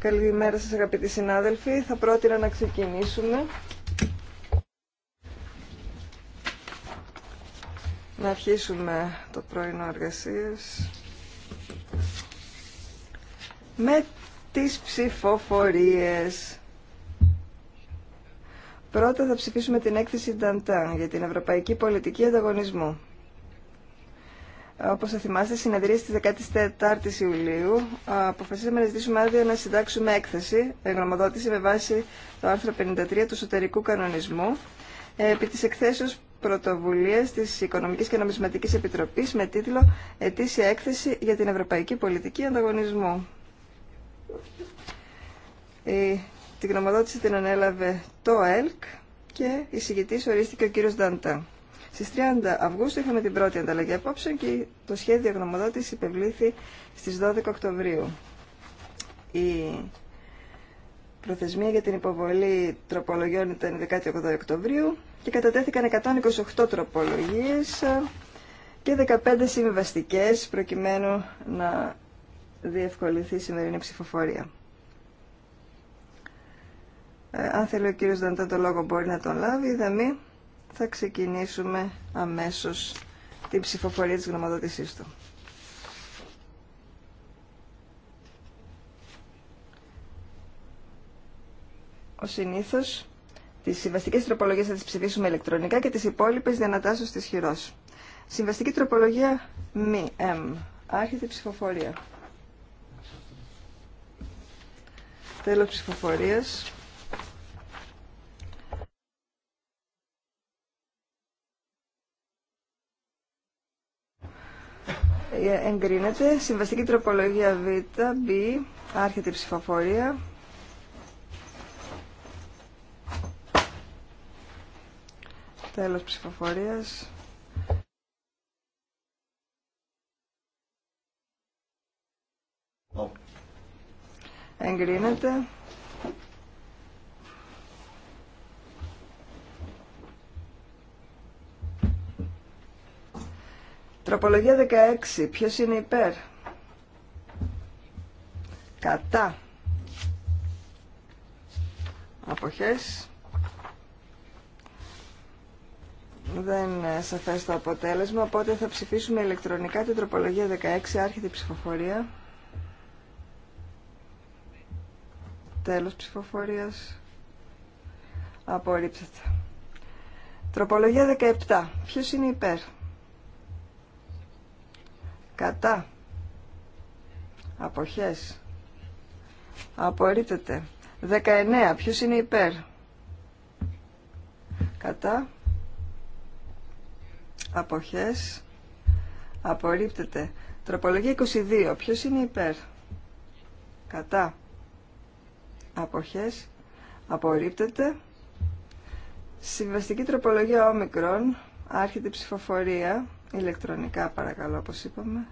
Καλημέρα σας αγαπητοί συνάδελφοι. Θα πρότεινα να ξεκινήσουμε. Να αρχίσουμε το πρωινό εργασίες Με τις ψηφοφορίες. Πρώτα θα ψηφίσουμε την έκθεση Νταντά για την Ευρωπαϊκή Πολιτική Ανταγωνισμού. Όπως θα θυμάστε, στις συνεδρίες 14 Η Ιουλίου αποφασίσαμε να ζητήσουμε άδεια να συντάξουμε έκθεση, ε, γνωμοδότηση με βάση το άρθρο 53 του Σωτερικού κανονισμού ε, επί της εκθέσεως πρωτοβουλίας της Οικονομικής και Νομισματικής Επιτροπής με τίτλο «Ετήσια έκθεση για την Ευρωπαϊκή Πολιτική Ανταγωνισμού». Η, ε, την γνωμοδότηση την ανέλαβε το ΕΛΚ και η ορίστηκε ο κύριος Δαντά. Στι 30 Αυγούστου είχαμε την πρώτη ανταλλαγή απόψε και το σχέδιο γνωμοδότηση υπευλήθη στις 12 Οκτωβρίου. Η προθεσμία για την υποβολή τροπολογιών ήταν 18 Οκτωβρίου και κατατέθηκαν 128 τροπολογίες και 15 συμβιβαστικέ προκειμένου να διευκολυνθεί η σημερινή ψηφοφορία. Ε, αν θέλει ο κύριος Δαντά το λόγο μπορεί να τον λάβει, είδαμε θα ξεκινήσουμε αμέσως την ψηφοφορία της γνωμοδότησής του. Ο συνήθως, τις συμβαστικές τροπολογίες θα τις ψηφίσουμε ηλεκτρονικά και τις υπόλοιπες διανατάσσεως της χειρός. Συμβαστική τροπολογία μη, άρχεται η ψηφοφορία. Τέλος ψηφοφορίας. Ε, εγκρίνεται. Συμβαστική τροπολογία Β, B, άρχεται η ψηφοφορία. Τέλος ψηφοφορίας. Εγκρίνεται. Τροπολογία 16. Ποιος είναι υπέρ. Κατά. Αποχές. Δεν είναι σαφές το αποτέλεσμα, οπότε θα ψηφίσουμε ηλεκτρονικά την τροπολογία 16, άρχεται η ψηφοφορία. Τέλος ψηφοφορίας. Απορρίψατε. Τροπολογία 17. Ποιος είναι υπέρ. Κατά. Αποχές. Απορρίπτεται. 19. Ποιος είναι υπέρ. Κατά. Αποχές. Απορρίπτεται. Τροπολογία 22. Ποιος είναι υπέρ. Κατά. Αποχές. Απορρίπτεται. Συμβαστική τροπολογία όμικρον. Άρχεται ψηφοφορία. Ηλεκτρονικά παρακαλώ, όπως είπαμε.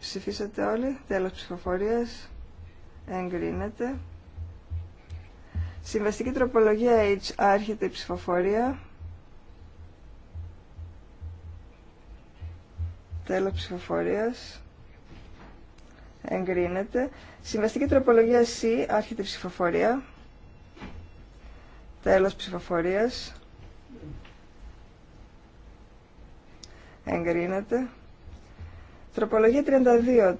Ψηφίσατε όλοι. Τέλος ψηφοφορίας. Εγκρίνεται. Συμβαστική τροπολογία H. Άρχεται η ψηφοφορία. Τέλος ψηφοφορίας. Εγκρίνεται. Συμβαστική τροπολογία C. Άρχεται η ψηφοφορία. Τέλος ψηφοφορίας. εγκρίνεται. Τροπολογία 32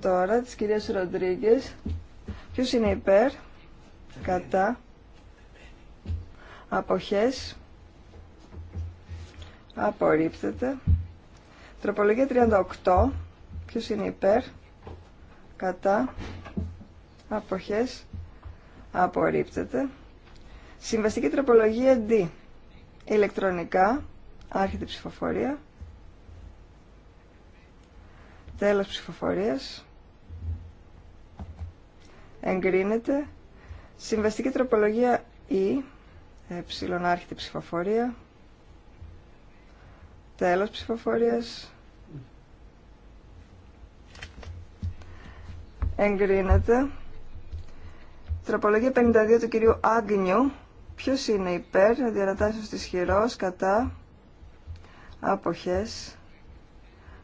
τώρα της κυρίας Ροντρίγκε. Ποιος είναι υπέρ, κατά, αποχές, απορρίπτεται. Τροπολογία 38, ποιος είναι υπέρ, κατά, αποχές, απορρίπτεται. Συμβαστική τροπολογία D, ηλεκτρονικά, άρχεται ψηφοφορία. Τέλος ψηφοφορίας. Εγκρίνεται. Συμβαστική τροπολογία ή e, ε, ψηφοφορία. Τέλος ψηφοφορίας. Εγκρίνεται. Τροπολογία 52 του κυρίου Άγνιου. Ποιος είναι υπέρ, διαρατάσεις της χειρός, κατά, αποχές.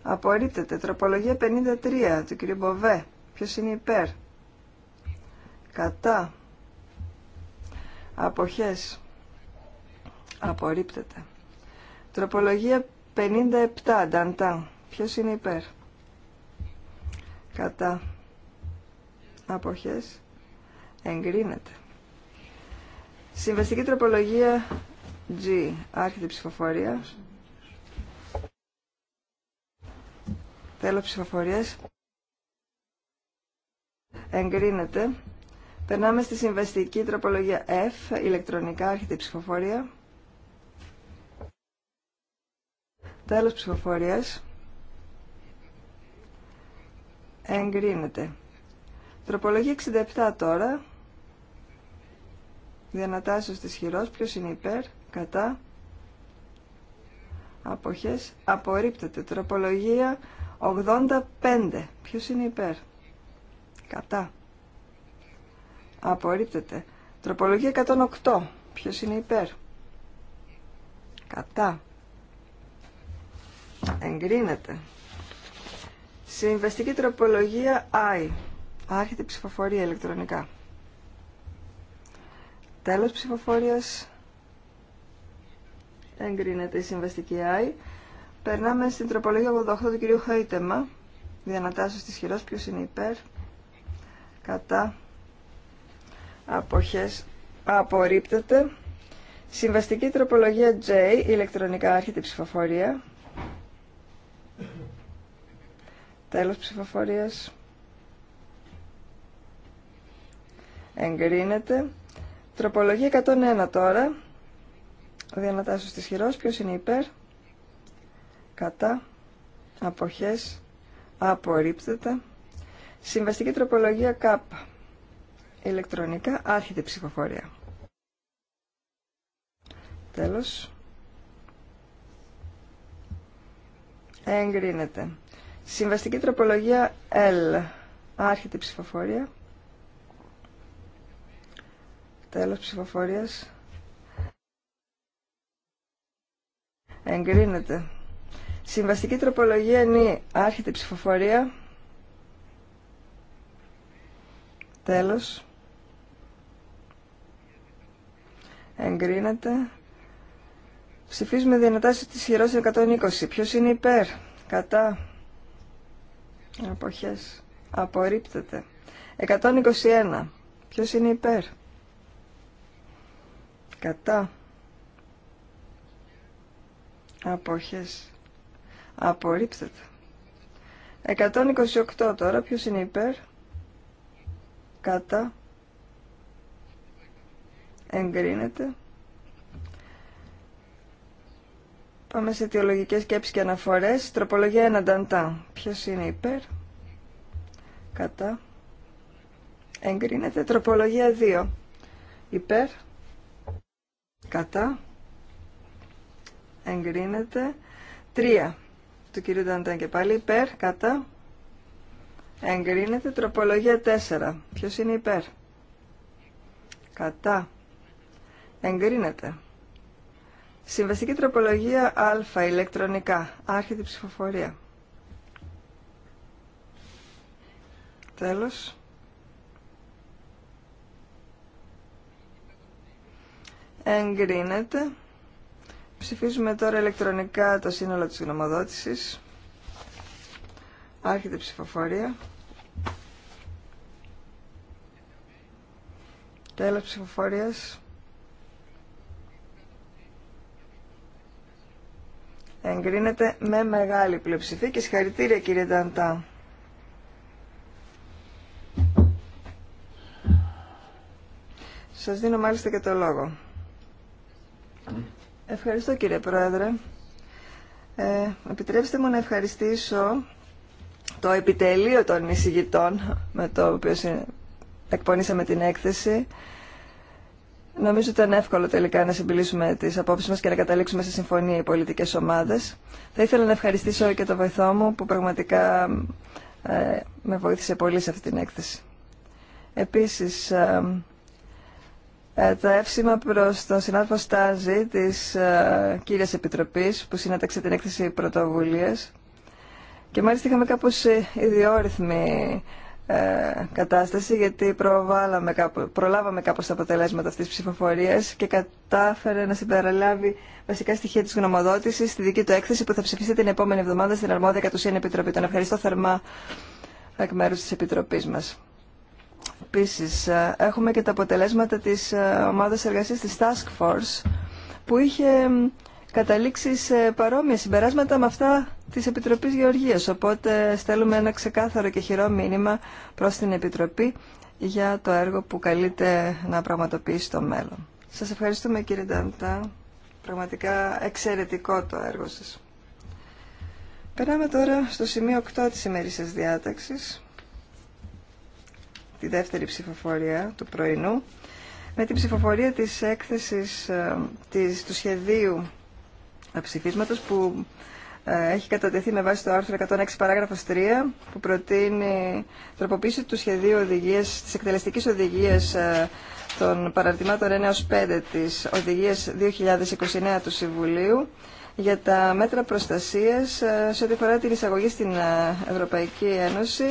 Απορρίπτεται. Τροπολογία 53 του κ. Μποβέ. Ποιο είναι υπέρ. Κατά. Αποχές. Απορρίπτεται. Τροπολογία 57. Νταντάν. Ποιος είναι υπέρ. Κατά. Αποχές. Εγκρίνεται. Συμβαστική τροπολογία G. Άρχεται ψηφοφορία. Τέλος ψηφοφορίας. Εγκρίνεται. Περνάμε στη συμβαστική τροπολογία F, ηλεκτρονικά άρχεται η ψηφοφορία. Τέλος ψηφοφορίας. Εγκρίνεται. Τροπολογία 67 τώρα. Διανατάσσεως της χειρός. Ποιος είναι υπέρ, κατά. Αποχές. Απορρίπτεται. Τροπολογία 85. Ποιος είναι υπέρ. Κατά. Απορρίπτεται. Τροπολογία 108. Ποιος είναι υπέρ. Κατά. Εγκρίνεται. Συμβαστική τροπολογία I. Άρχεται ψηφοφορία ηλεκτρονικά. Τέλος ψηφοφορίας. Εγκρίνεται η συμβαστική I. Περνάμε στην τροπολογία 88 του κυρίου Χαΐτεμα. Διανατάσσεως της χειρός. Ποιος είναι υπέρ. Κατά. Αποχές. Απορρίπτεται. Συμβαστική τροπολογία J. Ηλεκτρονικά άρχεται ψηφοφορία. Τέλος ψηφοφορίας. Εγκρίνεται. Τροπολογία 101 τώρα. Διανατάσσεως της χειρός. Ποιος είναι υπέρ κατά, αποχές, απορρίπτεται. Συμβαστική τροπολογία Κ. Ηλεκτρονικά άρχεται ψηφοφορία. Τέλος. Εγκρίνεται. Συμβαστική τροπολογία L. Άρχεται ψηφοφορία. Τέλος ψηφοφορίας. Εγκρίνεται. Συμβαστική τροπολογία είναι άρχεται ψηφοφορία. Τέλος. Εγκρίνεται. Ψηφίζουμε δυνατάσεις της χειρός 120. Ποιος είναι υπέρ. Κατά. Αποχές. Απορρίπτεται. 121. Ποιος είναι υπέρ. Κατά. Αποχές. Απορρίπτεται. 128 τώρα. Ποιος είναι υπέρ. Κατά. Εγκρίνεται. Πάμε σε αιτιολογικές σκέψεις και αναφορές. Τροπολογία 1. Νταντά. Ποιος είναι υπέρ. Κατά. Εγκρίνεται. Τροπολογία 2. Υπέρ. Κατά. Εγκρίνεται. 3 του κυρίου Νταντάν και πάλι υπέρ, κατά, εγκρίνεται, τροπολογία 4. Ποιος είναι υπέρ, κατά, εγκρίνεται. Συμβαστική τροπολογία α, ηλεκτρονικά, άρχεται ψηφοφορία. Τέλος. Εγκρίνεται. Ψηφίζουμε τώρα ηλεκτρονικά το σύνολο της γνωμοδότησης. Άρχεται η ψηφοφορία. Τέλος ψηφοφορίας. Εγκρίνεται με μεγάλη πλειοψηφία και συγχαρητήρια κύριε Νταντά. Σας δίνω μάλιστα και το λόγο. Ευχαριστώ κύριε Πρόεδρε. Ε, επιτρέψτε μου να ευχαριστήσω το επιτελείο των εισηγητών με το οποίο εκπονήσαμε την έκθεση. Νομίζω ήταν εύκολο τελικά να συμπλήσουμε τις απόψει μα και να καταλήξουμε σε συμφωνία οι πολιτικέ ομάδες. Θα ήθελα να ευχαριστήσω και το βοηθό μου που πραγματικά ε, με βοήθησε πολύ σε αυτή την έκθεση. Επίσης, ε, ε, τα εύσημα προς τον συνάδελφο Στάζη της ε, κύριας Επιτροπής που συνέταξε την έκθεση πρωτοβουλίας και μάλιστα είχαμε κάπως ε, ιδιόρυθμη ε, κατάσταση γιατί κάπου, προλάβαμε κάπως τα αποτελέσματα αυτής της ψηφοφορίας και κατάφερε να συμπεραλάβει βασικά στοιχεία της γνωμοδότησης στη δική του έκθεση που θα ψηφιστεί την επόμενη εβδομάδα στην αρμόδια κατουσίαν επιτροπή. Τον ευχαριστώ θερμά εκ μέρους της Επιτροπής μας. Επίση, ε, έχουμε και τα αποτελέσματα της ε, ομάδας εργασίας της Task Force, που είχε καταλήξει σε παρόμοια συμπεράσματα με αυτά της Επιτροπής Γεωργίας. Οπότε στέλνουμε ένα ξεκάθαρο και χειρό μήνυμα προς την Επιτροπή για το έργο που καλείται να πραγματοποιήσει στο μέλλον. Σας ευχαριστούμε κύριε Νταντά. Πραγματικά εξαιρετικό το έργο σας. Περάμε τώρα στο σημείο 8 της ημερήσιας διάταξης τη δεύτερη ψηφοφορία του πρωινού με την ψηφοφορία της έκθεσης ε, της, του σχεδίου ε, ψηφίσματος που ε, έχει κατατεθεί με βάση το άρθρο 106 παράγραφος 3 που προτείνει τροποποίηση του σχεδίου οδηγίας, της εκτελεστικής οδηγίας των παραρτημάτων 1-5 της οδηγίας 2029 του Συμβουλίου για τα μέτρα προστασίας σε ό,τι αφορά την εισαγωγή στην Ευρωπαϊκή Ένωση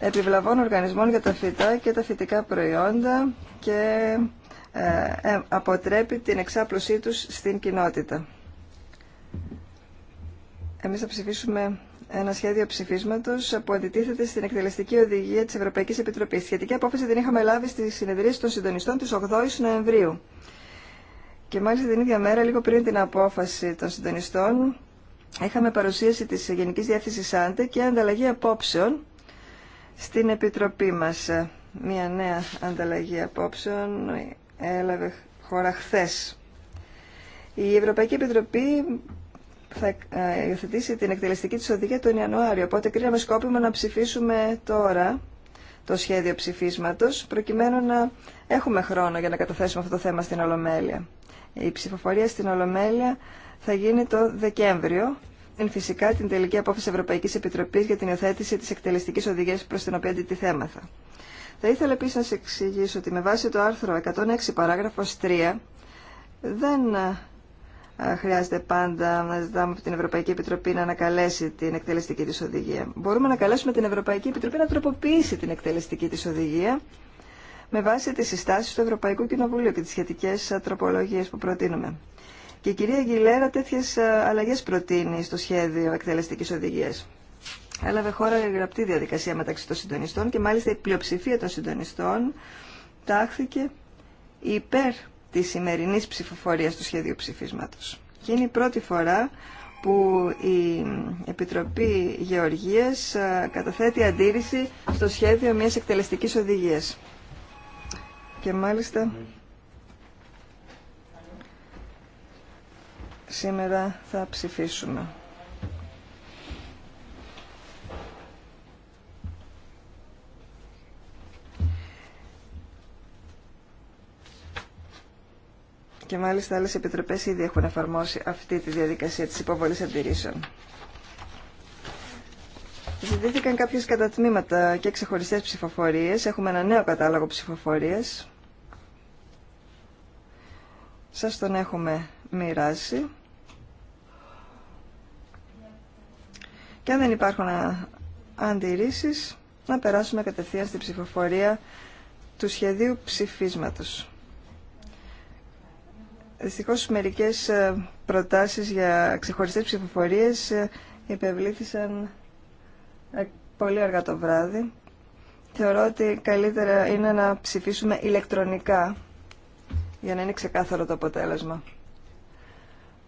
επιβλαβών οργανισμών για τα φυτά και τα φυτικά προϊόντα και ε, ε, αποτρέπει την εξάπλωσή τους στην κοινότητα. Εμείς θα ψηφίσουμε ένα σχέδιο ψηφίσματο που αντιτίθεται στην εκτελεστική οδηγία τη Ευρωπαϊκή Επιτροπή. Σχετική απόφαση την είχαμε λάβει στη συνεδρίαση των συντονιστών τη 8η Νοεμβρίου. Και μάλιστα την ίδια μέρα, λίγο πριν την απόφαση των συντονιστών, είχαμε παρουσίαση τη Γενική Διεύθυνση Άντε και ανταλλαγή απόψεων στην Επιτροπή μας. Ε, μια νέα ανταλλαγή απόψεων έλαβε χώρα χθες. Η Ευρωπαϊκή Επιτροπή θα ε, υιοθετήσει την εκτελεστική της οδηγία τον Ιανουάριο, οπότε κρίναμε σκόπιμο να ψηφίσουμε τώρα το σχέδιο ψηφίσματος, προκειμένου να έχουμε χρόνο για να καταθέσουμε αυτό το θέμα στην Ολομέλεια. Η ψηφοφορία στην Ολομέλεια θα γίνει το Δεκέμβριο είναι φυσικά την τελική απόφαση Ευρωπαϊκής Επιτροπής για την υιοθέτηση της εκτελεστικής οδηγίας προς την οποία αντιτιθέμεθα. Θα ήθελα επίσης να σας εξηγήσω ότι με βάση το άρθρο 106 παράγραφος 3 δεν ε, χρειάζεται πάντα να ζητάμε από την Ευρωπαϊκή Επιτροπή να ανακαλέσει την εκτελεστική της οδηγία. Μπορούμε να καλέσουμε την Ευρωπαϊκή Επιτροπή να τροποποιήσει την εκτελεστική της οδηγία με βάση τις συστάσεις του Ευρωπαϊκού Κοινοβουλίου και τις σχετικές ε, τροπολογίες που προτείνουμε. Και η κυρία Γιλέρα τέτοιε ε, αλλαγέ προτείνει στο σχέδιο εκτελεστικής οδηγία. Έλαβε χώρα η γραπτή διαδικασία μεταξύ των συντονιστών και μάλιστα η πλειοψηφία των συντονιστών τάχθηκε υπέρ της σημερινής ψηφοφορίας του σχέδιου ψηφίσματος. Και είναι η πρώτη φορά που η Επιτροπή Γεωργίας ε, καταθέτει αντίρρηση στο σχέδιο μιας εκτελεστικής οδηγίας. Και μάλιστα σήμερα θα ψηφίσουμε. Και μάλιστα άλλες επιτροπές ήδη έχουν εφαρμόσει αυτή τη διαδικασία της υποβολής αντιρρήσεων. Ζητήθηκαν κάποιες κατατμήματα και ξεχωριστές ψηφοφορίες. Έχουμε ένα νέο κατάλογο ψηφοφορίες. Σας τον έχουμε μοιράσει. Και αν δεν υπάρχουν αντιρρήσεις, να περάσουμε κατευθείαν στην ψηφοφορία του σχεδίου ψηφίσματος. Δυστυχώς μερικές ε, προτάσεις για ξεχωριστές ψηφοφορίες ε, υπευλήθησαν ε, πολύ αργά το βράδυ. Θεωρώ ότι καλύτερα είναι να ψηφίσουμε ηλεκτρονικά για να είναι ξεκάθαρο το αποτέλεσμα.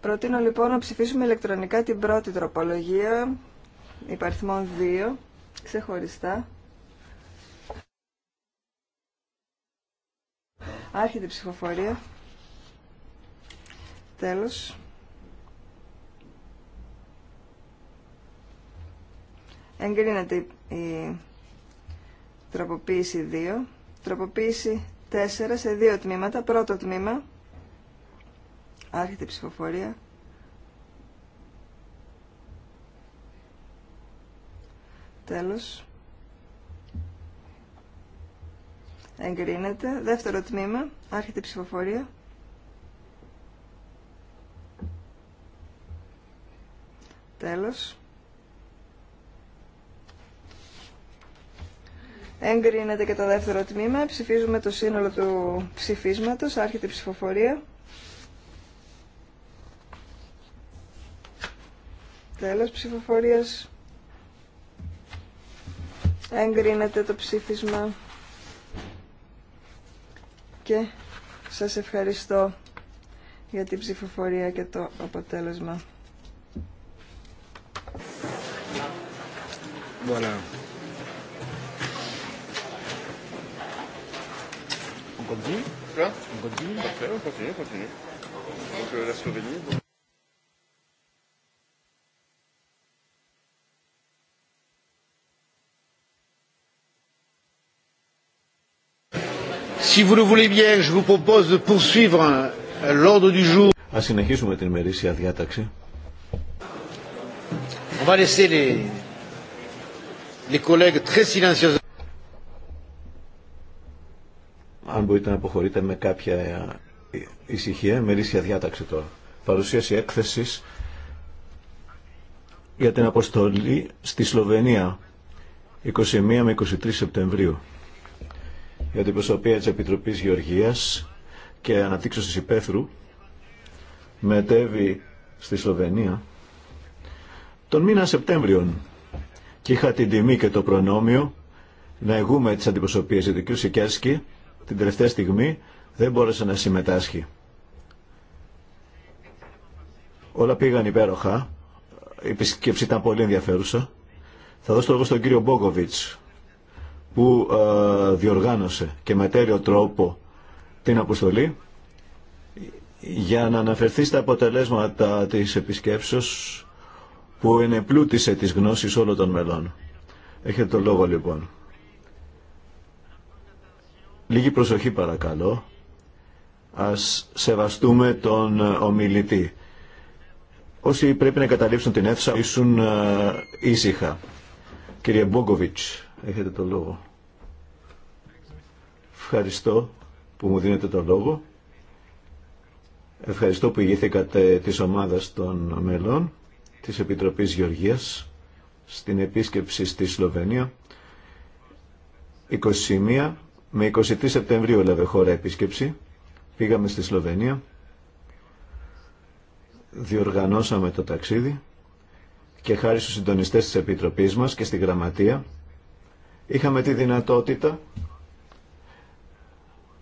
Προτείνω λοιπόν να ψηφίσουμε ηλεκτρονικά την πρώτη τροπολογία υπαριθμών 2 ξεχωριστά. Άρχεται η ψηφοφορία. Τέλος. Εγκρίνεται η τροποποίηση 2. Τροποποίηση 4 σε δύο τμήματα. Πρώτο τμήμα. Άρχεται η ψηφοφορία. Τέλος. Εγκρίνεται. Δεύτερο τμήμα. Άρχεται η ψηφοφορία. Τέλος. Εγκρίνεται και το δεύτερο τμήμα. Ψηφίζουμε το σύνολο του ψηφίσματος. Άρχεται η ψηφοφορία. Τέλος ψηφοφορίας. Εγκρίνεται το ψήφισμα και σας ευχαριστώ για την ψηφοφορία και το αποτέλεσμα. Voilà. On continue On continue Parfait, on continue, on continue. Donc euh, la Slovénie. Donc... Α συνεχίσουμε την μερίσια διάταξη. Αν μπορείτε να αποχωρείτε με κάποια ε, ησυχία, Μερίσια διάταξη τώρα. Παρουσίαση έκθεση για την αποστολή στη Σλοβενία 21 με 23 Σεπτεμβρίου για την προσωπία της Επιτροπής Γεωργίας και αναπτύξεως της Υπέθρου μετέβη στη Σλοβενία τον μήνα Σεπτέμβριον και είχα την τιμή και το προνόμιο να εγούμε τις γιατί ο κ. Σικέρσκι την τελευταία στιγμή δεν μπόρεσε να συμμετάσχει. Όλα πήγαν υπέροχα. Η επισκέψη ήταν πολύ ενδιαφέρουσα. Θα δώσω το λόγο στον κύριο Μπόγκοβιτς που ε, διοργάνωσε και με τέριο τρόπο την αποστολή για να αναφερθεί στα αποτελέσματα της επισκέψεως που ενεπλούτησε τις γνώσεις όλων των μελών. Έχετε το λόγο λοιπόν. Λίγη προσοχή παρακαλώ. Ας σεβαστούμε τον ε, ομιλητή. Όσοι πρέπει να καταλήψουν την αίθουσα, ήσουν ε, ήσυχα. Κύριε Μπόγκοβιτς, Έχετε το λόγο. Ευχαριστώ που μου δίνετε το λόγο. Ευχαριστώ που ηγήθηκατε της ομάδας των μελών της Επιτροπής Γεωργίας στην επίσκεψη στη Σλοβενία. 21 με 23 Σεπτεμβρίου έλαβε χώρα επίσκεψη. Πήγαμε στη Σλοβενία. Διοργανώσαμε το ταξίδι και χάρη στους συντονιστές της Επιτροπής μας και στη Γραμματεία είχαμε τη δυνατότητα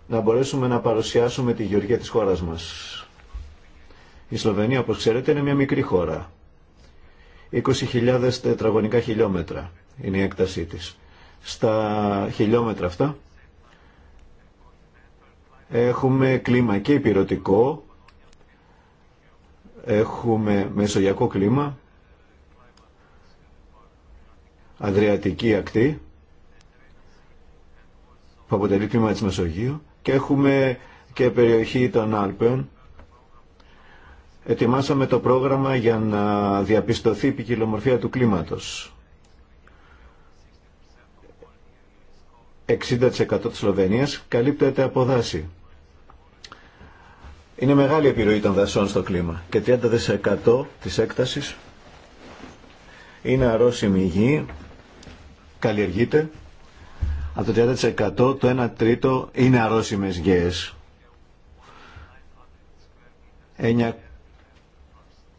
να μπορέσουμε να παρουσιάσουμε τη γεωργία της χώρας μας. Η Σλοβενία, όπως ξέρετε, είναι μια μικρή χώρα. 20.000 τετραγωνικά χιλιόμετρα είναι η έκτασή της. Στα χιλιόμετρα αυτά έχουμε κλίμα και υπηρετικό, έχουμε μεσογειακό κλίμα, αδριατική ακτή, που αποτελεί τμήμα της Μεσογείου και έχουμε και περιοχή των Άλπαιων. Ετοιμάσαμε το πρόγραμμα για να διαπιστωθεί η ποικιλομορφία του κλίματος. 60% της Σλοβενίας καλύπτεται από δάση. Είναι μεγάλη επιρροή των δασών στο κλίμα και 30% της έκτασης είναι αρρώσιμη γη, καλλιεργείται από το 30% το 1 τρίτο είναι αρρώσιμες γέες.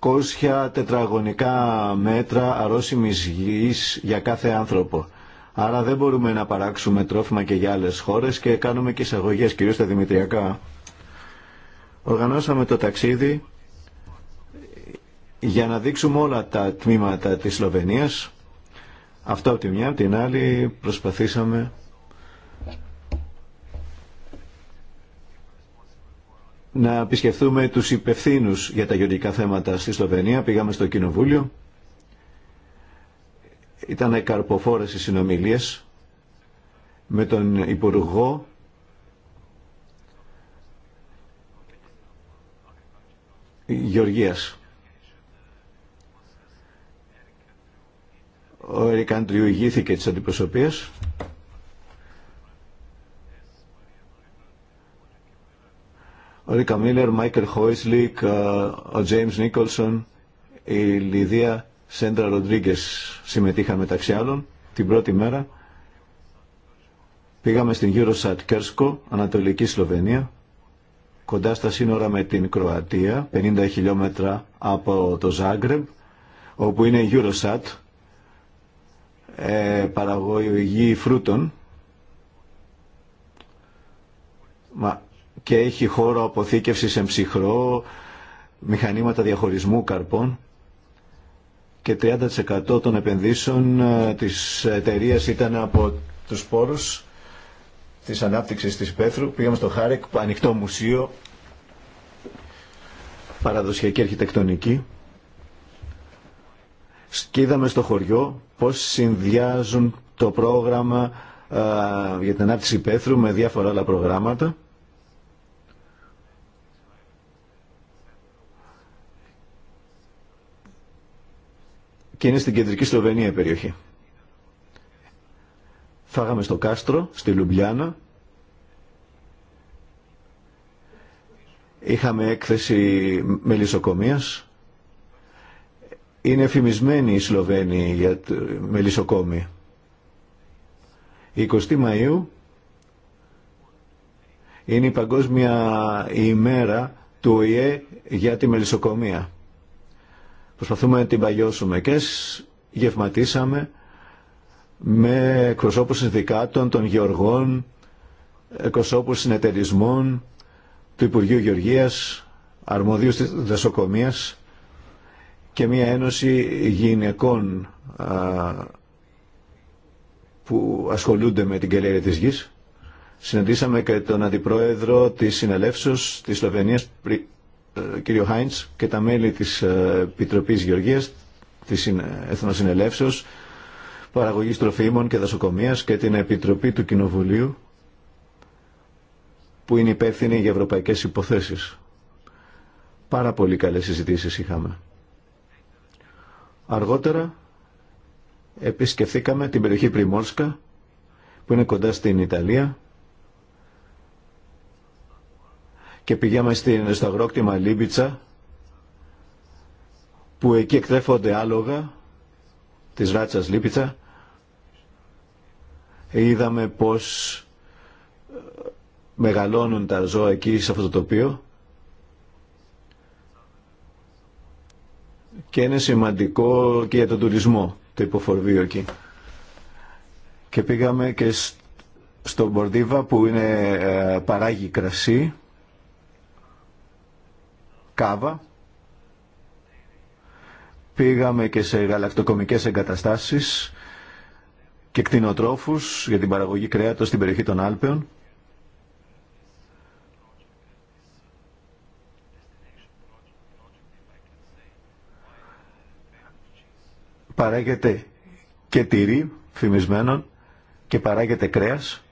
900 τετραγωνικά μέτρα αρρώσιμης γης για κάθε άνθρωπο. Άρα δεν μπορούμε να παράξουμε τρόφιμα και για άλλες χώρες και κάνουμε και εισαγωγέ κυρίως στα δημητριακά. Οργανώσαμε το ταξίδι για να δείξουμε όλα τα τμήματα της Σλοβενίας. Αυτό από τη μια, από την άλλη προσπαθήσαμε να επισκεφθούμε τους υπευθύνου για τα γεωργικά θέματα στη Σλοβενία. Πήγαμε στο Κοινοβούλιο. Ήταν καρποφόρες οι συνομιλίες με τον Υπουργό Γεωργίας. Ο Ερικάντριου ηγήθηκε της αντιπροσωπείας. Ρίκα Μίλλερ, Μάικελ Χόισλικ, ε, ο Τζέιμς Νίκολσον, η Λιδία Σέντρα Ροντρίγκε συμμετείχαν μεταξύ άλλων. Την πρώτη μέρα πήγαμε στην Eurosat Κέρσκο, Ανατολική Σλοβενία, κοντά στα σύνορα με την Κροατία, 50 χιλιόμετρα από το Ζάγκρεμπ, όπου είναι η Eurosat, ε, παραγωγή φρούτων. Μα και έχει χώρο αποθήκευσης ψυχρό, μηχανήματα διαχωρισμού καρπών και 30% των επενδύσεων ε, της εταιρεία ήταν από τους πόρους της ανάπτυξης της Πέθρου. Πήγαμε στο Χάρεκ, ανοιχτό μουσείο, παραδοσιακή αρχιτεκτονική σκίδαμε στο χωριό πώς συνδυάζουν το πρόγραμμα ε, για την ανάπτυξη Πέθρου με διάφορα άλλα προγράμματα και είναι στην κεντρική Σλοβενία η περιοχή. Φάγαμε στο Κάστρο, στη Λουμπλιάνα. Είχαμε έκθεση μελισσοκομείας. Είναι εφημισμένη η Σλοβένια για μελισσοκόμοι. 20 Μαΐου είναι η παγκόσμια ημέρα του ΟΗΕ για τη μελισσοκομεία. Προσπαθούμε να την παγιώσουμε και γευματίσαμε με εκπροσώπους συνδικάτων, των γεωργών, εκπροσώπους συνεταιρισμών, του Υπουργείου Γεωργίας, αρμοδίου της δασοκομείας και μια ένωση γυναικών που ασχολούνται με την κελέρη της γης. Συναντήσαμε και τον Αντιπρόεδρο της Συνελεύσεως της Σλοβενίας ε, κύριο Χάιντς και τα μέλη της ε, Επιτροπής Γεωργίας, της Εθνοσυνελεύσεως, Παραγωγής Τροφίμων και Δασοκομείας και την Επιτροπή του Κοινοβουλίου που είναι υπεύθυνη για ευρωπαϊκές υποθέσεις. Πάρα πολύ καλές συζητήσεις είχαμε. Αργότερα επισκεφθήκαμε την περιοχή Πριμόρσκα που είναι κοντά στην Ιταλία και πήγαμε στην, στο αγρόκτημα Λίμπιτσα που εκεί εκτρέφονται άλογα της ράτσας Λίμπιτσα είδαμε πως ε, μεγαλώνουν τα ζώα εκεί σε αυτό το τοπίο και είναι σημαντικό και για τον τουρισμό το υποφορβείο εκεί. Και πήγαμε και στο Μπορδίβα που είναι ε, παράγει κρασί Κάβα. Πήγαμε και σε γαλακτοκομικές εγκαταστάσεις και κτηνοτρόφους για την παραγωγή κρέατος στην περιοχή των Άλπαιων. Παράγεται και τυρί φημισμένων και παράγεται κρέας.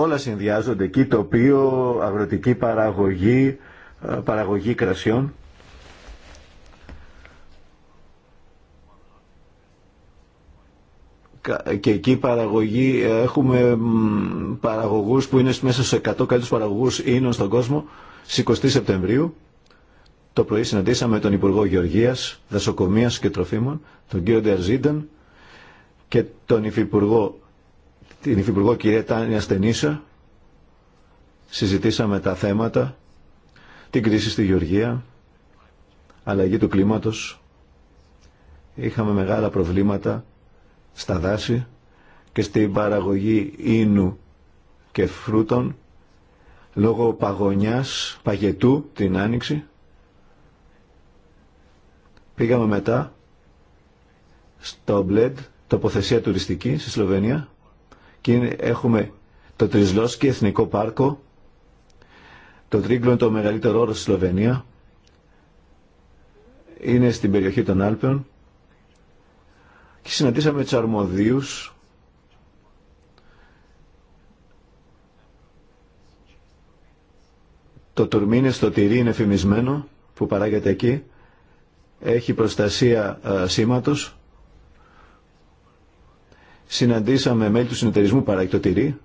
Όλα συνδυάζονται εκεί, τοπίο, αγροτική παραγωγή, ε, παραγωγή κρασιών. και εκεί παραγωγή ε, έχουμε παραγωγούς που είναι μέσα στους 100 καλύτερους παραγωγούς ίνων στον κόσμο στις 20 Σεπτεμβρίου το πρωί συναντήσαμε τον Υπουργό Γεωργίας, Δασοκομείας και Τροφίμων τον κύριο Ντερζίνταν και τον Υφυπουργό την Υφυπουργό κυρία Τάνια Στενίσα. Συζητήσαμε τα θέματα, την κρίση στη Γεωργία, αλλαγή του κλίματος. Είχαμε μεγάλα προβλήματα στα δάση και στην παραγωγή ίνου και φρούτων λόγω παγωνιάς, παγετού την Άνοιξη. Πήγαμε μετά στο Μπλεντ, τοποθεσία τουριστική στη Σλοβενία και έχουμε το Τρισλόσκι Εθνικό Πάρκο, το Τρίγκλο είναι το μεγαλύτερο όρος στη Σλοβενία, είναι στην περιοχή των Άλπαιων και συναντήσαμε τους αρμοδίους Το τουρμίνι στο τυρί είναι φημισμένο που παράγεται εκεί. Έχει προστασία ε, σήματος συναντήσαμε μέλη του συνεταιρισμού παρακτοτηρή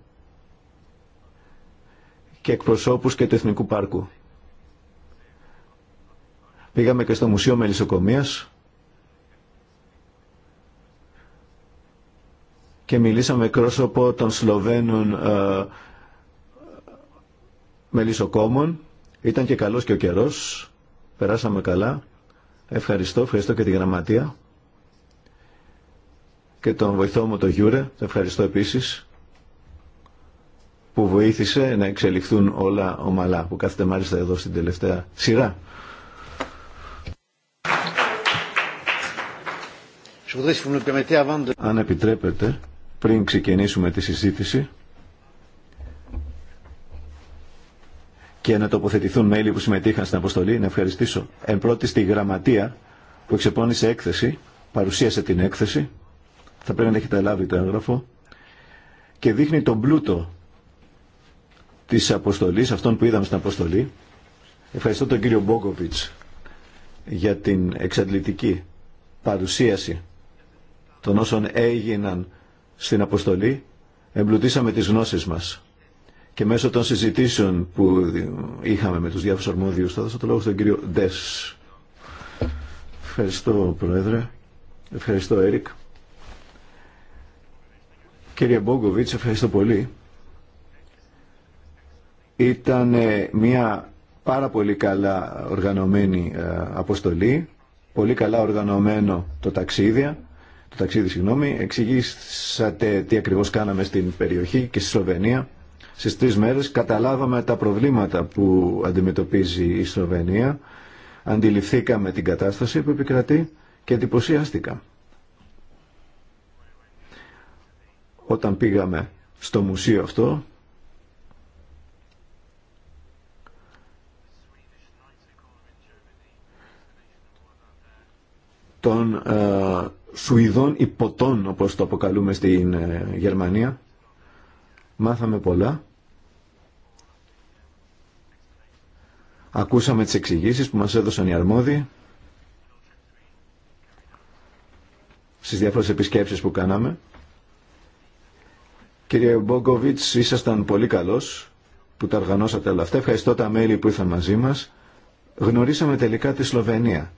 και εκπροσώπους και του Εθνικού Πάρκου. Πήγαμε και στο Μουσείο Μελισσοκομείας και μιλήσαμε με των Σλοβαίνων ε, μελισσοκόμων. Ήταν και καλός και ο καιρός. Περάσαμε καλά. Ευχαριστώ, ευχαριστώ και τη γραμματεία και τον βοηθό μου τον Γιούρε, το ευχαριστώ επίσης, που βοήθησε να εξελιχθούν όλα ομαλά, που κάθεται μάλιστα εδώ στην τελευταία σειρά. Αν επιτρέπετε, πριν ξεκινήσουμε τη συζήτηση και να τοποθετηθούν μέλη που συμμετείχαν στην αποστολή, να ευχαριστήσω εν πρώτη στη γραμματεία που εξεπώνησε έκθεση, παρουσίασε την έκθεση θα πρέπει να έχετε λάβει το έγγραφο και δείχνει τον πλούτο της αποστολής, αυτών που είδαμε στην αποστολή. Ευχαριστώ τον κύριο Μπόκοβιτς για την εξαντλητική παρουσίαση των όσων έγιναν στην αποστολή. Εμπλουτίσαμε τις γνώσεις μας και μέσω των συζητήσεων που είχαμε με τους διάφορους αρμόδιους θα δώσω το λόγο στον κύριο Ντες. Ευχαριστώ Πρόεδρε. Ευχαριστώ Έρικ. Κύριε Μπόγκοβιτς, ευχαριστώ πολύ. Ήταν ε, μια πάρα πολύ καλά οργανωμένη ε, αποστολή, πολύ καλά οργανωμένο το ταξίδι, το ταξίδι συγγνώμη, εξηγήσατε τι ακριβώς κάναμε στην περιοχή και στη Σλοβενία. Στις τρεις μέρες καταλάβαμε τα προβλήματα που αντιμετωπίζει η Σλοβενία, αντιληφθήκαμε την κατάσταση που επικρατεί και εντυπωσιάστηκα. όταν πήγαμε στο μουσείο αυτό των ε, Σουηδών υποτών όπως το αποκαλούμε στην ε, Γερμανία μάθαμε πολλά ακούσαμε τις εξηγήσεις που μας έδωσαν οι αρμόδιοι στις διάφορες επισκέψεις που κάναμε Κύριε Μπόγκοβιτ, ήσασταν πολύ καλός που τα οργανώσατε όλα αυτά. Ευχαριστώ τα μέλη που ήρθαν μαζί μας. Γνωρίσαμε τελικά τη Σλοβενία.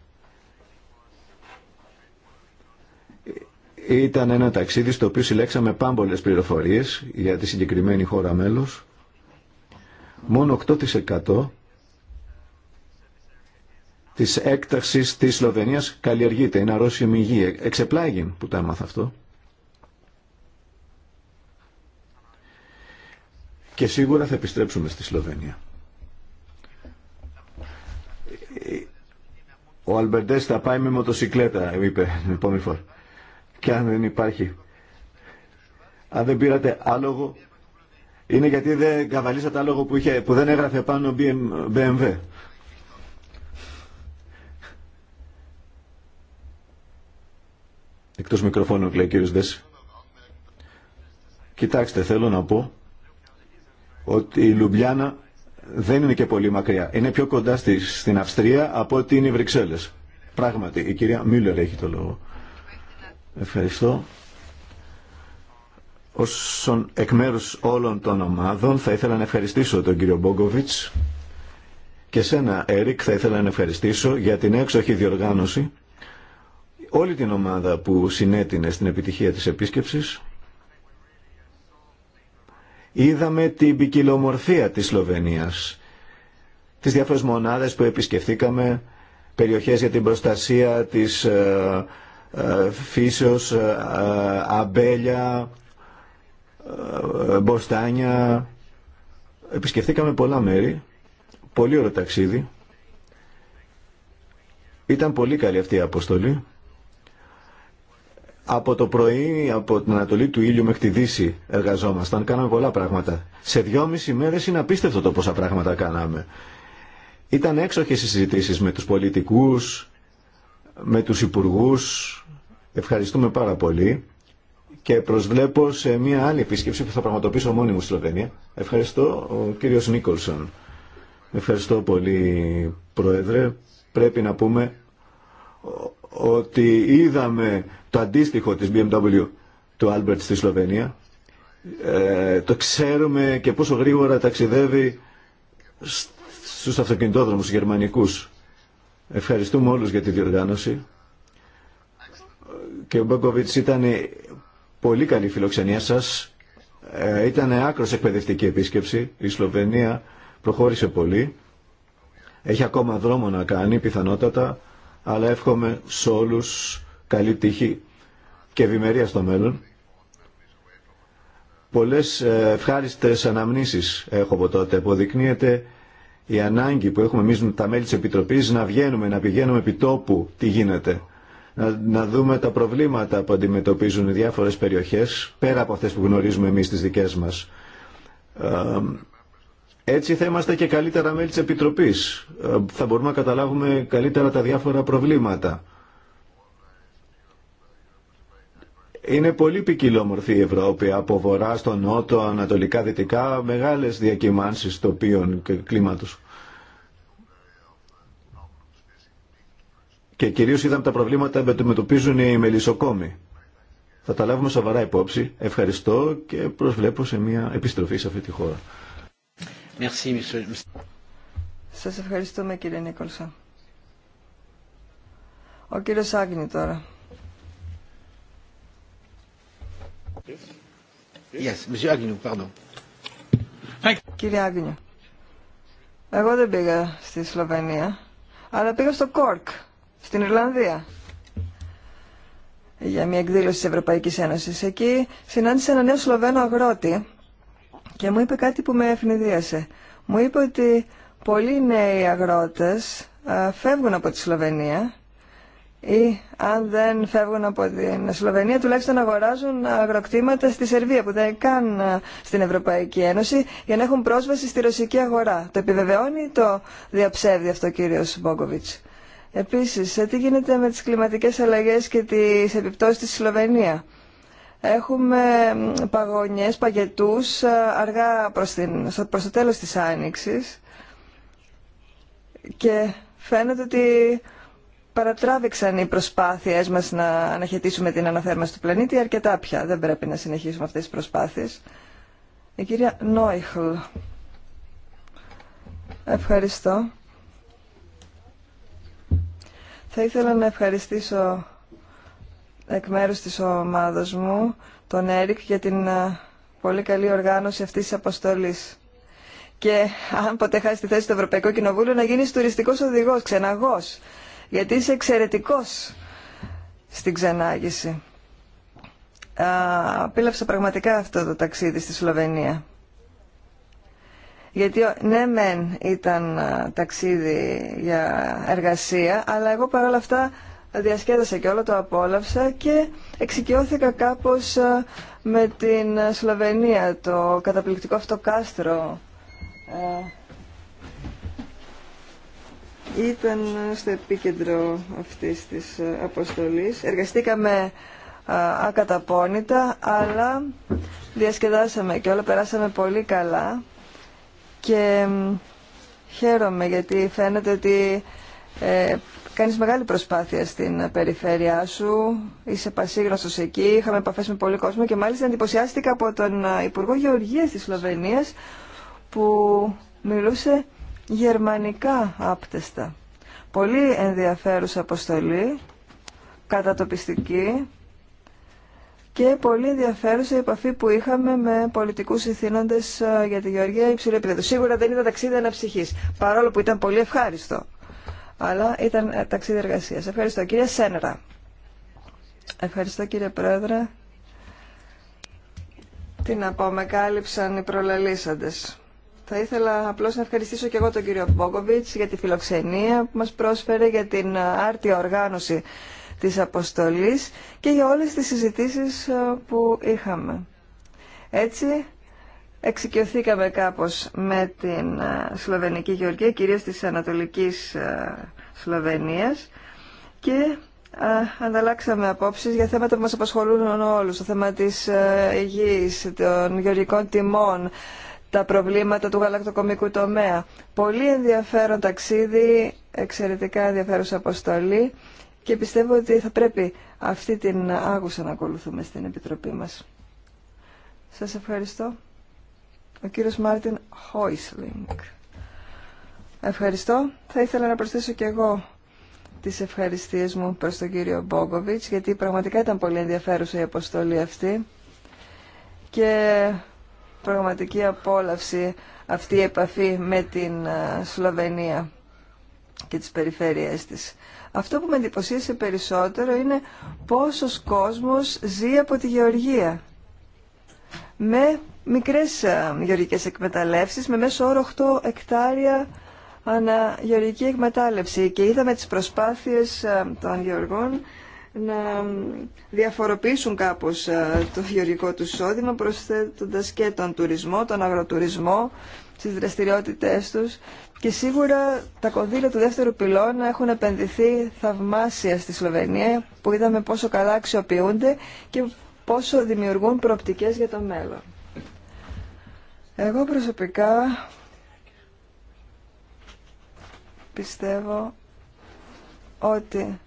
Ε, ήταν ένα ταξίδι στο οποίο συλλέξαμε πάμπολε πληροφορίε για τη συγκεκριμένη χώρα μέλο, Μόνο 8% της έκταξης της Σλοβενίας καλλιεργείται. Είναι αρρώσιμη γη. Ε, εξεπλάγει που τα έμαθα αυτό. και σίγουρα θα επιστρέψουμε στη Σλοβενία. Ο Αλμπερντές θα πάει με μοτοσικλέτα, είπε την επόμενη φορά. Και αν δεν υπάρχει. Αν δεν πήρατε άλογο, είναι γιατί δεν καβαλήσατε άλογο που, είχε, που δεν έγραφε πάνω BMW. Εκτός μικροφώνου, λέει ο κύριος Δέση. Κοιτάξτε, θέλω να πω ότι η Λουμπιάννα δεν είναι και πολύ μακριά. Είναι πιο κοντά στη, στην Αυστρία από ότι είναι οι Βρυξέλλες. Πράγματι, η κυρία Μίλλερ έχει το λόγο. Ευχαριστώ. Όσον εκ μέρου όλων των ομάδων θα ήθελα να ευχαριστήσω τον κύριο Μπόγκοβιτς και σένα Έρικ θα ήθελα να ευχαριστήσω για την έξοχη διοργάνωση όλη την ομάδα που συνέτεινε στην επιτυχία της επίσκεψης είδαμε την ποικιλομορφία της Σλοβενίας. Τις διάφορες μονάδες που επισκεφθήκαμε, περιοχές για την προστασία της ε, ε φύσεως, ε, ε, αμπέλια, μποστάνια. Επισκεφθήκαμε πολλά μέρη, πολύ ωραίο ταξίδι. Ήταν πολύ καλή αυτή η αποστολή από το πρωί, από την Ανατολή του ήλιου μέχρι τη Δύση εργαζόμασταν. Κάναμε πολλά πράγματα. Σε δυόμιση μέρες είναι απίστευτο το πόσα πράγματα κάναμε. Ήταν έξοχες οι συζητήσεις με τους πολιτικούς, με τους υπουργούς. Ευχαριστούμε πάρα πολύ και προσβλέπω σε μια άλλη επίσκεψη που θα πραγματοποιήσω μόνη μου στη Σλοβενία. Ευχαριστώ ο κύριος Νίκολσον. Ευχαριστώ πολύ Πρόεδρε. Πρέπει να πούμε ότι είδαμε το αντίστοιχο της BMW του Albert στη Σλοβενία. Ε, το ξέρουμε και πόσο γρήγορα ταξιδεύει στους αυτοκινητόδρομους γερμανικούς. Ευχαριστούμε όλους για τη διοργάνωση. Και ο Μπέγκοβιτς ήταν πολύ καλή φιλοξενία σας. Ε, ήταν άκρος εκπαιδευτική επίσκεψη. Η Σλοβενία προχώρησε πολύ. Έχει ακόμα δρόμο να κάνει, πιθανότατα, αλλά εύχομαι σε όλους καλή τύχη και ευημερία στο μέλλον. Πολλές ε, ευχάριστες αναμνήσεις έχω από τότε. Αποδεικνύεται η ανάγκη που έχουμε εμείς τα μέλη της Επιτροπής να βγαίνουμε, να πηγαίνουμε επί τόπου τι γίνεται. Να, να δούμε τα προβλήματα που αντιμετωπίζουν οι διάφορες περιοχές, πέρα από αυτές που γνωρίζουμε εμείς τις δικές μας. Ε, έτσι θα είμαστε και καλύτερα μέλη της Επιτροπής. Ε, θα μπορούμε να καταλάβουμε καλύτερα τα διάφορα προβλήματα. Είναι πολύ ποικιλόμορφη η Ευρώπη από βορρά στο νότο, ανατολικά, δυτικά, μεγάλες διακυμάνσεις τοπίων και κλίματος. Και κυρίως είδαμε τα προβλήματα που αντιμετωπίζουν οι μελισσοκόμοι. Θα τα λάβουμε σοβαρά υπόψη. Ευχαριστώ και προσβλέπω σε μια επιστροφή σε αυτή τη χώρα. Σας ευχαριστούμε κύριε Νίκολσα. Ο κύριος Άγνη τώρα. Yes, Κύριε Άγνιου, εγώ δεν πήγα στη Σλοβενία, αλλά πήγα στο Κόρκ, στην Ιρλανδία, για μια εκδήλωση της Ευρωπαϊκής Ένωσης. Εκεί συνάντησα ένα νέο Σλοβαίνο αγρότη και μου είπε κάτι που με ευνηδίασε. Μου είπε ότι πολλοί νέοι αγρότες ε, φεύγουν από τη Σλοβενία ή αν δεν φεύγουν από την Σλοβενία τουλάχιστον αγοράζουν αγροκτήματα στη Σερβία που δεν είναι καν ε, στην Ευρωπαϊκή Ένωση για να έχουν πρόσβαση στη ρωσική αγορά. Το επιβεβαιώνει ή το διαψεύδει αυτό ο κύριος Μπόγκοβιτς. Επίσης, ε, τι γίνεται με τις κλιματικές αλλαγές και τις επιπτώσεις στη Σλοβενία. Έχουμε παγωνιές, παγετούς, ε, αργά προς, την, προς το τέλος της Άνοιξης και φαίνεται ότι παρατράβηξαν οι προσπάθειε μα να αναχαιτήσουμε την αναθέρμανση του πλανήτη αρκετά πια. Δεν πρέπει να συνεχίσουμε αυτές τις προσπάθειες. Η κυρία Νόιχλ. Ευχαριστώ. Θα ήθελα να ευχαριστήσω εκ μέρους της ομάδος μου τον Έρικ για την ε, πολύ καλή οργάνωση αυτής της αποστολής. Και αν ποτέ χάσει τη θέση του Ευρωπαϊκού Κοινοβούλιο να γίνεις τουριστικός οδηγός, ξεναγός γιατί είσαι εξαιρετικός στην ξενάγηση. Απίλαψα πραγματικά αυτό το ταξίδι στη Σλοβενία. Γιατί ναι μεν ήταν ταξίδι για εργασία, αλλά εγώ παρόλα αυτά διασκέδασα και όλο το απόλαυσα και εξοικειώθηκα κάπως με την Σλοβενία, το καταπληκτικό αυτό κάστρο ήταν στο επίκεντρο αυτής της ε, αποστολής. Εργαστήκαμε ε, ακαταπώνητα, αλλά διασκεδάσαμε και όλα περάσαμε πολύ καλά και χαίρομαι γιατί φαίνεται ότι ε, κάνεις μεγάλη προσπάθεια στην περιφέρειά σου, είσαι πασίγνωστος εκεί, είχαμε επαφές με πολύ κόσμο και μάλιστα εντυπωσιάστηκα από τον ε, Υπουργό Γεωργίας της Σλοβενίας που μιλούσε γερμανικά άπτεστα. Πολύ ενδιαφέρουσα αποστολή, κατατοπιστική και πολύ ενδιαφέρουσα η επαφή που είχαμε με πολιτικούς ηθήνοντες ε, για τη Γεωργία Υψηλή επίπεδου. Σίγουρα δεν ήταν ταξίδι αναψυχής, παρόλο που ήταν πολύ ευχάριστο. Αλλά ήταν ε, ταξίδι εργασίας. Ευχαριστώ κύριε Σένερα. Ευχαριστώ κύριε Πρόεδρε. Τι να πω, με κάλυψαν οι προλαλήσαντες. Θα ήθελα απλώς να ευχαριστήσω και εγώ τον κύριο Μπόγκοβιτς για τη φιλοξενία που μας πρόσφερε για την άρτια οργάνωση της αποστολής και για όλες τις συζητήσεις ε, που είχαμε. Έτσι, εξοικειωθήκαμε κάπως με την ε, Σλοβενική Γεωργία, κυρίως της Ανατολικής ε, Σλοβενίας και ανταλλάξαμε απόψεις για θέματα που μας απασχολούν όλους, το θέμα της υγιής, των γεωργικών τιμών, τα προβλήματα του γαλακτοκομικού τομέα. Πολύ ενδιαφέρον ταξίδι, εξαιρετικά ενδιαφέρουσα αποστολή και πιστεύω ότι θα πρέπει αυτή την άγουσα να ακολουθούμε στην Επιτροπή μας. Σας ευχαριστώ. Ο κύριος Μάρτιν Χόισλινγκ. Ευχαριστώ. Θα ήθελα να προσθέσω και εγώ τις ευχαριστίες μου προς τον κύριο Μπόγκοβιτς γιατί πραγματικά ήταν πολύ ενδιαφέρουσα η αποστολή αυτή και πραγματική απόλαυση αυτή η επαφή με την ε, Σλοβενία και τις περιφέρειές της. Αυτό που με εντυπωσίασε περισσότερο είναι πόσος κόσμος ζει από τη γεωργία. Με μικρές ε, γεωργικές εκμεταλλεύσεις, με μέσο όρο 8 εκτάρια αναγεωργική εκμετάλλευση. Και είδαμε τις προσπάθειες ε, των γεωργών να διαφοροποιήσουν κάπως ε, το γεωργικό του εισόδημα προσθέτοντας και τον τουρισμό, τον αγροτουρισμό στις δραστηριότητές τους και σίγουρα τα κονδύλια του δεύτερου πυλώνα έχουν επενδυθεί θαυμάσια στη Σλοβενία που είδαμε πόσο καλά αξιοποιούνται και πόσο δημιουργούν προοπτικές για το μέλλον. Εγώ προσωπικά πιστεύω ότι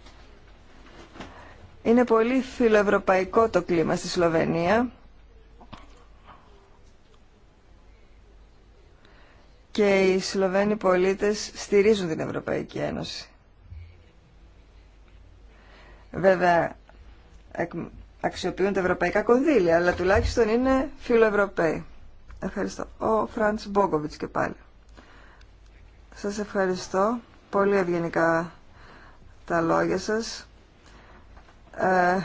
είναι πολύ φιλοευρωπαϊκό το κλίμα στη Σλοβενία και οι Σλοβαίνοι πολίτες στηρίζουν την Ευρωπαϊκή Ένωση. Βέβαια, αξιοποιούν τα ευρωπαϊκά κονδύλια, αλλά τουλάχιστον είναι φιλοευρωπαίοι. Ευχαριστώ. Ο Φραντς Μπόγκοβιτς και πάλι. Σας ευχαριστώ. Πολύ ευγενικά τα λόγια σας. Ε,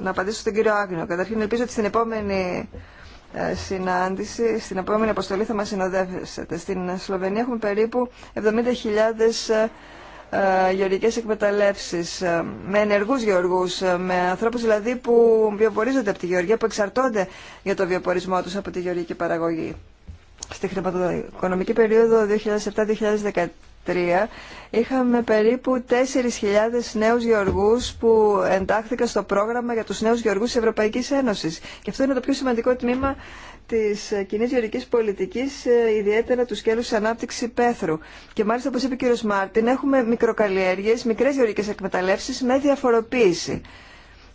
να απαντήσω στον κύριο Άγνιο. Καταρχήν ελπίζω ότι στην επόμενη ε, συνάντηση, στην επόμενη αποστολή θα μας συνοδεύσετε. Στην Σλοβενία έχουμε περίπου 70.000 ε, γεωργικές εκμεταλλεύσεις με ενεργούς γεωργούς, με ανθρώπους δηλαδή που βιοπορίζονται από τη γεωργία, που εξαρτώνται για το βιοπορισμό τους από τη γεωργική παραγωγή. Στη χρηματοοικονομική περίοδο 2007-2010 είχαμε περίπου 4.000 νέους γεωργούς που εντάχθηκαν στο πρόγραμμα για τους νέους γεωργούς της Ευρωπαϊκής Ένωσης. Και αυτό είναι το πιο σημαντικό τμήμα της ε, κοινή γεωργικής πολιτικής, ε, ιδιαίτερα του σκέλους ανάπτυξης πέθρου. Και μάλιστα, όπως είπε ο κ. Μάρτιν, έχουμε μικροκαλλιέργειες, μικρές γεωργικές εκμεταλλεύσεις με διαφοροποίηση.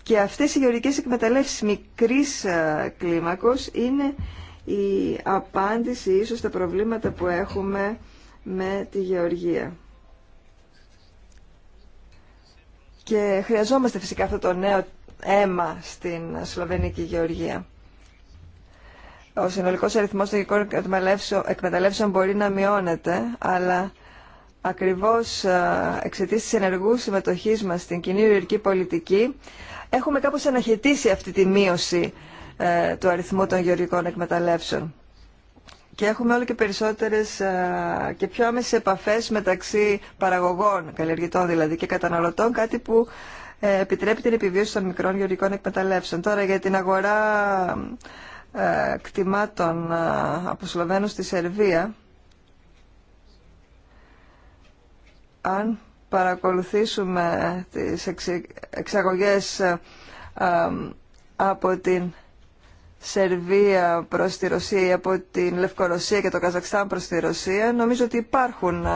Και αυτές οι γεωργικές εκμεταλλεύσεις μικρής ε, κλίμακος είναι η απάντηση ίσως στα προβλήματα που έχουμε με τη γεωργία. Και χρειαζόμαστε φυσικά αυτό το νέο αίμα στην Σλοβενική γεωργία. Ο συνολικός αριθμός των γεωργικών εκμεταλλεύσεων μπορεί να μειώνεται, αλλά ακριβώς εξαιτίας της ενεργού συμμετοχής μας στην κοινή γεωργική πολιτική, έχουμε κάπως αναχαιτήσει αυτή τη μείωση ε, του αριθμού των γεωργικών εκμεταλλεύσεων και έχουμε όλο και περισσότερες και πιο άμεσε επαφές μεταξύ παραγωγών, καλλιεργητών δηλαδή και καταναλωτών, κάτι που ε, επιτρέπει την επιβίωση των μικρών γεωργικών εκμεταλλεύσεων. Τώρα για την αγορά ε, κτημάτων από Σλοβαίνου στη Σερβία, αν παρακολουθήσουμε τις εξαγωγές ε, από την Σερβία προς τη Ρωσία, από την Λευκορωσία και το Καζακστάν προς τη Ρωσία, νομίζω ότι υπάρχουν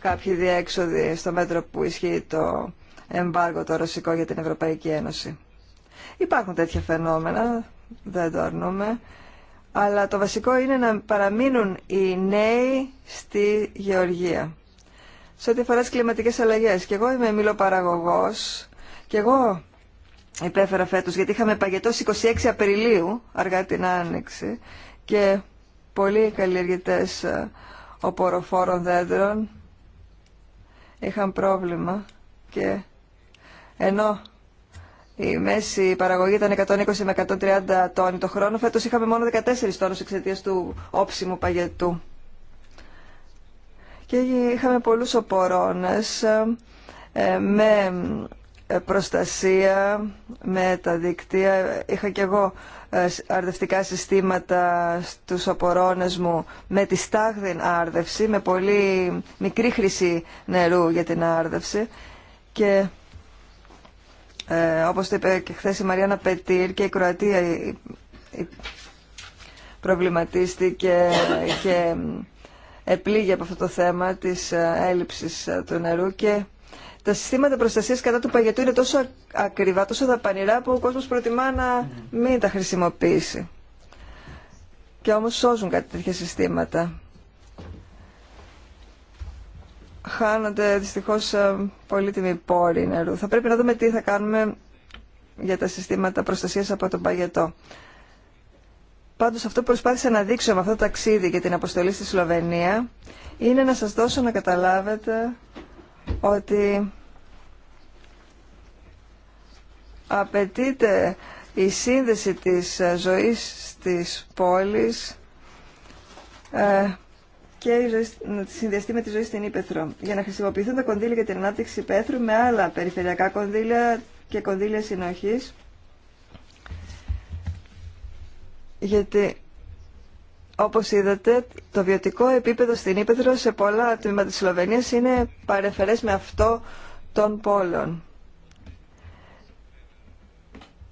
κάποιοι διέξοδοι στο μέτρο που ισχύει το εμπάργο το ρωσικό για την Ευρωπαϊκή Ένωση. Υπάρχουν τέτοια φαινόμενα, δεν το αρνούμε, αλλά το βασικό είναι να παραμείνουν οι νέοι στη γεωργία. Σε ό,τι αφορά τι κλιματικέ αλλαγέ. και εγώ είμαι μιλοπαραγωγό και εγώ υπέφερα φέτος, γιατί είχαμε παγετός 26 Απριλίου, αργά την Άνοιξη, και πολλοί καλλιεργητές ε, οποροφόρων δέντρων είχαν πρόβλημα και ενώ η μέση παραγωγή ήταν 120 με 130 τόνοι το χρόνο, φέτος είχαμε μόνο 14 τόνους εξαιτία του όψιμου παγετού. Και είχαμε πολλούς οπορώνες ε, με προστασία με τα δίκτυα. Είχα και εγώ ε, αρδευτικά συστήματα στους απορώνες μου με τη στάγδιν άρδευση, με πολύ μικρή χρήση νερού για την άρδευση. Και ε, όπως το είπε και χθες η Μαριάννα Πετήρ και η Κροατία προβληματίστηκε και ε, επλήγει από αυτό το θέμα της ε, έλλειψης του νερού και τα συστήματα προστασίας κατά του παγετού είναι τόσο ακριβά, τόσο δαπανηρά που ο κόσμος προτιμά να μην τα χρησιμοποιήσει. Και όμως σώζουν κάτι τέτοια συστήματα. Χάνονται δυστυχώς ε, πολύτιμοι πόροι νερού. Θα πρέπει να δούμε τι θα κάνουμε για τα συστήματα προστασίας από τον παγετό. Πάντως αυτό που προσπάθησα να δείξω με αυτό το ταξίδι για την αποστολή στη Σλοβενία είναι να σας δώσω να καταλάβετε ότι απαιτείται η σύνδεση της ζωής της πόλης ε, και η να τη συνδυαστεί με τη ζωή στην Ήπεθρο. Για να χρησιμοποιηθούν τα κονδύλια για την ανάπτυξη Ήπεθρου με άλλα περιφερειακά κονδύλια και κονδύλια συνοχής. Γιατί, όπως είδατε, το βιωτικό επίπεδο στην Ήπεθρο σε πολλά τμήματα της Σλοβενίας είναι παρεφερές με αυτό των πόλεων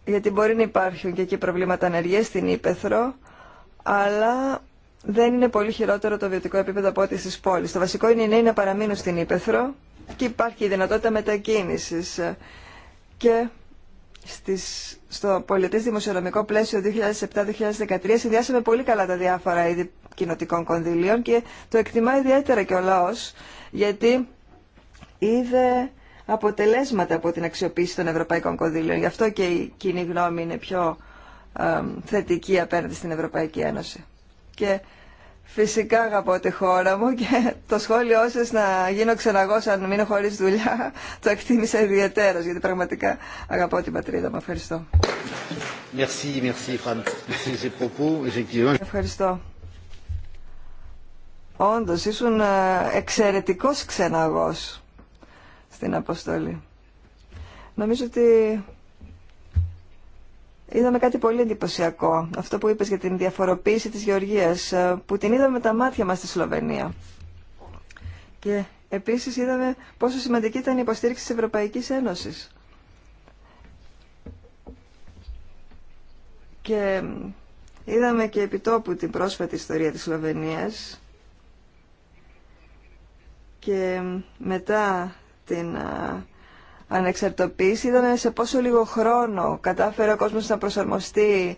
γιατί μπορεί να υπάρχουν και εκεί προβλήματα ανεργία στην Ήπεθρο, αλλά δεν είναι πολύ χειρότερο το βιωτικό επίπεδο από ό,τι στι πόλει. Το βασικό είναι οι νέοι να παραμείνουν στην Ήπεθρο και υπάρχει η δυνατότητα μετακίνηση. Και στις, στο πολιτής δημοσιονομικό πλαίσιο 2007-2013 συνδυάσαμε πολύ καλά τα διάφορα είδη κοινοτικών κονδυλίων και το εκτιμά ιδιαίτερα και ο λαός γιατί είδε αποτελέσματα από την αξιοποίηση των ευρωπαϊκών κονδύλιων. Γι' αυτό και η κοινή γνώμη είναι πιο θετική απέναντι στην Ευρωπαϊκή Ένωση. Και φυσικά αγαπώ τη χώρα μου και το σχόλιο σα να γίνω ξεναγός αν μείνω χωρίς δουλειά το εκτίμησα ιδιαίτερος γιατί πραγματικά αγαπώ την πατρίδα μου. Ευχαριστώ. Merci, Ευχαριστώ. Όντως, ήσουν ε, εξαιρετικός ξεναγός στην αποστολή. Νομίζω ότι είδαμε κάτι πολύ εντυπωσιακό. Αυτό που είπες για την διαφοροποίηση της γεωργίας, ε, που την είδαμε με τα μάτια μας στη Σλοβενία. Και επίσης είδαμε πόσο σημαντική ήταν η υποστήριξη της Ευρωπαϊκής Ένωσης. Και είδαμε και επιτόπου την πρόσφατη ιστορία της Σλοβενίας και μετά την ανεξαρτοποίηση. Είδαμε σε πόσο λίγο χρόνο κατάφερε ο κόσμος να προσαρμοστεί,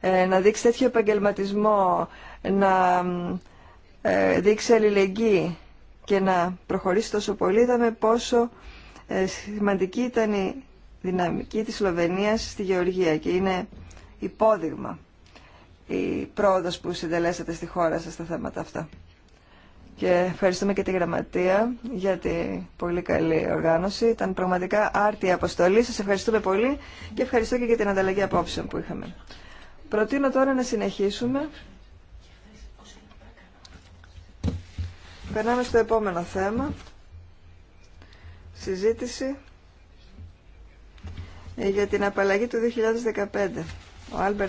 ε, να δείξει τέτοιο επαγγελματισμό, να ε, δείξει αλληλεγγύη και να προχωρήσει τόσο πολύ. Είδαμε πόσο ε, σημαντική ήταν η δυναμική της Σλοβενίας στη Γεωργία και είναι υπόδειγμα η πρόοδος που συντελέσατε στη χώρα σας στα θέματα αυτά και ευχαριστούμε και τη Γραμματεία για την πολύ καλή οργάνωση. Ήταν πραγματικά άρτια αποστολή. Σας ευχαριστούμε πολύ και ευχαριστώ και για την ανταλλαγή απόψεων που είχαμε. Προτείνω τώρα να συνεχίσουμε. Περνάμε στο επόμενο θέμα. Συζήτηση για την απαλλαγή του 2015. Ο Άλμπερ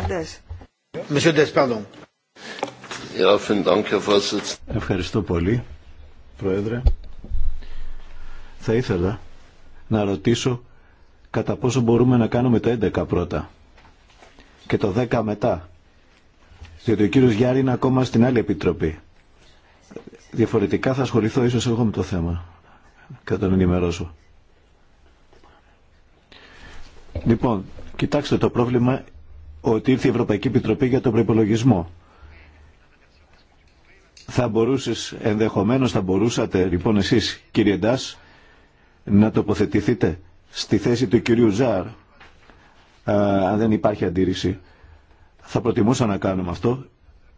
pardon. Ευχαριστώ πολύ, Πρόεδρε. Θα ήθελα να ρωτήσω κατά πόσο μπορούμε να κάνουμε το 11 πρώτα και το 10 μετά. Διότι ο κύριος Γιάρη είναι ακόμα στην άλλη επιτροπή. Διαφορετικά θα ασχοληθώ ίσως εγώ με το θέμα. Κατά τον ενημερώσω. Λοιπόν, κοιτάξτε το πρόβλημα ότι ήρθε η Ευρωπαϊκή Επιτροπή για τον προπολογισμό. Θα μπορούσες, ενδεχομένως θα μπορούσατε, λοιπόν εσείς κύριε Ντάς, να τοποθετηθείτε στη θέση του κυρίου Ζάρ, αν δεν υπάρχει αντίρρηση. Θα προτιμούσα να κάνουμε αυτό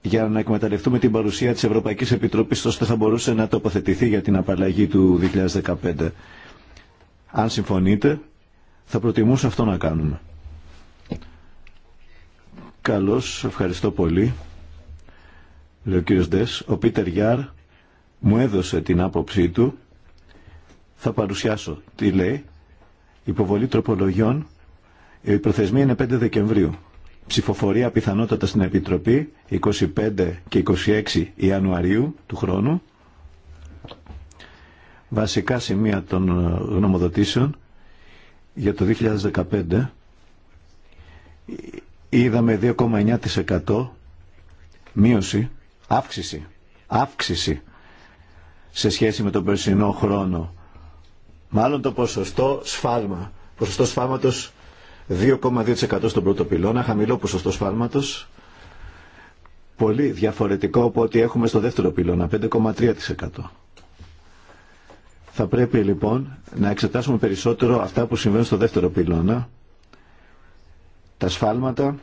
για να εκμεταλλευτούμε την παρουσία της Ευρωπαϊκής Επιτροπής, ώστε θα μπορούσε να τοποθετηθεί για την απαλλαγή του 2015. Αν συμφωνείτε, θα προτιμούσα αυτό να κάνουμε. Καλώς, ευχαριστώ πολύ λέει ο κύριος Ντες, ο Πίτερ Γιάρ μου έδωσε την άποψή του, θα παρουσιάσω τι λέει, υποβολή τροπολογιών, η προθεσμία είναι 5 Δεκεμβρίου. Ψηφοφορία πιθανότατα στην Επιτροπή 25 και 26 Ιανουαρίου του χρόνου. Βασικά σημεία των ε, γνωμοδοτήσεων για το 2015 είδαμε 2,9% μείωση αύξηση, αύξηση σε σχέση με τον περσινό χρόνο. Μάλλον το ποσοστό σφάλμα, ποσοστό σφάλματος 2,2% στον πρώτο πυλώνα, χαμηλό ποσοστό σφάλματος, πολύ διαφορετικό από ό,τι έχουμε στο δεύτερο πυλώνα, 5,3%. Θα πρέπει λοιπόν να εξετάσουμε περισσότερο αυτά που συμβαίνουν στο δεύτερο πυλώνα, τα σφάλματα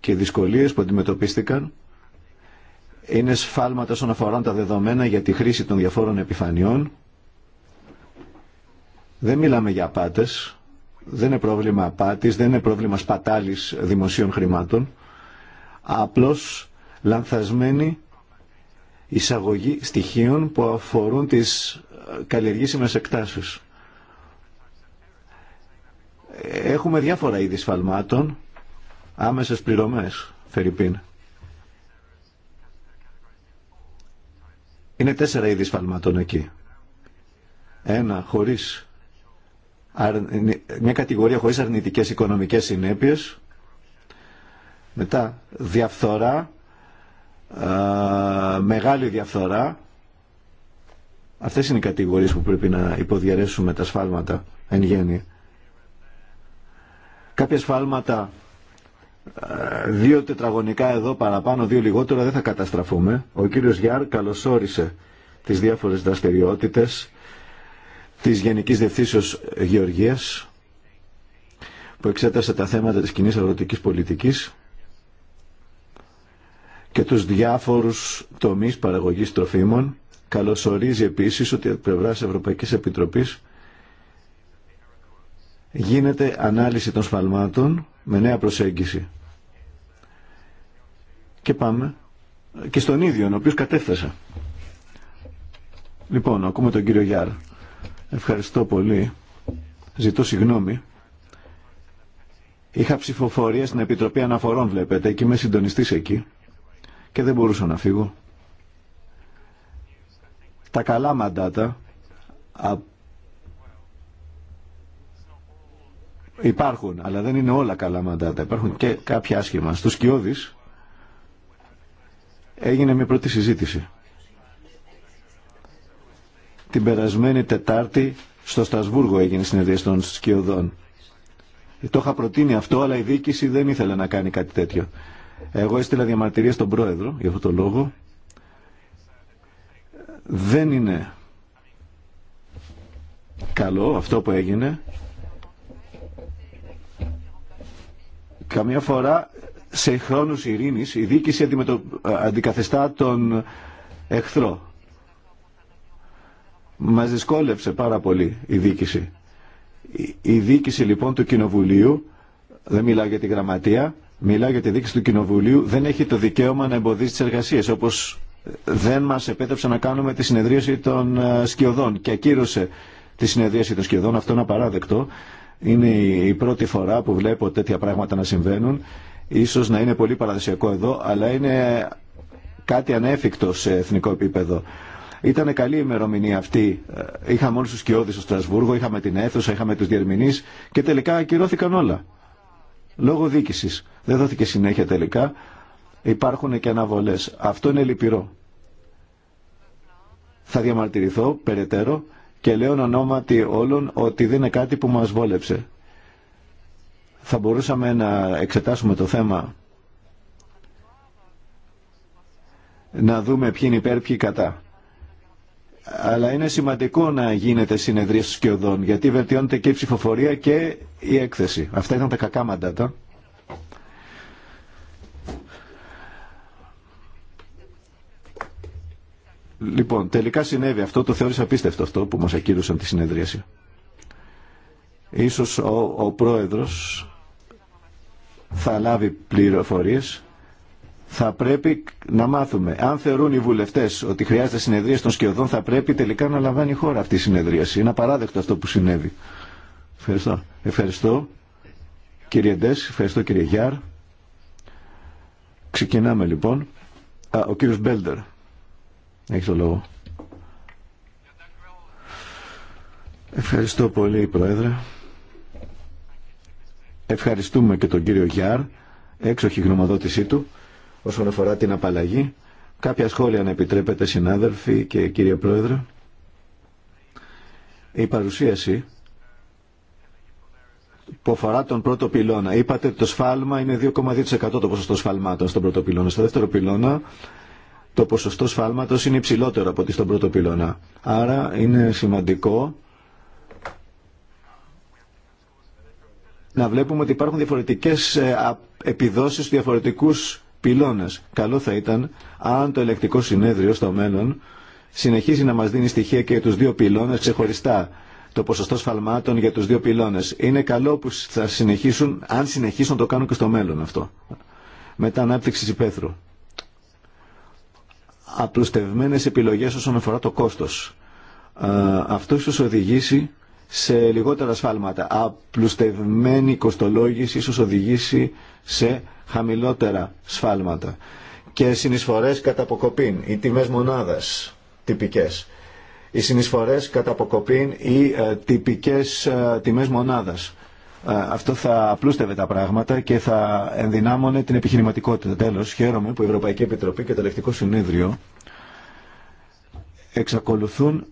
και οι δυσκολίες που αντιμετωπίστηκαν είναι σφάλματα όσον αφορά τα δεδομένα για τη χρήση των διαφόρων επιφανειών. Δεν μιλάμε για απάτες, δεν είναι πρόβλημα απάτης, δεν είναι πρόβλημα σπατάλης δημοσίων χρημάτων, απλώς λανθασμένη εισαγωγή στοιχείων που αφορούν τις ε, καλλιεργήσιμες εκτάσεις. Έχουμε διάφορα είδη σφαλμάτων, άμεσες πληρωμές, Φερρυπίν. Είναι τέσσερα είδη σφαλμάτων εκεί. Ένα, χωρίς μια κατηγορία χωρίς αρνητικές οικονομικές συνέπειες. Μετά, διαφθορά, μεγάλη διαφθορά. Αυτές είναι οι κατηγορίες που πρέπει να υποδιαρέσουμε τα σφάλματα εν γέννη. Κάποια σφάλματα δύο τετραγωνικά εδώ παραπάνω, δύο λιγότερα δεν θα καταστραφούμε. Ο κύριος Γιάρ καλωσόρισε τις διάφορες δραστηριότητε της Γενικής Διευθύνσεως Γεωργίας που εξέτασε τα θέματα της κοινή αγροτικής πολιτικής και τους διάφορους τομείς παραγωγής τροφίμων. Καλωσορίζει επίσης ότι από πλευρά Ευρωπαϊκή Επιτροπή γίνεται ανάλυση των σφαλμάτων με νέα προσέγγιση. Και πάμε και στον ίδιο, ο οποίος κατέφτασα. Λοιπόν, ακούμε τον κύριο Γιάρ. Ευχαριστώ πολύ. Ζητώ συγγνώμη. Είχα ψηφοφορία στην Επιτροπή Αναφορών, βλέπετε, και είμαι συντονιστή εκεί. Και δεν μπορούσα να φύγω. Τα καλά μαντάτα α... υπάρχουν, αλλά δεν είναι όλα καλά μαντάτα. Υπάρχουν και κάποια άσχημα. Στους Κιώδης έγινε μια πρώτη συζήτηση. Την περασμένη Τετάρτη στο Στασβούργο έγινε η συνεδρία των Σκιωδών. Το είχα προτείνει αυτό, αλλά η διοίκηση δεν ήθελε να κάνει κάτι τέτοιο. Εγώ έστειλα διαμαρτυρία στον πρόεδρο για αυτό το λόγο. Δεν είναι καλό αυτό που έγινε. Καμιά φορά σε χρόνους ειρήνης η δίκηση αντικαθεστά τον εχθρό. Μας δυσκόλεψε πάρα πολύ η δίκηση. Η δίκηση λοιπόν του Κοινοβουλίου, δεν μιλάω για τη γραμματεία, μιλάω για τη δίκηση του Κοινοβουλίου, δεν έχει το δικαίωμα να εμποδίσει τις εργασίες, όπως δεν μας επέτρεψε να κάνουμε τη συνεδρίαση των ε, σκιωδών και ακύρωσε τη συνεδρίαση των σκιωδών, αυτό είναι απαράδεκτο. Είναι η πρώτη φορά που βλέπω τέτοια πράγματα να συμβαίνουν Ίσως να είναι πολύ παραδοσιακό εδώ, αλλά είναι κάτι ανέφικτο σε εθνικό επίπεδο. Ήταν καλή ημερομηνία αυτή. Ε, είχαμε όλου του κοιόδη στο Στρασβούργο, είχαμε την αίθουσα, είχαμε του διερμηνεί και τελικά ακυρώθηκαν όλα. Λόγω δίκηση. Δεν δόθηκε συνέχεια τελικά. Υπάρχουν και αναβολέ. Αυτό είναι λυπηρό. Θα διαμαρτυρηθώ περαιτέρω και λέω ονόματι όλων ότι δεν είναι κάτι που μας βόλεψε θα μπορούσαμε να εξετάσουμε το θέμα να δούμε ποιοι είναι υπέρ, ποιοι κατά. Αλλά είναι σημαντικό να γίνεται συνεδρία στους σκιωδών, γιατί βελτιώνεται και η ψηφοφορία και η έκθεση. Αυτά ήταν τα κακά μαντάτα. Λοιπόν, τελικά συνέβη αυτό, το θεώρησα απίστευτο αυτό που μας ακύρωσαν τη συνεδρίαση. Ίσως ο, ο πρόεδρος θα λάβει πληροφορίες, θα πρέπει να μάθουμε. Αν θεωρούν οι βουλευτές ότι χρειάζεται συνεδρίαση των σκιωδών, θα πρέπει τελικά να λαμβάνει η χώρα αυτή η συνεδρίαση. Είναι απαράδεκτο αυτό που συνέβη. Ευχαριστώ. Ευχαριστώ κύριε Ντές, ευχαριστώ κύριε Γιάρ. Ξεκινάμε λοιπόν. ο κύριος Μπέλντερ. Έχει το λόγο. Ευχαριστώ πολύ, Πρόεδρε. Ευχαριστούμε και τον κύριο Γιάρ, έξοχη γνωμοδότησή του, όσον αφορά την απαλλαγή. Κάποια σχόλια να επιτρέπετε συνάδελφοι και κύριε Πρόεδρε. Η παρουσίαση που αφορά τον πρώτο πυλώνα. Είπατε ότι το σφάλμα είναι 2,2% το ποσοστό σφαλμάτων στον πρώτο πυλώνα. Στο δεύτερο πυλώνα το ποσοστό σφάλματος είναι υψηλότερο από ότι στον πρώτο πυλώνα. Άρα είναι σημαντικό να βλέπουμε ότι υπάρχουν διαφορετικές ε, επιδόσεις στους διαφορετικούς πυλώνες. Καλό θα ήταν αν το ελεκτικό συνέδριο στο μέλλον συνεχίζει να μας δίνει στοιχεία και τους δύο πυλώνες ξεχωριστά. Το ποσοστό σφαλμάτων για τους δύο πυλώνες. Είναι καλό που θα συνεχίσουν, αν συνεχίσουν να το κάνουν και στο μέλλον αυτό. Μετά ανάπτυξη υπαίθρου. Απλουστευμένες επιλογές όσον αφορά το κόστος. Ε, αυτό ίσως οδηγήσει σε λιγότερα σφάλματα. Απλουστευμένη κοστολόγηση ίσως οδηγήσει σε χαμηλότερα σφάλματα. Και συνεισφορές κατά αποκοπήν ή τιμές μονάδας τυπικές. Οι συνεισφορές κατά αποκοπήν ή ε, τυπικές ε, τιμές μονάδας. Ε, αυτό θα απλούστευε τα πράγματα και θα ενδυνάμωνε την επιχειρηματικότητα. Τέλος, χαίρομαι που η Ευρωπαϊκή Επιτροπή και το Ελεκτικό Συνέδριο εξακολουθούν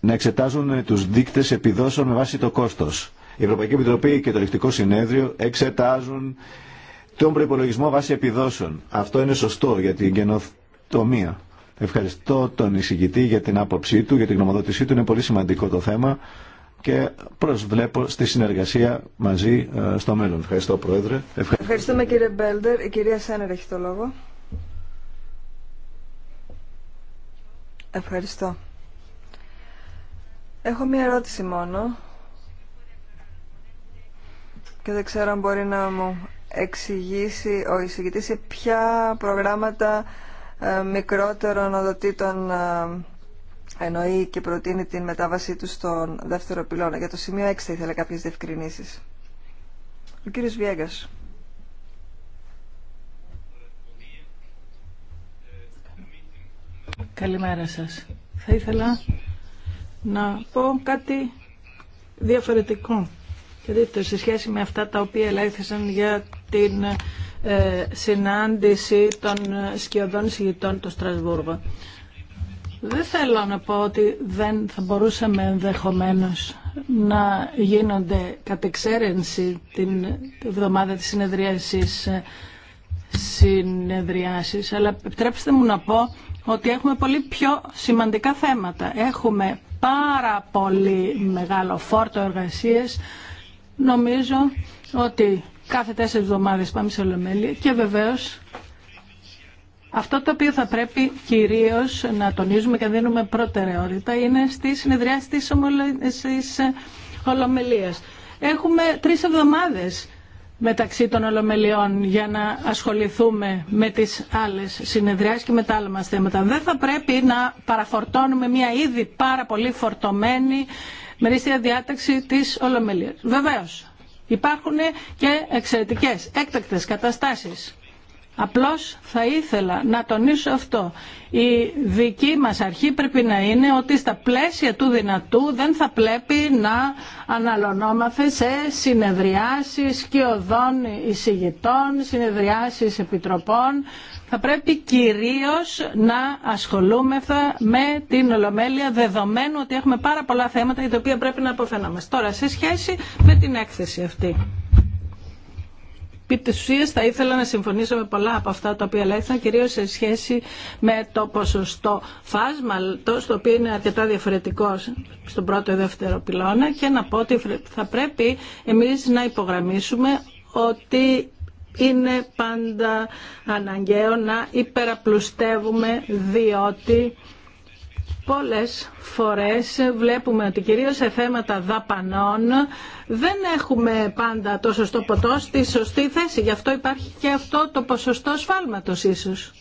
να εξετάζουν τους δείκτες επιδόσεων με βάση το κόστος. Η Ευρωπαϊκή Επιτροπή και το Ελεκτικό Συνέδριο εξετάζουν τον προπολογισμό βάση επιδόσεων. Αυτό είναι σωστό για την καινοτομία. Ευχαριστώ τον εισηγητή για την άποψή του, για την γνωμοδότησή του. Είναι πολύ σημαντικό το θέμα και προσβλέπω στη συνεργασία μαζί ε, στο μέλλον. Ευχαριστώ, Πρόεδρε. Ευχαριστώ. Ευχαριστούμε, κύριε Μπέλντερ. Η κυρία Σένερ έχει το λόγο. Ευχαριστώ. Έχω μία ερώτηση μόνο και δεν ξέρω αν μπορεί να μου εξηγήσει ο εισηγητής σε ποια προγράμματα ε, μικρότερων οδοτήτων ε, εννοεί και προτείνει την μετάβασή του στον δεύτερο πυλώνα. Για το σημείο 6 θα ήθελα κάποιες διευκρινήσεις. Ο κύριος Βιέγκας. Καλημέρα σας. Θα ήθελα να πω κάτι διαφορετικό. Και δηλαδή, δείτε, σε σχέση με αυτά τα οποία ελέγχθησαν για την ε, συνάντηση των ε, σκιωδών συγητών το Στρασβούργο. Δεν θέλω να πω ότι δεν θα μπορούσαμε ενδεχομένω να γίνονται κατ' εξαίρεση την εβδομάδα της συνεδρίασης ε, συνεδριάσης αλλά επιτρέψτε μου να πω ότι έχουμε πολύ πιο σημαντικά θέματα. Έχουμε πάρα πολύ μεγάλο φόρτο εργασίες. Νομίζω ότι κάθε τέσσερις εβδομάδες πάμε σε ολομέλεια και βεβαίως αυτό το οποίο θα πρέπει κυρίως να τονίζουμε και δίνουμε προτεραιότητα είναι στη συνεδριά της ε, Ολομελίας. Έχουμε τρεις εβδομάδες μεταξύ των ολομελιών για να ασχοληθούμε με τις άλλες συνεδριάσεις και με τα άλλα μας θέματα. Δεν θα πρέπει να παραφορτώνουμε μια ήδη πάρα πολύ φορτωμένη μερίστια διάταξη της ολομελίας. Βεβαίως, υπάρχουν και εξαιρετικές έκτακτες καταστάσεις Απλώς θα ήθελα να τονίσω αυτό. Η δική μας αρχή πρέπει να είναι ότι στα πλαίσια του δυνατού δεν θα πρέπει να αναλωνόμαθε σε συνεδριάσεις και οδών εισηγητών, συνεδριάσεις επιτροπών. Θα πρέπει κυρίως να ασχολούμεθα με την Ολομέλεια δεδομένου ότι έχουμε πάρα πολλά θέματα για τα οποία πρέπει να αποφαίνομαστε. Τώρα σε σχέση με την έκθεση αυτή επί τη ουσία θα ήθελα να συμφωνήσω με πολλά από αυτά τα οποία λέγεται, κυρίως σε σχέση με το ποσοστό φάσμα, το στο οποίο είναι αρκετά διαφορετικό στον πρώτο ή δεύτερο πυλώνα και να πω ότι θα πρέπει εμείς να υπογραμμίσουμε ότι είναι πάντα αναγκαίο να υπεραπλουστεύουμε διότι Πολλές φορές βλέπουμε ότι κυρίως σε θέματα δαπανών δεν έχουμε πάντα το σωστό ποτό στη σωστή θέση. Γι' αυτό υπάρχει και αυτό το ποσοστό σφάλματος ίσως.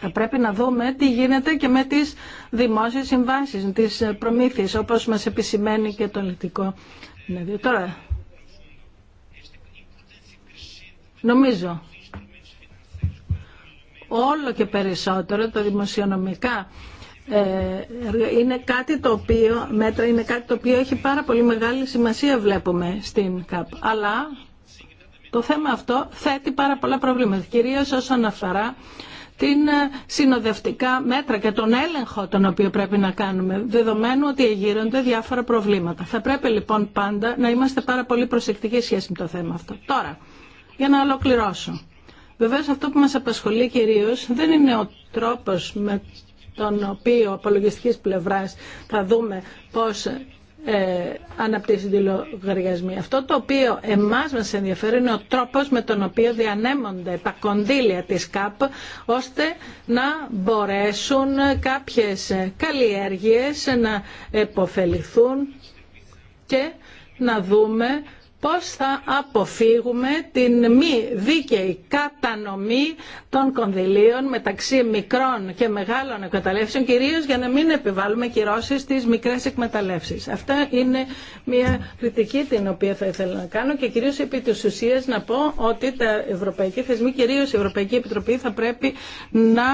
Θα πρέπει να δούμε τι γίνεται και με τις δημόσιες συμβάσεις, τις προμήθειες, όπως μας επισημαίνει και το λυτικό. Ναι, τώρα, νομίζω όλο και περισσότερο τα δημοσιονομικά ε, είναι κάτι το οποίο, μέτρα είναι κάτι το οποίο έχει πάρα πολύ μεγάλη σημασία βλέπουμε στην ΚΑΠ. Αλλά το θέμα αυτό θέτει πάρα πολλά προβλήματα, κυρίως όσον αφορά την ε, συνοδευτικά μέτρα και τον έλεγχο τον οποίο πρέπει να κάνουμε, δεδομένου ότι εγείρονται διάφορα προβλήματα. Θα πρέπει λοιπόν πάντα να είμαστε πάρα πολύ προσεκτικοί σχέση με το θέμα αυτό. Τώρα, για να ολοκληρώσω. Βεβαίως αυτό που μας απασχολεί κυρίως δεν είναι ο τρόπος με τον οποίο απολογιστικής πλευράς θα δούμε πώς ε, αναπτύσσονται οι λογαριασμοί. Αυτό το οποίο εμάς μας ενδιαφέρει είναι ο τρόπος με τον οποίο διανέμονται τα κονδύλια της ΚΑΠ ώστε να μπορέσουν κάποιες καλλιέργειες να επωφεληθούν και να δούμε πώς θα αποφύγουμε την μη δίκαιη κατανομή των κονδυλίων μεταξύ μικρών και μεγάλων εκμεταλλεύσεων, κυρίως για να μην επιβάλλουμε κυρώσεις στις μικρές εκμεταλλεύσεις. Αυτά είναι μια κριτική την οποία θα ήθελα να κάνω και κυρίως επί της ουσίας να πω ότι τα ευρωπαϊκή θεσμή, κυρίως η Ευρωπαϊκή Επιτροπή, θα πρέπει να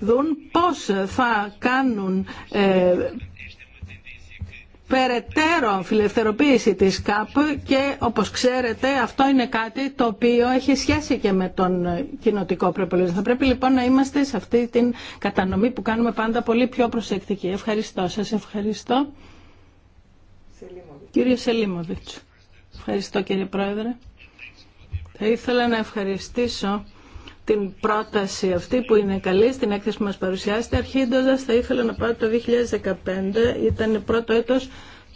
δουν πώς θα κάνουν ε, περαιτέρω φιλελευθερωποίηση της ΚΑΠ και όπως ξέρετε αυτό είναι κάτι το οποίο έχει σχέση και με τον κοινοτικό προπολογισμό. Θα πρέπει λοιπόν να είμαστε σε αυτή την κατανομή που κάνουμε πάντα πολύ πιο προσεκτική. Ευχαριστώ. Σας ευχαριστώ. Κύριε Σελίμωβιτς. Ευχαριστώ κύριε Πρόεδρε. Θα ήθελα να ευχαριστήσω την πρόταση αυτή που είναι καλή στην έκθεση που μας παρουσιάσετε. Αρχίζοντας θα ήθελα να πάω το 2015, ήταν πρώτο έτος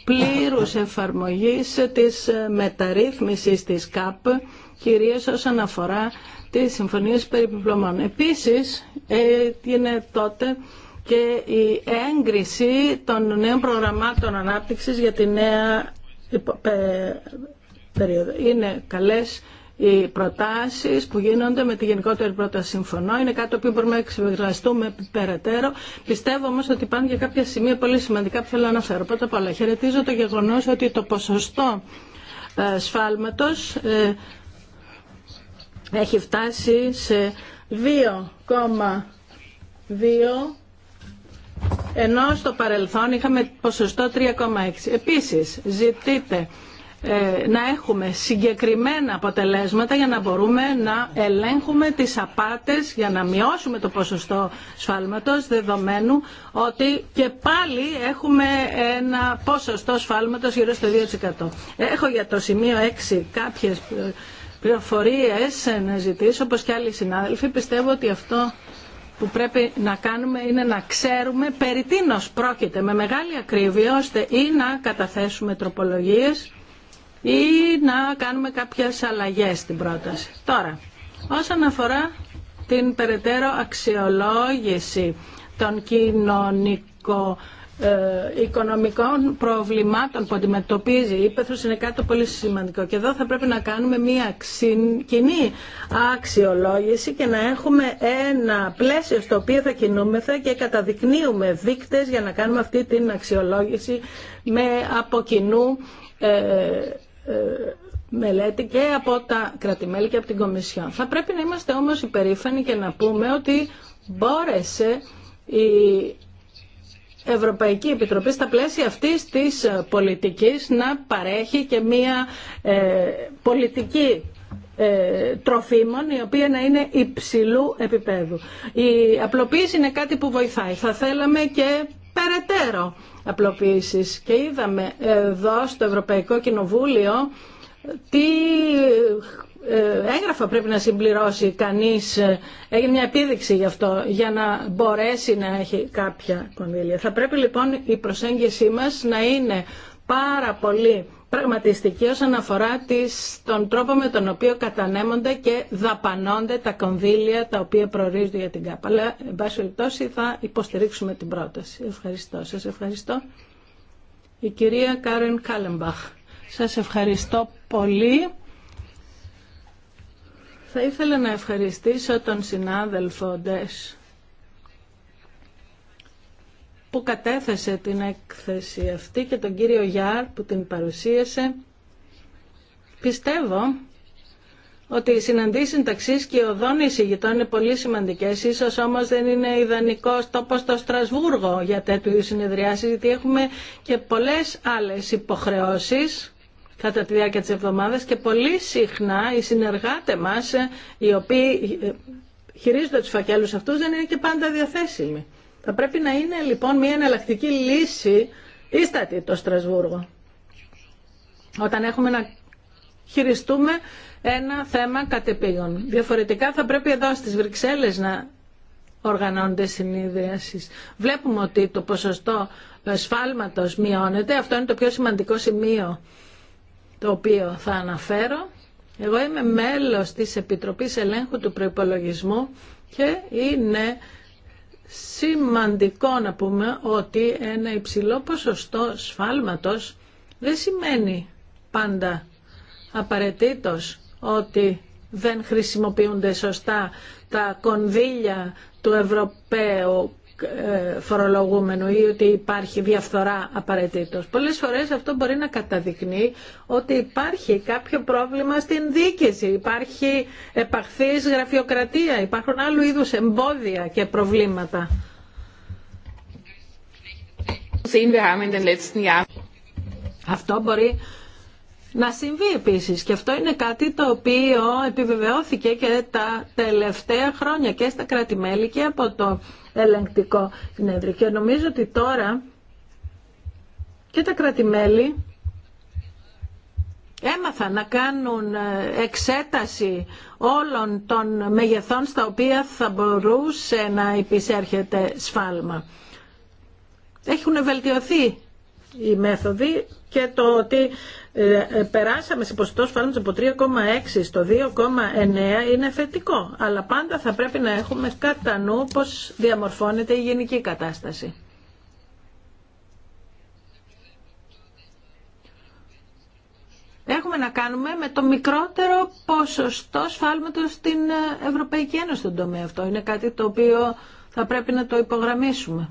πλήρους εφαρμογής της μεταρρύθμισης της ΚΑΠ, κυρίως όσον αφορά τις συμφωνίες επιπλωμών. Επίσης, είναι τότε και η έγκριση των νέων προγραμμάτων ανάπτυξης για τη νέα περίοδο. Είναι καλές οι προτάσεις που γίνονται με τη γενικότερη πρόταση συμφωνώ. Είναι κάτι το οποίο μπορούμε να εξεργαστούμε περαιτέρω. Πιστεύω όμως ότι υπάρχουν και κάποια σημεία πολύ σημαντικά που θέλω να αναφέρω. Πρώτα απ' όλα χαιρετίζω το γεγονός ότι το ποσοστό ε, σφάλματος ε, έχει φτάσει σε 2,2 ενώ στο παρελθόν είχαμε ποσοστό 3,6. Επίσης, ζητείτε ε, να έχουμε συγκεκριμένα αποτελέσματα για να μπορούμε να ελέγχουμε τις απάτες για να μειώσουμε το ποσοστό σφάλματος δεδομένου ότι και πάλι έχουμε ένα ποσοστό σφάλματος γύρω στο 2%. Έχω για το σημείο 6 κάποιες πληροφορίες να ζητήσω όπως και άλλοι συνάδελφοι. Πιστεύω ότι αυτό που πρέπει να κάνουμε είναι να ξέρουμε περί τίνος πρόκειται με μεγάλη ακρίβεια ώστε ή να καταθέσουμε τροπολογίες ή να κάνουμε κάποιες αλλαγές στην πρόταση. Τώρα, όσον αφορά την περαιτέρω αξιολόγηση των κοινωνικών ε, οικονομικών προβλημάτων που αντιμετωπίζει η Ήπεθρος είναι κάτι πολύ σημαντικό και εδώ θα πρέπει να κάνουμε μια κοινή αξιολόγηση και να έχουμε ένα πλαίσιο στο οποίο θα κινούμεθα και καταδεικνύουμε δείκτες για να κάνουμε αυτή την αξιολόγηση με από κοινού ε, ε, μελέτη και από τα κρατημέλη και από την Κομισιόν. Θα πρέπει να είμαστε όμως υπερήφανοι και να πούμε ότι μπόρεσε η Ευρωπαϊκή Επιτροπή στα πλαίσια αυτής της πολιτικής να παρέχει και μία ε, πολιτική ε, τροφίμων η οποία να είναι υψηλού επίπεδου. Η απλοποίηση είναι κάτι που βοηθάει. Θα θέλαμε και περαιτέρω απλοποίησης. Και είδαμε εδώ στο Ευρωπαϊκό Κοινοβούλιο τι ε, έγγραφα πρέπει να συμπληρώσει κανείς, έγινε μια επίδειξη γι' αυτό, για να μπορέσει να έχει κάποια κονδύλια. Θα πρέπει λοιπόν η προσέγγιση μας να είναι πάρα πολύ πραγματιστική όσον αφορά τις, τον τρόπο με τον οποίο κατανέμονται και δαπανώνται τα κονδύλια τα οποία προορίζονται για την ΚΑΠ. Αλλά, εν πάση περιπτώσει, θα υποστηρίξουμε την πρόταση. Ευχαριστώ. Σας ευχαριστώ. Η κυρία Κάρεν Κάλεμπαχ. Σας ευχαριστώ πολύ. Θα ήθελα να ευχαριστήσω τον συνάδελφο Ντες που κατέθεσε την έκθεση αυτή και τον κύριο Γιάρ που την παρουσίασε. Πιστεύω ότι οι συναντήσεις συνταξή και οι η εισηγητών είναι πολύ σημαντικές, ίσως όμως δεν είναι ιδανικός τόπο το Στρασβούργο για τέτοιου συνεδριάσεις, γιατί έχουμε και πολλές άλλες υποχρεώσεις κατά τη διάρκεια της εβδομάδας και πολύ συχνά οι συνεργάτε μας, οι οποίοι χειρίζονται τους φακέλους αυτούς, δεν είναι και πάντα διαθέσιμοι. Θα πρέπει να είναι λοιπόν μια εναλλακτική λύση ίστατη το Στρασβούργο. Όταν έχουμε να χειριστούμε ένα θέμα κατεπήγων. Διαφορετικά θα πρέπει εδώ στις Βρυξέλλες να οργανώνονται συνείδριασεις. Βλέπουμε ότι το ποσοστό σφάλματος μειώνεται. Αυτό είναι το πιο σημαντικό σημείο το οποίο θα αναφέρω. Εγώ είμαι μέλος της Επιτροπής Ελέγχου του Προϋπολογισμού και είναι σημαντικό να πούμε ότι ένα υψηλό ποσοστό σφάλματος δεν σημαίνει πάντα απαραίτητος ότι δεν χρησιμοποιούνται σωστά τα κονδύλια του Ευρωπαίου φορολογούμενου ή ότι υπάρχει διαφθορά απαραίτητο. Πολλές φορές αυτό μπορεί να καταδεικνύει ότι υπάρχει κάποιο πρόβλημα στην δίκηση. υπάρχει επαχθής γραφειοκρατία, υπάρχουν άλλου είδους εμπόδια και προβλήματα. Αυτό μπορεί να συμβεί επίσης και αυτό είναι κάτι το οποίο επιβεβαιώθηκε και τα τελευταία χρόνια και στα κράτη-μέλη και από το ελεγκτικό συνέδριο και νομίζω ότι τώρα και τα κράτη-μέλη έμαθαν να κάνουν ε, εξέταση όλων των μεγεθών στα οποία θα μπορούσε να υπησέρχεται σφάλμα. Έχουν βελτιωθεί οι μέθοδοι και το ότι ε, ε, περάσαμε σε ποσοστό σφάλματος από 3,6 στο 2,9 είναι θετικό. Αλλά πάντα θα πρέπει να έχουμε κατά νου πώς διαμορφώνεται η γενική κατάσταση. Έχουμε να κάνουμε με το μικρότερο ποσοστό σφάλματος στην ε, Ευρωπαϊκή Ένωση στον τομέα αυτό. Είναι κάτι το οποίο θα πρέπει να το υπογραμμίσουμε.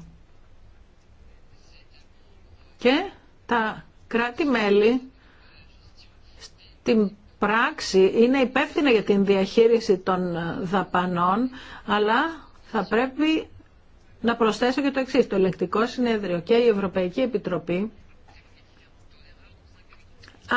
Και τα κράτη-μέλη την πράξη είναι υπεύθυνα για την διαχείριση των ε, δαπανών, αλλά θα πρέπει να προσθέσω και το εξής. Το Ελεκτικό Συνέδριο και η Ευρωπαϊκή Επιτροπή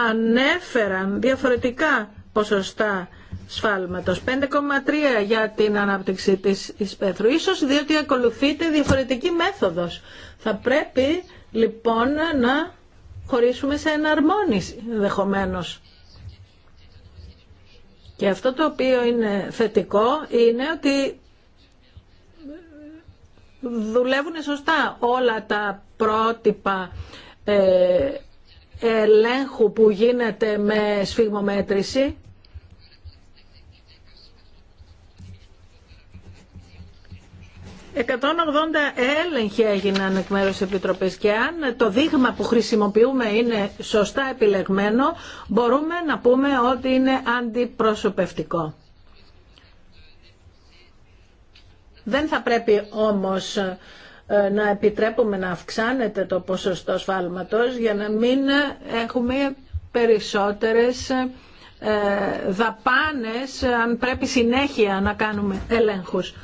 ανέφεραν διαφορετικά ποσοστά σφάλματος. 5,3 για την ανάπτυξη της Ισπέθρου. Ίσως διότι ακολουθείται διαφορετική μέθοδος. Θα πρέπει λοιπόν να χωρίσουμε σε εναρμόνιση ενδεχομένως και αυτό το οποίο είναι θετικό είναι ότι δουλεύουν σωστά όλα τα πρότυπα ε, ελέγχου που γίνεται με σφιγμομέτρηση 180 έλεγχοι έγιναν εκ μέρους της Επιτροπής και αν το δείγμα που χρησιμοποιούμε είναι σωστά επιλεγμένο, μπορούμε να πούμε ότι είναι αντιπροσωπευτικό. Δεν θα πρέπει όμως ε, να επιτρέπουμε να αυξάνεται το ποσοστό σφάλματος για να μην έχουμε περισσότερες ε, δαπάνες αν πρέπει συνέχεια να κάνουμε ελέγχους.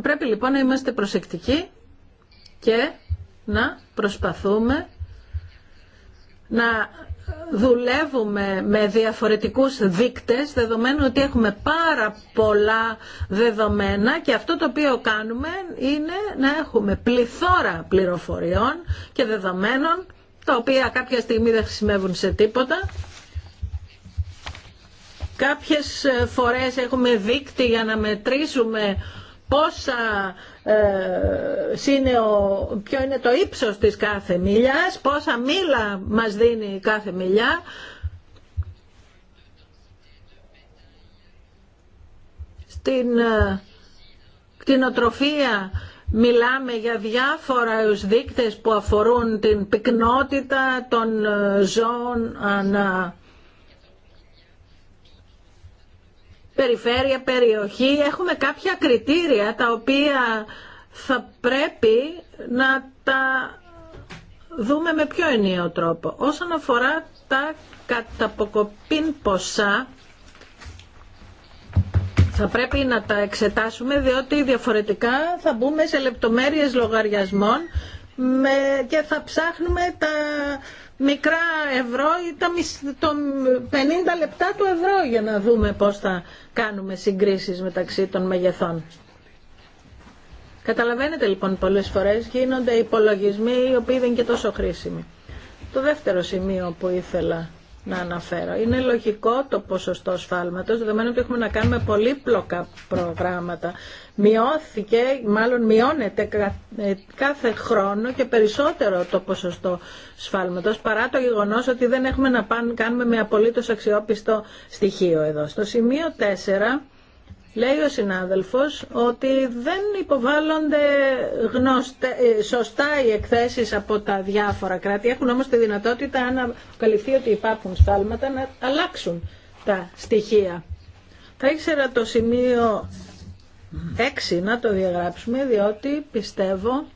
Θα πρέπει λοιπόν να είμαστε προσεκτικοί και να προσπαθούμε να δουλεύουμε με διαφορετικούς δείκτες δεδομένου ότι έχουμε πάρα πολλά δεδομένα και αυτό το οποίο κάνουμε είναι να έχουμε πληθώρα πληροφοριών και δεδομένων τα οποία κάποια στιγμή δεν χρησιμεύουν σε τίποτα Κάποιες φορές έχουμε δείκτη για να μετρήσουμε πόσα ε, είναι ποιο είναι το ύψος της κάθε μιλιάς, πόσα μήλα μας δίνει κάθε μιλιά. Στην ε, κτηνοτροφία μιλάμε για διάφορα δείκτες που αφορούν την πυκνότητα των ε, ζώων ανα περιφέρεια, περιοχή. Έχουμε κάποια κριτήρια τα οποία θα πρέπει να τα δούμε με πιο ενίο τρόπο. Όσον αφορά τα καταποκοπήν ποσά, θα πρέπει να τα εξετάσουμε διότι διαφορετικά θα μπούμε σε λεπτομέρειες λογαριασμών και θα ψάχνουμε τα μικρά ευρώ ή τα, το 50 λεπτά του ευρώ για να δούμε πώς θα κάνουμε συγκρίσεις μεταξύ των μεγεθών. Καταλαβαίνετε λοιπόν πολλές φορές γίνονται υπολογισμοί οι οποίοι δεν είναι και τόσο χρήσιμοι. Το δεύτερο σημείο που ήθελα να αναφέρω. Είναι λογικό το ποσοστό σφάλματος, δεδομένου ότι έχουμε να κάνουμε πολύπλοκα προγράμματα μειώθηκε, μάλλον μειώνεται ε, κάθε χρόνο και περισσότερο το ποσοστό σφάλματος παρά το γεγονός ότι δεν έχουμε να κάνουμε με απολύτως αξιόπιστο στοιχείο εδώ. Στο σημείο 4 λέει ο συνάδελφος ότι δεν υποβάλλονται ε, σωστά οι εκθέσεις από τα διάφορα κράτη. Έχουν όμως τη δυνατότητα αν καλυφθεί ότι υπάρχουν σφάλματα να αλλάξουν τα στοιχεία. Θα ήξερα το σημείο έξι να το διαγράψουμε διότι πιστεύω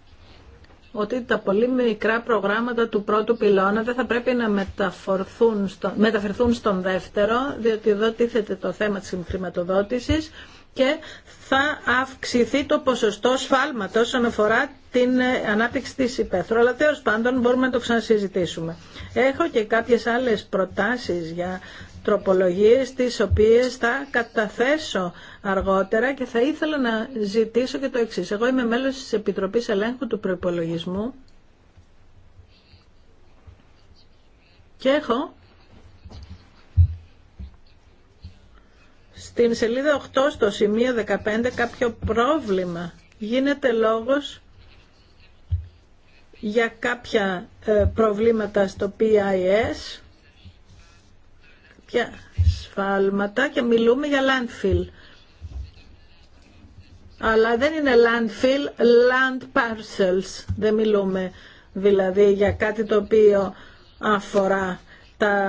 ότι τα πολύ μικρά προγράμματα του πρώτου πυλώνα δεν θα πρέπει να μεταφερθούν, μεταφερθούν στον δεύτερο, διότι εδώ τίθεται το θέμα της χρηματοδότησης και θα αυξηθεί το ποσοστό σφάλματος όσον αφορά την ε, ανάπτυξη της υπαίθρου. Αλλά τέλος πάντων μπορούμε να το ξανασυζητήσουμε. Έχω και κάποιες άλλες προτάσεις για τροπολογίες τις οποίες θα καταθέσω αργότερα και θα ήθελα να ζητήσω και το εξής. Εγώ είμαι μέλος της Επιτροπής Ελέγχου του Προϋπολογισμού και έχω Στην σελίδα 8 στο σημείο 15 κάποιο πρόβλημα. Γίνεται λόγος για κάποια ε, προβλήματα στο PIS, κάποια σφάλματα και μιλούμε για landfill. Αλλά δεν είναι landfill, land parcels. Δεν μιλούμε δηλαδή για κάτι το οποίο αφορά τα,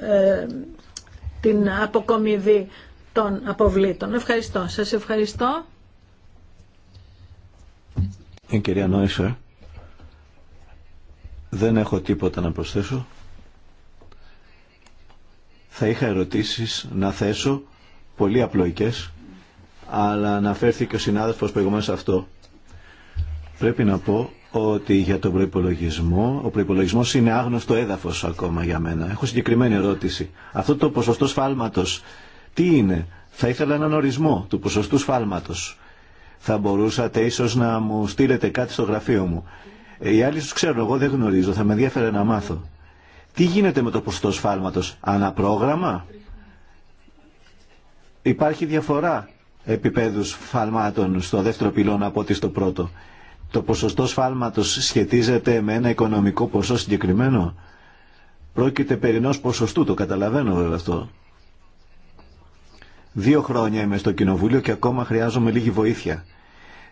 ε, την αποκομιδή των αποβλήτων. Ευχαριστώ. Σας ευχαριστώ. Ε, κυρία δεν έχω τίποτα να προσθέσω. Θα είχα ερωτήσεις να θέσω, πολύ απλοϊκές, αλλά αναφέρθηκε ο συνάδελφος προηγουμένως αυτό. Πρέπει να πω ότι για τον προϋπολογισμό, ο προϋπολογισμός είναι άγνωστο έδαφος ακόμα για μένα. Έχω συγκεκριμένη ερώτηση. Αυτό το ποσοστό σφάλματος τι είναι. Θα ήθελα έναν ορισμό του ποσοστού σφάλματος. Θα μπορούσατε ίσως να μου στείλετε κάτι στο γραφείο μου. Ε, οι άλλοι σου ξέρουν, εγώ δεν γνωρίζω, θα με ενδιαφέρε να μάθω. Τι γίνεται με το ποσοστό σφάλματος, αναπρόγραμμα. Υπάρχει διαφορά επίπεδου σφάλματων στο δεύτερο πυλώνα από ότι στο πρώτο. Το ποσοστό σφάλματος σχετίζεται με ένα οικονομικό ποσό συγκεκριμένο. Πρόκειται περί ενός ποσοστού, το καταλαβαίνω βέβαια αυτό. Δύο χρόνια είμαι στο Κοινοβούλιο και ακόμα χρειάζομαι λίγη βοήθεια.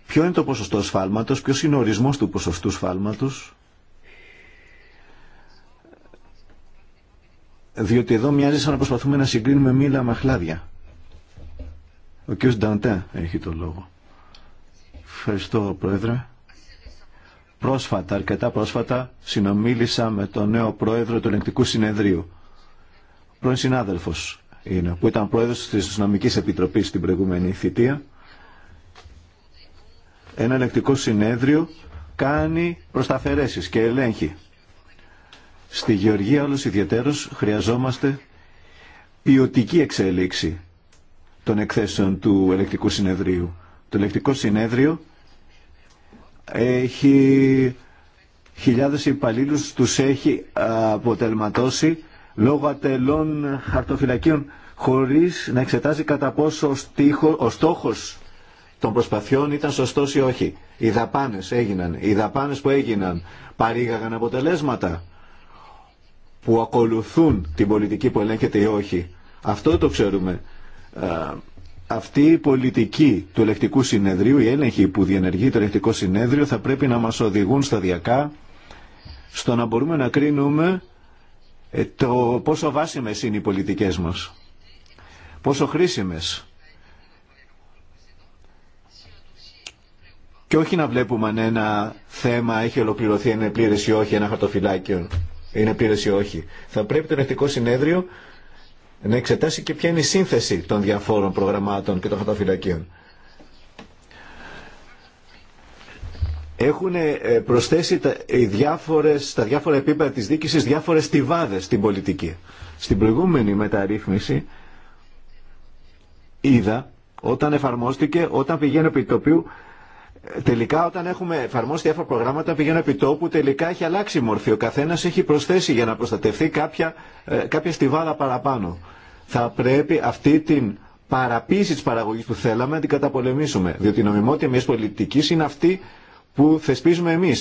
Ποιο είναι το ποσοστό σφάλματος, ποιος είναι ο ορισμός του ποσοστού σφάλματος. Διότι εδώ μοιάζει σαν να προσπαθούμε να συγκρίνουμε μήλα με χλάδια. Ο κ. Νταντέ έχει το λόγο. Ευχαριστώ, Πρόεδρε. Πρόσφατα, αρκετά πρόσφατα, συνομίλησα με τον νέο Πρόεδρο του ελεκτικού Συνεδρίου. Πρώην συνάδελφος, είναι, που ήταν πρόεδρος της Νομικής Επιτροπής στην προηγούμενη θητεία. Ένα ελεκτικό συνέδριο κάνει προσταφαιρέσεις και ελέγχει. Στη Γεωργία όλος ιδιαίτερος χρειαζόμαστε ποιοτική εξέλιξη των εκθέσεων του ελεκτικού συνεδρίου. Το ελεκτικό συνέδριο έχει χιλιάδες υπαλλήλους τους έχει αποτελματώσει λόγω ατελών χαρτοφυλακίων χωρίς να εξετάζει κατά πόσο ο στόχος των προσπαθειών ήταν σωστός ή όχι. Οι δαπάνες έγιναν. Οι δαπάνες που έγιναν παρήγαγαν αποτελέσματα που ακολουθούν την πολιτική που ελέγχεται ή όχι. Αυτό το ξέρουμε. Αυτή η πολιτική του ελεκτικού συνεδρίου, η έλεγχη που διενεργεί το ελεκτικό συνέδριο θα πρέπει να μας οδηγούν σταδιακά στο να μπορούμε να κρίνουμε ε, το πόσο βάσιμες είναι οι πολιτικές μας, πόσο χρήσιμες. Και όχι να βλέπουμε αν ένα θέμα έχει ολοκληρωθεί, είναι πλήρες ή όχι, ένα χαρτοφυλάκιο είναι πλήρες ή όχι. Θα πρέπει το ελεκτικό συνέδριο να εξετάσει και ποια είναι η σύνθεση των διαφόρων προγραμμάτων και των χαρτοφυλακίων. έχουν ε, προσθέσει διάφορες, στα διάφορα επίπεδα της διοίκησης διάφορες στιβάδες στην πολιτική. Στην προηγούμενη μεταρρύθμιση είδα όταν εφαρμόστηκε, όταν πηγαίνω επί τοπίου, ε, τελικά όταν έχουμε εφαρμόσει διάφορα προγράμματα πηγαίνει επί τόπου, τελικά έχει αλλάξει η μορφή. Ο καθένας έχει προσθέσει για να προστατευτεί κάποια, ε, κάποια στιβάδα παραπάνω. Θα πρέπει αυτή την παραποίηση της παραγωγής που θέλαμε να την καταπολεμήσουμε. Διότι η νομιμότητα μιας πολιτικής είναι αυτή που θεσπίζουμε εμεί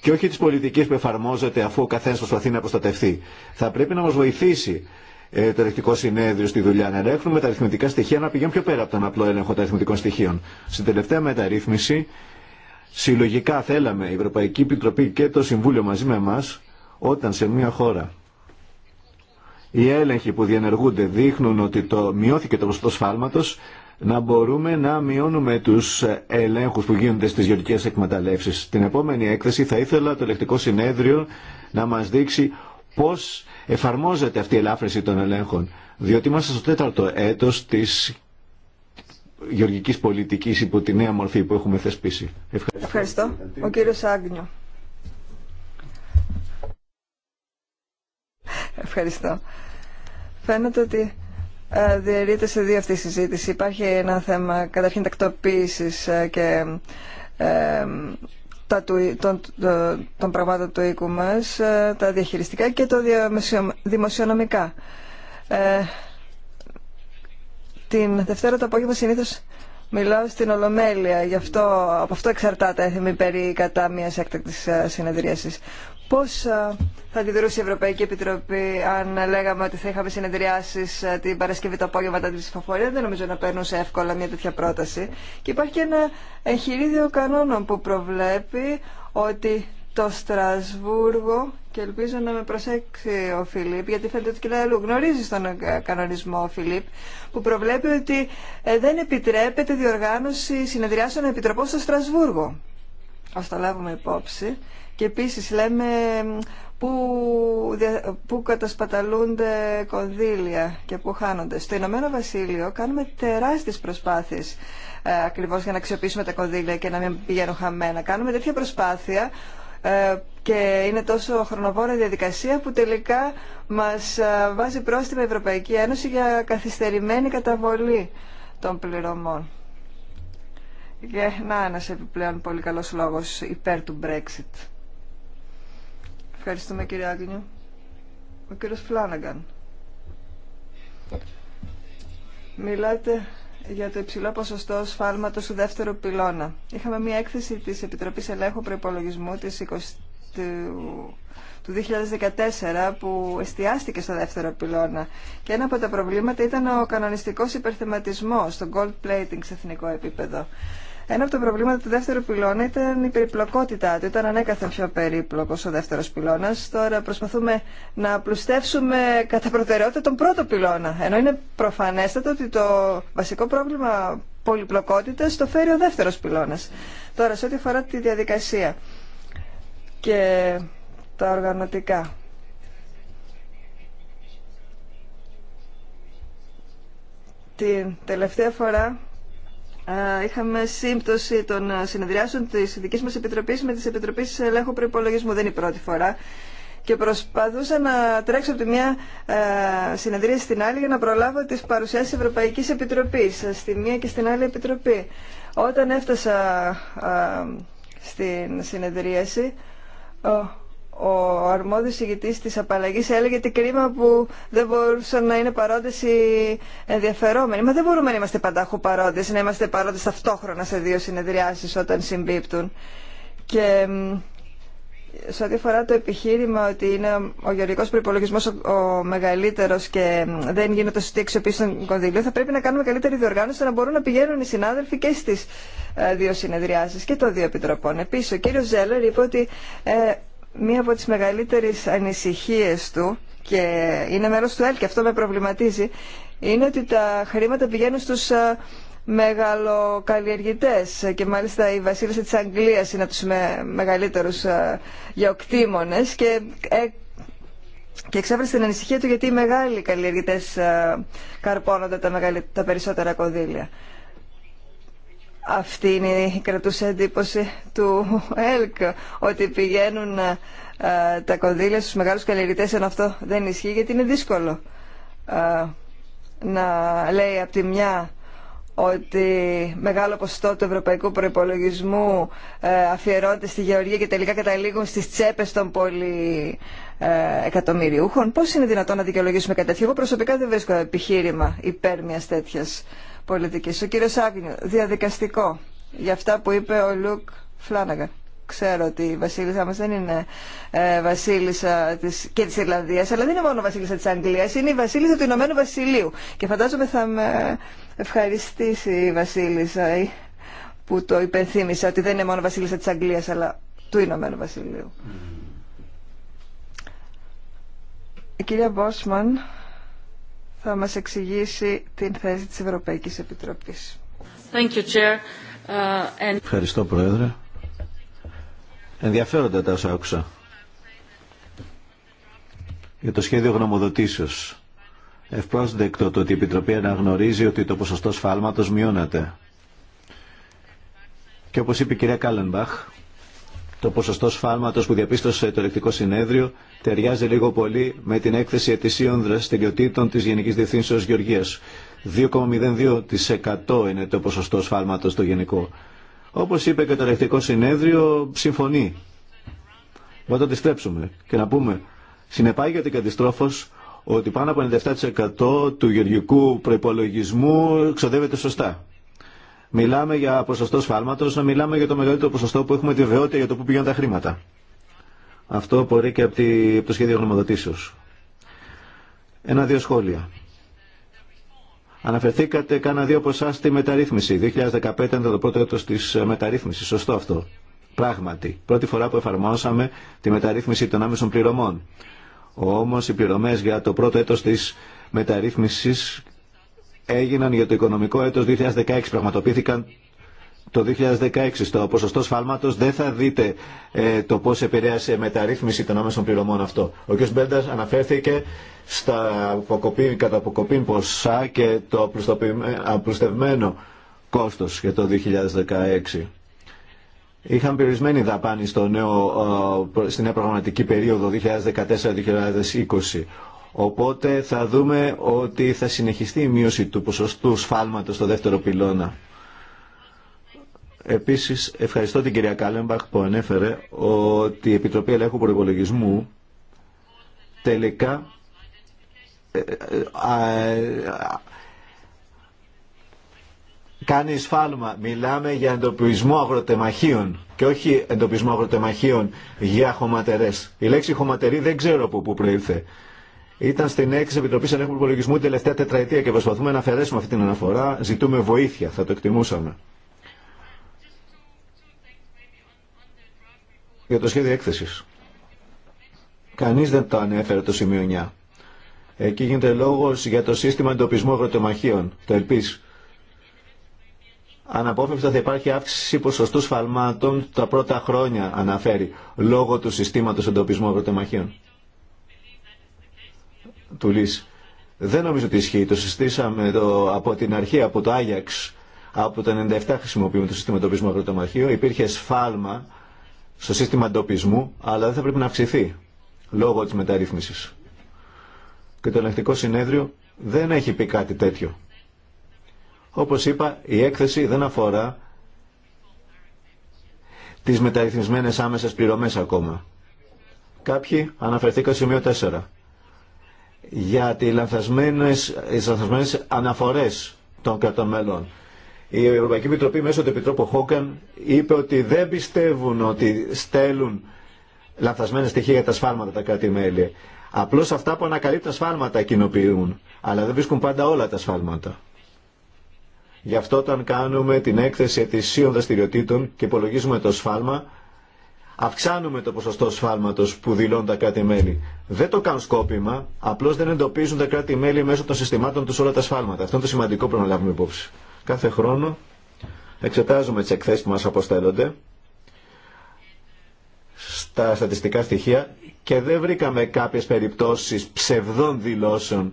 και όχι τις πολιτικές που εφαρμόζεται αφού ο καθένα προσπαθεί να προστατευτεί. Θα πρέπει να μα βοηθήσει ε, το ελεκτικό συνέδριο στη δουλειά να ελέγχουμε τα αριθμητικά στοιχεία να πηγαίνουν πιο πέρα από τον απλό έλεγχο των αριθμητικών στοιχείων. Στην τελευταία μεταρρύθμιση συλλογικά θέλαμε η Ευρωπαϊκή Επιτροπή και το Συμβούλιο μαζί με εμά, όταν σε μια χώρα οι έλεγχοι που διενεργούνται δείχνουν ότι το, μειώθηκε το ποσοστό να μπορούμε να μειώνουμε τους ελέγχους που γίνονται στις γεωργικές εκμεταλλεύσεις. Την επόμενη έκθεση θα ήθελα το ελεκτικό συνέδριο να μας δείξει πώς εφαρμόζεται αυτή η ελάφρυνση των ελέγχων. Διότι είμαστε στο τέταρτο έτος της γεωργικής πολιτικής υπό τη νέα μορφή που έχουμε θεσπίσει. Ευχαριστώ. Ευχαριστώ. Ο κύριος Άγνιο. Ευχαριστώ. Φαίνεται ότι διαιρείται σε δύο αυτή η συζήτηση. Υπάρχει ένα θέμα καταρχήν τακτοποίηση ε, και ε, τα του, των, των πραγμάτων του οίκου μας, ε, τα διαχειριστικά και το δημοσιονομικά. Ε, την Δευτέρα το απόγευμα συνήθως μιλάω στην Ολομέλεια, γι' αυτό, από αυτό εξαρτάται έθιμη περί κατά μιας έκτακτης συνεδρίασης. Πώς ε, θα αντιδρούσε η Ευρωπαϊκή Επιτροπή αν λέγαμε ότι θα είχαμε συνεδριάσεις ε, την Παρασκευή το απόγευμα μετά την ψηφοφορία. Δεν νομίζω να περνούσε εύκολα μια τέτοια πρόταση. Και υπάρχει και ένα εγχειρίδιο κανόνων που προβλέπει ότι το Στρασβούργο και ελπίζω να με προσέξει ο Φιλίπ, γιατί φαίνεται ότι κυρία αλλού. Γνωρίζει τον ε, κανονισμό ο Φιλίπ, που προβλέπει ότι δεν επιτρέπεται διοργάνωση συνεδριάσεων επιτροπών στο Στρασβούργο. Α το λάβουμε υπόψη και επίσης λέμε που, που κατασπαταλούνται κονδύλια και που χάνονται. Στο Ηνωμένο Βασίλειο κάνουμε τεράστιες προσπάθειες ακριβώ ε, ακριβώς για να αξιοποιήσουμε τα κονδύλια και να μην πηγαίνουν χαμένα. Κάνουμε τέτοια προσπάθεια ε, και είναι τόσο χρονοβόρα διαδικασία που τελικά μας ε, βάζει πρόστιμα η Ευρωπαϊκή Ένωση για καθυστερημένη καταβολή των πληρωμών. Και να ένας επιπλέον πολύ καλός λόγος υπέρ του Brexit. Ευχαριστούμε κύριε Άγγινιο. Ο κύριος Φλάναγκαν. Μιλάτε για το υψηλό ποσοστό σφάλματος του δεύτερου πυλώνα. Είχαμε μια έκθεση της Επιτροπής Ελέγχου Προϋπολογισμού της 20... του 2014 που εστιάστηκε στο δεύτερο πυλώνα και ένα από τα προβλήματα ήταν ο κανονιστικός υπερθεματισμός, το gold plating σε εθνικό επίπεδο. Ένα από τα προβλήματα του δεύτερου πυλώνα ήταν η περιπλοκότητά του. Ήταν ανέκαθεν πιο περίπλοκο ο δεύτερο πυλώνα. Τώρα προσπαθούμε να πλουστεύσουμε κατά προτεραιότητα τον πρώτο πυλώνα. Ενώ είναι προφανέστατο ότι το βασικό πρόβλημα πολυπλοκότητα το φέρει ο δεύτερο πυλώνα. Τώρα, σε ό,τι αφορά τη διαδικασία και τα οργανωτικά. Την τελευταία φορά ε, είχαμε σύμπτωση των συνεδριάσεων τη δική μα επιτροπή με τι επιτροπέ Ελέγχου Προπολογισμού. Δεν είναι η πρώτη φορά. Και προσπαθούσα να τρέξω από τη μία ε, συνεδρία στην άλλη για να προλάβω τι παρουσιάσει Ευρωπαϊκή Επιτροπή ε, στη μία και στην άλλη επιτροπή. Όταν έφτασα στην συνεδρίαση, ο αρμόδιος ηγητής της απαλλαγής έλεγε τι κρίμα που δεν μπορούσαν να είναι παρόντες οι ενδιαφερόμενοι. Μα δεν μπορούμε να είμαστε παντάχου παρόντες, να είμαστε παρόντες ταυτόχρονα σε δύο συνεδριάσεις όταν συμπίπτουν. Και σε ό,τι αφορά το επιχείρημα ότι είναι ο γεωργικό προπολογισμό ο, ο μεγαλύτερο και δεν γίνεται σωστή αξιοποίηση των κονδυλίων, θα πρέπει να κάνουμε καλύτερη διοργάνωση ώστε να μπορούν να πηγαίνουν οι συνάδελφοι και στι ε, δύο συνεδριάσει και των δύο επιτροπών. Επίση, ο κύριο Ζέλλερ είπε ότι ε, μία από τις μεγαλύτερες ανησυχίες του και είναι μέρος του ΕΛ και αυτό με προβληματίζει είναι ότι τα χρήματα πηγαίνουν στους ε, μεγαλοκαλλιεργητές και μάλιστα η βασίλισσα της Αγγλίας είναι από τους μεγαλύτερους ε, γεωκτήμονες και, ε, και την ανησυχία του γιατί οι μεγάλοι καλλιεργητές ε, καρπώνονται τα, τα περισσότερα κονδύλια. Αυτή είναι η κρατούσα εντύπωση του ΕΛΚ, ότι πηγαίνουν ε, τα κονδύλια στους μεγάλους καλλιεργητές, ενώ αυτό δεν ισχύει, γιατί είναι δύσκολο ε, να λέει από τη μια ότι μεγάλο ποσοστό του ευρωπαϊκού προϋπολογισμού ε, αφιερώνεται στη γεωργία και τελικά καταλήγουν στις τσέπες των πολυεκατομμυριούχων. Πώς είναι δυνατόν να δικαιολογήσουμε κάτι τέτοιο. Εγώ προσωπικά δεν βρίσκω επιχείρημα υπέρ μιας τέτοιας πολιτικής. Ο κύριο Άγνιου, διαδικαστικό, για αυτά που είπε ο Λουκ Φλάναγκαν. Ξέρω ότι η βασίλισσά μας δεν είναι ε, βασίλισσα της, και της Ιρλανδίας, αλλά δεν είναι μόνο βασίλισσα της Αγγλίας, είναι η βασίλισσα του Ηνωμένου Βασιλείου. Και φαντάζομαι θα με ευχαριστήσει η βασίλισσα ε, που το υπενθύμησα ότι δεν είναι μόνο βασίλισσα της Αγγλίας, αλλά του Ηνωμένου Βασιλείου. Mm. Η κυρία Μπόσμαν θα μας εξηγήσει την θέση της Ευρωπαϊκής Επιτροπής. Thank you, Chair. Uh, Ευχαριστώ, Πρόεδρε. Ενδιαφέροντα τα όσα άκουσα για το σχέδιο γνωμοδοτήσεως. Ευπρόσδεκτο το ότι η Επιτροπή αναγνωρίζει ότι το ποσοστό σφάλματος μειώνεται. Και όπως είπε η κυρία Κάλενμπαχ, το ποσοστό σφάλματος που διαπίστωσε το ελεκτικό συνέδριο ταιριάζει λίγο πολύ με την έκθεση ετησίων δραστηριοτήτων της Γενικής Διευθύνσεως Γεωργίας. 2,02% είναι το ποσοστό σφάλματος το γενικό. Όπως είπε και το ελεκτικό συνέδριο, συμφωνεί. Μπορεί να το αντιστρέψουμε και να πούμε. Συνεπάγεται και αντιστρόφως ότι πάνω από 97% του γεωργικού προπολογισμού ξοδεύεται σωστά μιλάμε για ποσοστό σφάλματο, να μιλάμε για το μεγαλύτερο ποσοστό που έχουμε τη βεβαιότητα για το που πηγαίνουν τα χρήματα. Αυτό μπορεί και από, το σχεδιο γνωμοδοτησεω γνωμοδοτήσεως. Ένα-δύο σχόλια. Αναφερθήκατε κάνα δύο από εσά στη μεταρρύθμιση. 2015 ήταν το πρώτο έτος της μεταρρύθμισης. Σωστό αυτό. Πράγματι. Πρώτη φορά που εφαρμόσαμε τη μεταρρύθμιση των άμεσων πληρωμών. Όμως οι πληρωμές για το πρώτο έτος της μεταρρύθμισης έγιναν για το οικονομικό έτος 2016, πραγματοποιήθηκαν το 2016 στο ποσοστό σφάλματος δεν θα δείτε ε, το πώς επηρέασε μεταρρύθμιση των άμεσων πληρωμών αυτό. Ο κ. Μπέντας αναφέρθηκε στα αποκοπή, κατά αποκοπή ποσά και το απλουστευμένο κόστος για το 2016. Είχαν περιορισμένη δαπάνη στο νέο, ε, στην νέα προγραμματική περίοδο 2014-2020. Οπότε θα δούμε ότι θα συνεχιστεί η μείωση του ποσοστού σφάλματος στο δεύτερο πυλώνα. Επίσης, ευχαριστώ την κυρία Κάλεμπαχ που ανέφερε ότι η Επιτροπή Ελέγχου Προπολογισμού τελικά ε, ε, κάνει σφάλμα. Μιλάμε για εντοπισμό αγροτεμαχίων και όχι εντοπισμό αγροτεμαχίων για χωματερές. Η λέξη χωματερή δεν ξέρω από πού προήλθε. Ήταν στην ΕΚΣ Επιτροπή Ελέγχου Υπολογισμού την τελευταία τετραετία και προσπαθούμε να αφαιρέσουμε αυτή την αναφορά. Ζητούμε βοήθεια, θα το εκτιμούσαμε. Για το σχέδιο έκθεση. Κανεί δεν το ανέφερε το σημείο 9. Εκεί γίνεται λόγο για το σύστημα εντοπισμού αγροτεμαχίων, το ΕΛΠΙΣ. Αναπόφευκτα θα υπάρχει αύξηση ποσοστού σφαλμάτων τα πρώτα χρόνια, αναφέρει, λόγω του συστήματο εντοπισμού αγροτεμαχίων του Δεν νομίζω ότι ισχύει. Το συστήσαμε το, από την αρχή, από το Άγιαξ, από το 97 χρησιμοποιούμε το σύστημα εντοπισμού μαχείο. Υπήρχε σφάλμα στο σύστημα εντοπισμού, αλλά δεν θα πρέπει να αυξηθεί λόγω της μεταρρύθμισης. Και το ελεγχτικό συνέδριο δεν έχει πει κάτι τέτοιο. Όπως είπα, η έκθεση δεν αφορά τις μεταρρυθμισμένες άμεσες πληρωμές ακόμα. Κάποιοι αναφερθήκαν στο σημείο 4 για τις λανθασμένες, τις λανθασμένες αναφορές των κρατών μελών. Η Ευρωπαϊκή Επιτροπή μέσω του Επιτρόπου Χόκαν είπε ότι δεν πιστεύουν ότι στέλνουν λανθασμένα στοιχεία για τα σφάλματα τα κράτη-μέλη. Απλώς αυτά που ανακαλύπτουν τα σφάλματα κοινοποιούν, αλλά δεν βρίσκουν πάντα όλα τα σφάλματα. Γι' αυτό όταν κάνουμε την έκθεση ετησίων δραστηριοτήτων και υπολογίζουμε το σφάλμα, αυξάνουμε το ποσοστό σφάλματος που δηλώνουν τα κράτη-μέλη. Δεν το κάνουν σκόπιμα, απλώς δεν εντοπίζουν τα κράτη-μέλη μέσω των συστημάτων τους όλα τα σφάλματα. Αυτό είναι το σημαντικό που πρέπει να λάβουμε υπόψη. Κάθε χρόνο εξετάζουμε τις εκθέσεις που μας αποστέλλονται στα στατιστικά στοιχεία και δεν βρήκαμε κάποιες περιπτώσεις ψευδών δηλώσεων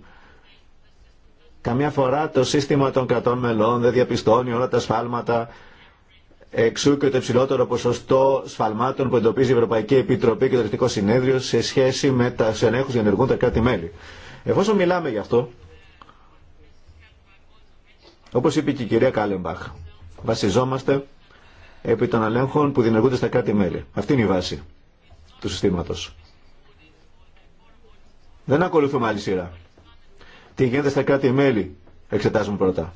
Καμιά φορά το σύστημα των κρατών μελών δεν διαπιστώνει όλα τα σφάλματα Εξού και το υψηλότερο ποσοστό σφαλμάτων που εντοπίζει η Ευρωπαϊκή Επιτροπή και το Εθνικό Συνέδριο σε σχέση με τα ελέγχου που ενεργούν τα κράτη-μέλη. Εφόσον μιλάμε γι' αυτό, όπω είπε και η κυρία Κάλεμπαχ, βασιζόμαστε επί των ελέγχων που διενεργούνται στα κράτη-μέλη. Αυτή είναι η βάση του συστήματο. Δεν ακολουθούμε άλλη σειρά. Τι γίνεται στα κράτη-μέλη εξετάζουμε πρώτα.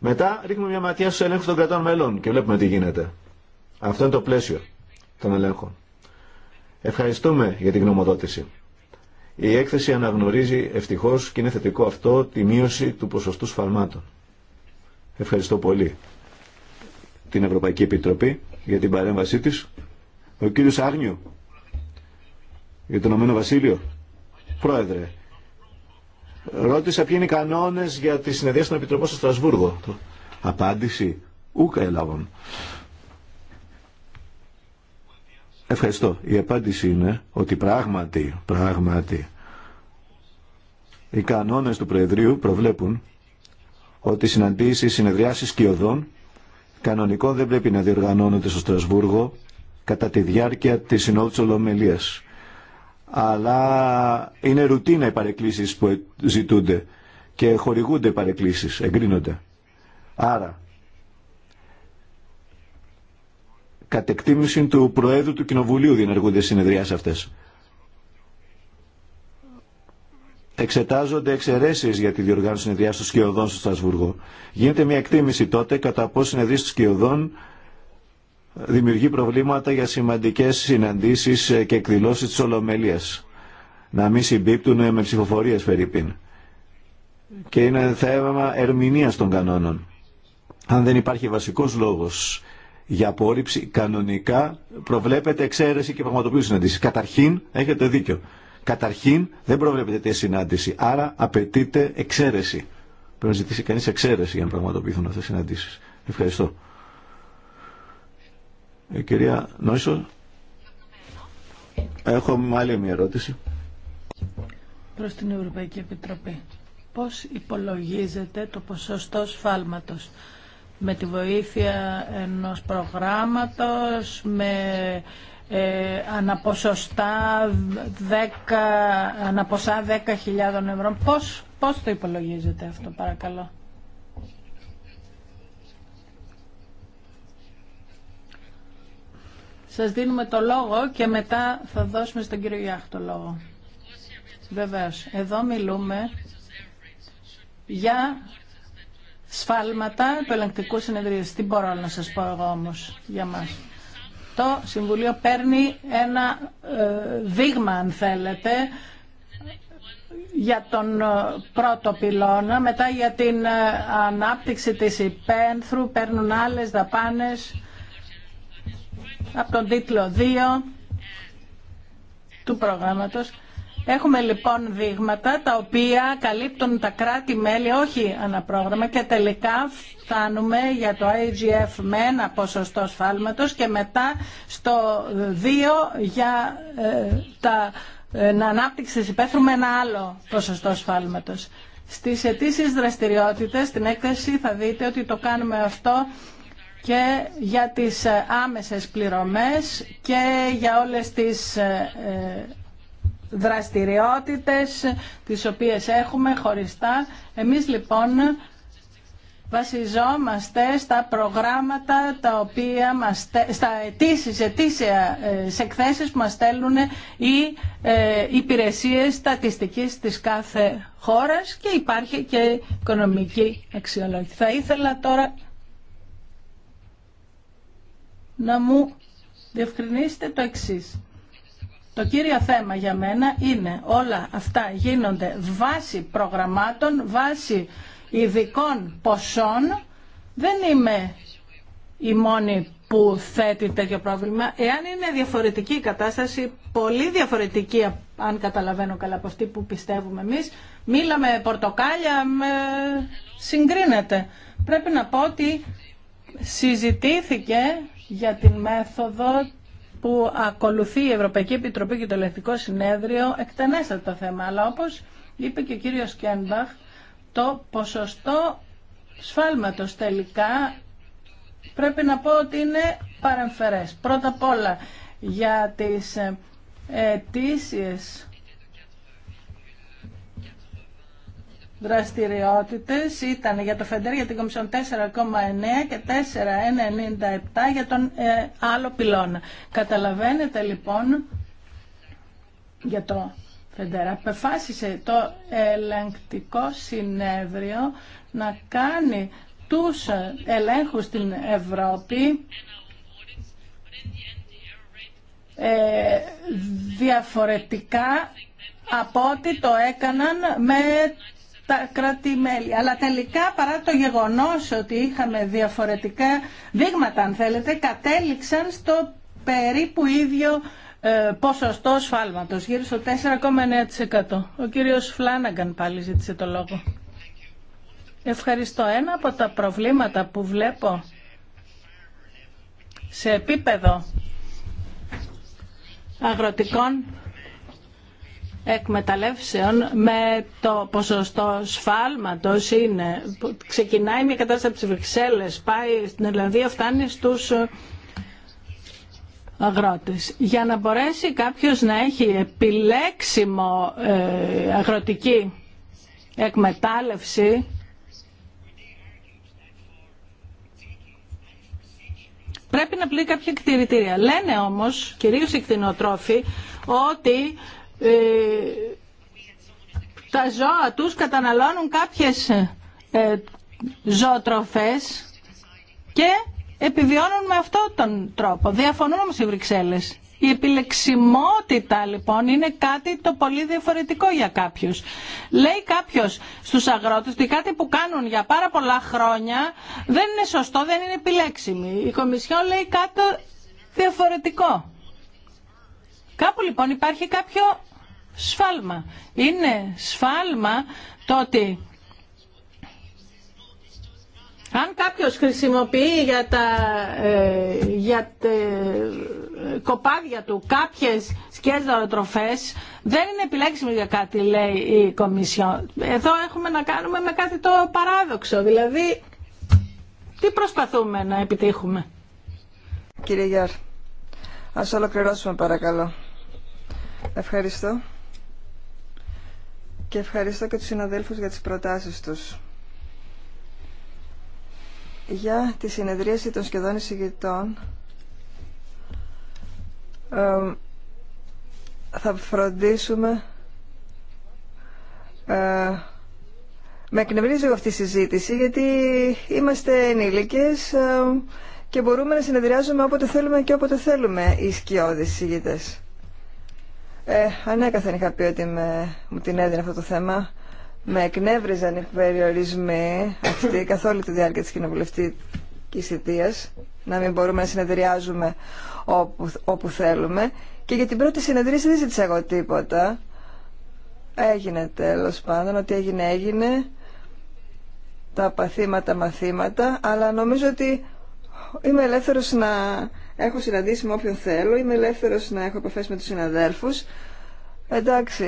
Μετά ρίχνουμε μια ματιά στους ελέγχους των κρατών μελών και βλέπουμε τι γίνεται. Αυτό είναι το πλαίσιο των ελέγχων. Ευχαριστούμε για την γνωμοδότηση. Η έκθεση αναγνωρίζει ευτυχώς και είναι θετικό αυτό τη μείωση του ποσοστού σφαλμάτων. Ευχαριστώ πολύ την Ευρωπαϊκή Επιτροπή για την παρέμβασή της. Ο κύριος Άγνιου για τον Ηνωμένο Βασίλειο. Πρόεδρε, Ρώτησα ποιοι είναι οι κανόνε για τη συνεδρία των Επιτροπών στο Στρασβούργο. Απάντηση. Ούκα έλαβαν. Ευχαριστώ. Η απάντηση είναι ότι πράγματι, πράγματι, οι κανόνες του Προεδρείου προβλέπουν ότι συναντήσει συνεδριάσει συνεδριάσεις οδών κανονικών δεν πρέπει να διοργανώνονται στο Στρασβούργο κατά τη διάρκεια τη Συνόδου της αλλά είναι ρουτίνα οι παρεκκλήσεις που ζητούνται και χορηγούνται οι παρεκκλήσεις, εγκρίνονται. Άρα, κατ' εκτίμηση του Προέδρου του Κοινοβουλίου διενεργούνται συνεδριάσεις αυτές. Εξετάζονται εξαιρέσει για τη διοργάνωση συνεδριάς των σκιωδών στο Στασβούργο. Γίνεται μια εκτίμηση τότε κατά πώ συνεδρίε των σκιωδών δημιουργεί προβλήματα για σημαντικές συναντήσεις ε, και εκδηλώσεις της Ολομελίας. Να μην συμπίπτουν ε, με ψηφοφορίες περίπτωση. Και είναι θέμα ερμηνείας των κανόνων. Αν δεν υπάρχει βασικός λόγος για απόρριψη, κανονικά προβλέπεται εξαίρεση και πραγματοποιούν συναντήσεις. Καταρχήν, έχετε δίκιο. Καταρχήν δεν προβλέπεται τέτοια συνάντηση. Άρα απαιτείται εξαίρεση. Πρέπει να ζητήσει κανεί εξαίρεση για να πραγματοποιηθούν αυτέ οι συναντήσει. Ευχαριστώ. Η ε, κυρία Νόησο. Έχω άλλη μια ερώτηση. Προς την Ευρωπαϊκή Επιτροπή. Πώς υπολογίζεται το ποσοστό σφάλματος με τη βοήθεια ενός προγράμματος, με ε, αναποσοστά 10, αναποσά 10.000 ευρώ. Πώς, πώς το υπολογίζεται αυτό παρακαλώ. Σας δίνουμε το λόγο και μετά θα δώσουμε στον κύριο Ιάχ το λόγο. Βεβαίως, εδώ μιλούμε για σφάλματα του ελεγκτικού συνεδρίου. Τι μπορώ να σας πω εγώ όμως για μας. Το Συμβουλίο παίρνει ένα ε, δείγμα, αν θέλετε, για τον ε, πρώτο πυλώνα, μετά για την ε, ανάπτυξη της υπένθρου παίρνουν άλλες δαπάνες από τον τίτλο 2 του προγράμματος. Έχουμε λοιπόν δείγματα τα οποία καλύπτουν τα κράτη-μέλη όχι αναπρόγραμμα και τελικά φτάνουμε για το IGF με ένα ποσοστό σφάλματος και μετά στο 2 για ε, τα ε, ανάπτυξη της με ένα άλλο ποσοστό σφάλματος. Στις αιτήσει δραστηριότητες στην έκθεση θα δείτε ότι το κάνουμε αυτό και για τις ε, άμεσες πληρωμές και για όλες τις ε, ε, δραστηριότητες τις οποίες έχουμε χωριστά. Εμείς λοιπόν βασιζόμαστε στα προγράμματα τα οποία στα αιτήσεις, αιτήσια, σε εκθέσεις που μας στέλνουν οι υπηρεσίες στατιστικής της κάθε χώρας και υπάρχει και οικονομική αξιολόγηση. Θα ήθελα τώρα να μου διευκρινίσετε το εξής. Το κύριο θέμα για μένα είναι όλα αυτά γίνονται βάσει προγραμμάτων, βάση ειδικών ποσών. Δεν είμαι η μόνη που θέτει τέτοιο πρόβλημα. Εάν είναι διαφορετική η κατάσταση, πολύ διαφορετική αν καταλαβαίνω καλά από αυτή που πιστεύουμε εμείς, μίλαμε πορτοκάλια, με... συγκρίνεται. Πρέπει να πω ότι συζητήθηκε για την μέθοδο που ακολουθεί η Ευρωπαϊκή Επιτροπή και το Ελεκτικό Συνέδριο εκτενέστατο το θέμα. Αλλά όπως είπε και ο κύριος Κένμπαχ, το ποσοστό σφάλματος τελικά πρέπει να πω ότι είναι παρεμφερές. Πρώτα απ' όλα για τις ε, αιτήσει. δραστηριότητες ήταν για το ΦΕΝΤΕΡ για την Κομισιόν 4,9 και 4,97 για τον ε, άλλο πυλώνα. Καταλαβαίνετε λοιπόν για το ΦΕΝΤΕΡ. Απεφάσισε το ελεγκτικό συνέδριο να κάνει τους ελέγχους στην Ευρώπη ε, διαφορετικά από ό,τι το έκαναν με τα κρατη Αλλά τελικά παρά το γεγονός ότι είχαμε διαφορετικά δείγματα αν θέλετε κατέληξαν στο περίπου ίδιο ε, ποσοστό σφάλματος, γύρω στο 4,9%. Ο κύριος Φλάνναγκαν πάλι ζήτησε το λόγο. Ευχαριστώ. Ένα από τα προβλήματα που βλέπω σε επίπεδο αγροτικών εκμεταλλεύσεων με το ποσοστό σφάλματος είναι. Ξεκινάει μια κατάσταση από τις Βρυξέλλες, πάει στην φτάνει στους αγρότες. Για να μπορέσει κάποιος να έχει επιλέξιμο ε, αγροτική εκμετάλλευση, Πρέπει να πλήρει κάποια κτηρητήρια. Λένε όμως, κυρίως οι κτηνοτρόφοι, ότι ε, τα ζώα τους καταναλώνουν κάποιες ε, και επιβιώνουν με αυτόν τον τρόπο. Διαφωνούν όμως οι Βρυξέλλες. Η επιλεξιμότητα λοιπόν είναι κάτι το πολύ διαφορετικό για κάποιους. Λέει κάποιος στους αγρότες ότι κάτι που κάνουν για πάρα πολλά χρόνια δεν είναι σωστό, δεν είναι επιλέξιμη. Η Κομισιόν λέει κάτι διαφορετικό. Κάπου λοιπόν υπάρχει κάποιο σφάλμα. Είναι σφάλμα το ότι αν κάποιος χρησιμοποιεί για τα, ε, για κοπάδια του κάποιες σκιές δωροτροφές, δεν είναι επιλέξιμο για κάτι, λέει η Κομισιόν. Εδώ έχουμε να κάνουμε με κάτι το παράδοξο, δηλαδή τι προσπαθούμε να επιτύχουμε. Κύριε Γιάρ, ας ολοκληρώσουμε παρακαλώ. Ευχαριστώ. Και ευχαριστώ και τους συναδέλφους για τις προτάσεις τους. Για τη συνεδρίαση των σχεδόν εισηγητών θα φροντίσουμε ε, με εκνευρίζει αυτή η συζήτηση γιατί είμαστε ενήλικες και μπορούμε να συνεδριάζουμε όποτε θέλουμε και όποτε θέλουμε οι σκιώδεις συγγητές. Ε, ανέκαθεν είχα πει ότι με, μου την έδινε αυτό το θέμα. Με εκνεύριζαν οι περιορισμοί αυτοί καθ' όλη τη διάρκεια της κοινοβουλευτικής θητείας να μην μπορούμε να συνεδριάζουμε όπου, θέλουμε. Και για την πρώτη συνεδρίαση δεν ζήτησα εγώ τίποτα. Έγινε τέλος πάντων, ότι έγινε έγινε, τα παθήματα μαθήματα, αλλά νομίζω ότι είμαι ελεύθερος να έχω συναντήσει με όποιον θέλω, είμαι ελεύθερος να έχω επαφές με τους συναδέλφους. Εντάξει,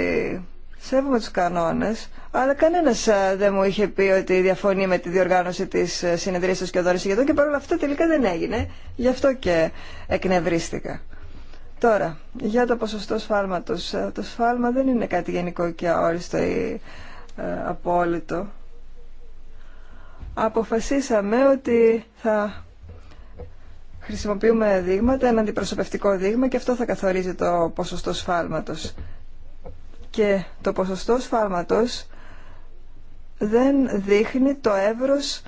σέβομαι τους κανόνες, αλλά κανένας ε, δεν μου είχε πει ότι διαφωνεί με τη διοργάνωση της ε, συνεδρίας του για τον και παρόλα αυτά τελικά δεν έγινε, γι' αυτό και εκνευρίστηκα. Τώρα, για το ποσοστό σφάλματος. Ε, το σφάλμα δεν είναι κάτι γενικό και αόριστο ή απόλυτο. Αποφασίσαμε ότι θα χρησιμοποιούμε δείγματα, ένα αντιπροσωπευτικό δείγμα και αυτό θα καθορίζει το ποσοστό σφάλματος. Και το ποσοστό σφάλματος δεν δείχνει το εύρος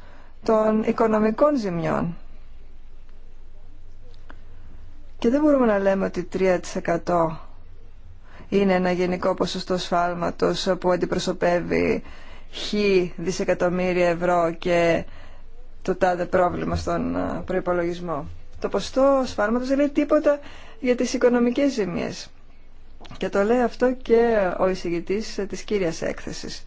των οικονομικών ζημιών. Και δεν μπορούμε να λέμε ότι 3% είναι ένα γενικό ποσοστό σφάλματος που αντιπροσωπεύει χ δισεκατομμύρια ευρώ και το τάδε πρόβλημα στον ε, προϋπολογισμό. Το ποστό σφάλματος δεν λέει τίποτα για τις οικονομικές ζημίες. Και το λέει αυτό και ο εισηγητής της κύριας έκθεσης.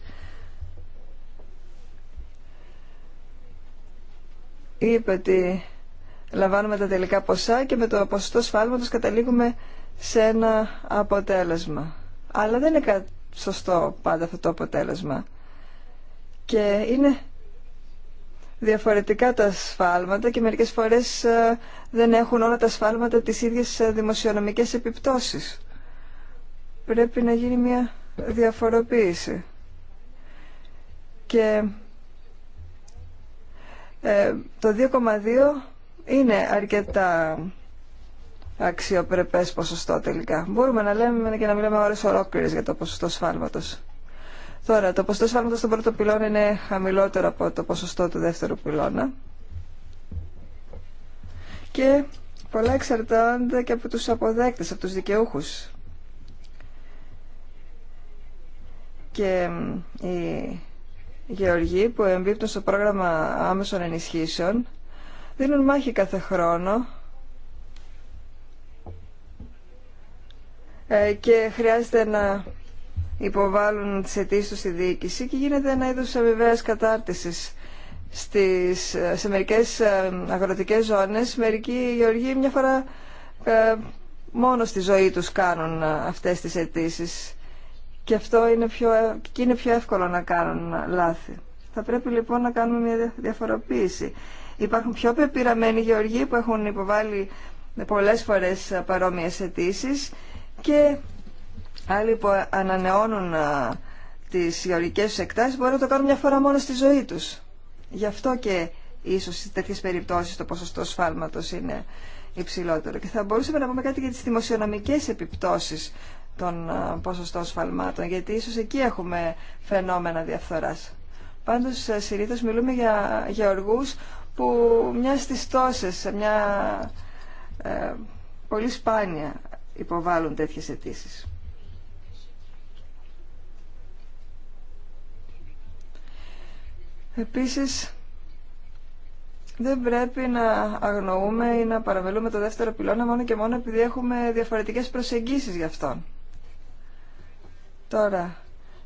Είπε ότι λαμβάνουμε τα τελικά ποσά και με το ποσοστό σφάλματος καταλήγουμε σε ένα αποτέλεσμα. Αλλά δεν είναι σωστό πάντα αυτό το αποτέλεσμα. Και είναι διαφορετικά τα σφάλματα και μερικές φορές ε, δεν έχουν όλα τα σφάλματα τις ίδιες ε, δημοσιονομικές επιπτώσεις. Πρέπει να γίνει μια διαφοροποίηση. Και ε, το 2,2 είναι αρκετά αξιοπρεπές ποσοστό τελικά. Μπορούμε να λέμε και να μιλάμε ώρες ολόκληρες για το ποσοστό σφάλματος. Τώρα, το ποσοστό σφάλματος στον πρώτο πυλώνα είναι χαμηλότερο από το ποσοστό του δεύτερου πυλώνα. Και πολλά εξαρτάται και από τους αποδέκτες, από τους δικαιούχους. Και οι γεωργοί που εμπίπτουν στο πρόγραμμα άμεσων ενισχύσεων δίνουν μάχη κάθε χρόνο ε, και χρειάζεται να υποβάλλουν τι αιτήσει του στη διοίκηση και γίνεται ένα είδο αμοιβαία κατάρτιση Στις, σε μερικέ ε, αγροτικέ ζώνες, μερικοί γεωργοί μια φορά ε, μόνο στη ζωή τους κάνουν ε, αυτές τις αιτήσει. Και αυτό είναι πιο, είναι πιο εύκολο να κάνουν λάθη. Θα πρέπει λοιπόν να κάνουμε μια διαφοροποίηση. Υπάρχουν πιο πεπειραμένοι γεωργοί που έχουν υποβάλει πολλές φορές παρόμοιες αιτήσει και Άλλοι που ανανεώνουν τις γεωργικές τους εκτάσεις μπορούν να το κάνουν μια φορά μόνο στη ζωή τους. Γι' αυτό και ίσως σε τέτοιες περιπτώσεις το ποσοστό σφάλματος είναι υψηλότερο. Και θα μπορούσαμε να πούμε κάτι για τις δημοσιονομικές επιπτώσεις των ποσοστών σφαλμάτων, γιατί ίσως εκεί έχουμε φαινόμενα διαφθοράς. Πάντως, ε, συνήθω μιλούμε για γεωργούς που μια στις τόσες, μια ε, πολύ σπάνια υποβάλλουν τέτοιες αιτήσει. Επίσης, δεν πρέπει να αγνοούμε ή να παραβελούμε το δεύτερο πυλώνα μόνο και μόνο επειδή έχουμε διαφορετικές προσεγγίσεις γι' αυτόν. Τώρα,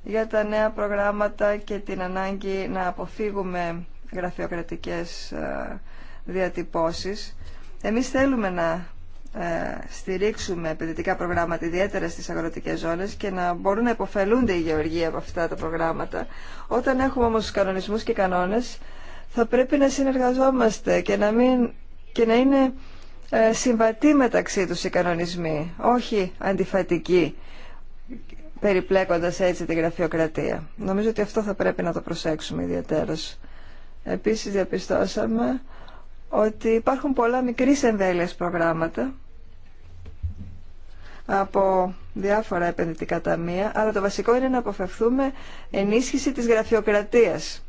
για τα νέα προγράμματα και την ανάγκη να αποφύγουμε γραφειοκρατικές ε, διατυπώσεις, εμείς θέλουμε να ε, στηρίξουμε επενδυτικά προγράμματα ιδιαίτερα στις αγροτικές ζώνες και να μπορούν να υποφελούνται οι γεωργοί από αυτά τα προγράμματα. Όταν έχουμε όμως κανονισμούς και κανόνες θα πρέπει να συνεργαζόμαστε και να, μην, και να είναι ε, συμβατοί μεταξύ τους οι κανονισμοί, όχι αντιφατικοί, περιπλέκοντας έτσι τη γραφειοκρατία. Νομίζω ότι αυτό θα πρέπει να το προσέξουμε ιδιαίτερα. Επίσης διαπιστώσαμε ότι υπάρχουν πολλά μικρή εμβέλεια προγράμματα από διάφορα επενδυτικά ταμεία, αλλά το βασικό είναι να αποφευθούμε ενίσχυση της γραφειοκρατίας.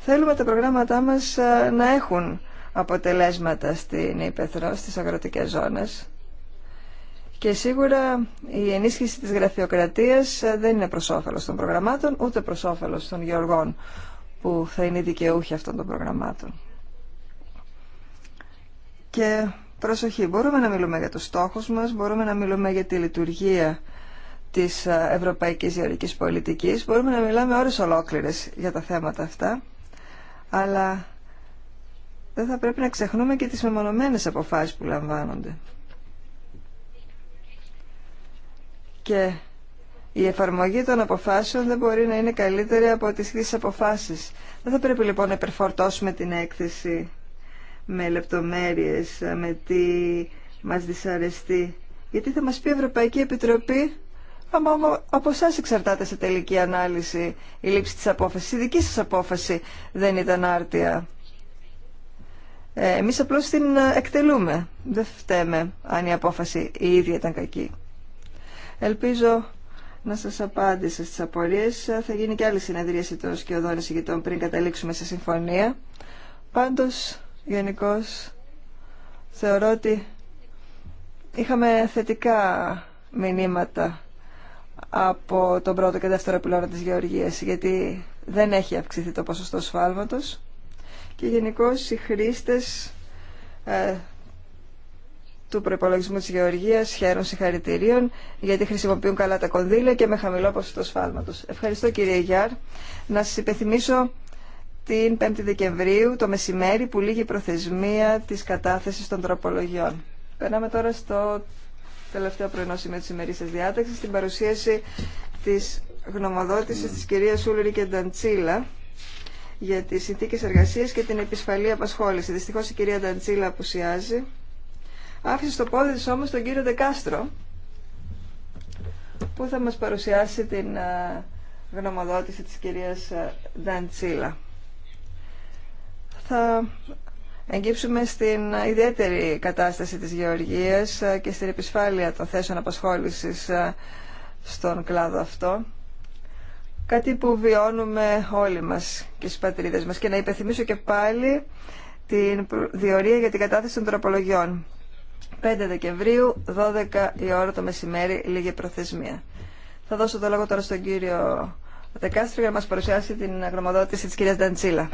Θέλουμε τα προγράμματά μας ε, να έχουν αποτελέσματα στην Ήπεθρο, στις αγροτικές ζώνες. Και σίγουρα η ενίσχυση της γραφειοκρατίας ε, δεν είναι προς όφελος των προγραμμάτων, ούτε προς όφελος των γεωργών που θα είναι δικαιούχοι αυτών των προγραμμάτων. Και προσοχή, μπορούμε να μιλούμε για τους στόχους μας, μπορούμε να μιλούμε για τη λειτουργία της ε, ευρωπαϊκής Ιωρικής πολιτικής, μπορούμε να μιλάμε ώρες ολόκληρες για τα θέματα αυτά, αλλά δεν θα πρέπει να ξεχνούμε και τις μεμονωμένες αποφάσεις που λαμβάνονται. Και η εφαρμογή των αποφάσεων δεν μπορεί να είναι καλύτερη από τις χρήσεις αποφάσεις. Δεν θα πρέπει λοιπόν να υπερφορτώσουμε την έκθεση με λεπτομέρειες, με τι μας δυσαρεστεί. Γιατί θα μας πει η Ευρωπαϊκή Επιτροπή, άμα από εσά εξαρτάται σε τελική ανάλυση η λήψη της απόφασης. Η δική σας απόφαση δεν ήταν άρτια. Ε, εμείς απλώς την ε, εκτελούμε. Δεν φταίμε αν η απόφαση η ίδια ήταν κακή. Ελπίζω να σας απάντησα στις απορίες. Θα γίνει και άλλη συνεδρίαση των σκιωδών εισηγητών πριν καταλήξουμε σε συμφωνία. Πάντως γενικώ θεωρώ ότι είχαμε θετικά μηνύματα από τον πρώτο και δεύτερο πυλώνα της γεωργίας γιατί δεν έχει αυξηθεί το ποσοστό σφάλματος και γενικώ οι χρήστες ε, του προπολογισμού της γεωργίας χαίρουν συγχαρητηρίων γιατί χρησιμοποιούν καλά τα κονδύλια και με χαμηλό ποσοστό σφάλματος. Ευχαριστώ κύριε Γιάρ. Να σας υπενθυμίσω την 5η Δεκεμβρίου το μεσημέρι που λύγει η προθεσμία της κατάθεσης των τροπολογιών. Περνάμε τώρα στο τελευταίο πρωινό σημείο της ημερήσιας διάταξη. την παρουσίαση της γνωμοδότησης της κυρίας Ούλρη και Νταντσίλα για τις συνθήκε εργασία και την επισφαλή απασχόληση. Δυστυχώ η κυρία Νταντσίλα απουσιάζει. Άφησε στο πόδι της όμως τον κύριο Ντεκάστρο που θα μας παρουσιάσει την ε, γνωμοδότηση της κυρίας ε, Νταντσίλα θα εγκύψουμε στην ιδιαίτερη κατάσταση της γεωργίας και στην επισφάλεια των θέσεων απασχόλησης ε, στον κλάδο αυτό. Κάτι που βιώνουμε όλοι μας και στις πατρίδες μας. Και να υπενθυμίσω και πάλι την διορία για την κατάθεση των τροπολογιών. 5 Δεκεμβρίου, 12 η ώρα το μεσημέρι, λίγη προθεσμία. Θα δώσω το λόγο τώρα στον κύριο Δεκάστρο για να μας παρουσιάσει την αγνομοδότηση της κυρίας Νταντσίλα.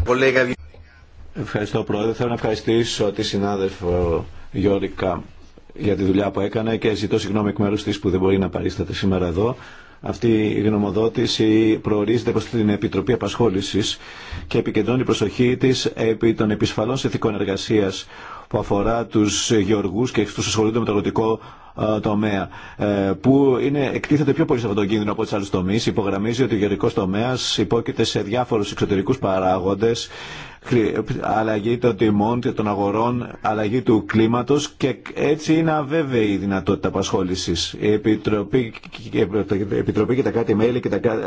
Ευχαριστώ Πρόεδρε. Θέλω να ευχαριστήσω τη συνάδελφο Γιώργικα για τη δουλειά που έκανε και ζητώ συγγνώμη εκ μέρους της που δεν μπορεί να παρίσταται σήμερα εδώ. Αυτή η γνωμοδότηση προορίζεται προς την Επιτροπή Απασχόλησης και επικεντρώνει προσοχή της επί των επισφαλών συνθήκων εργασίας που αφορά τους γεωργούς και τους ασχολούνται με το αγροτικό τομέα ε, που είναι, εκτίθεται πιο πολύ σε αυτόν τον κίνδυνο από τι άλλε τομεί. Υπογραμμίζει ότι ο γερικό τομέα υπόκειται σε διάφορου εξωτερικού παράγοντε αλλαγή των τιμών και των αγορών, αλλαγή του κλίματο και έτσι είναι αβέβαιη η δυνατότητα απασχόληση. Η Επιτροπή, Επιτροπή και τα κάτι μέλη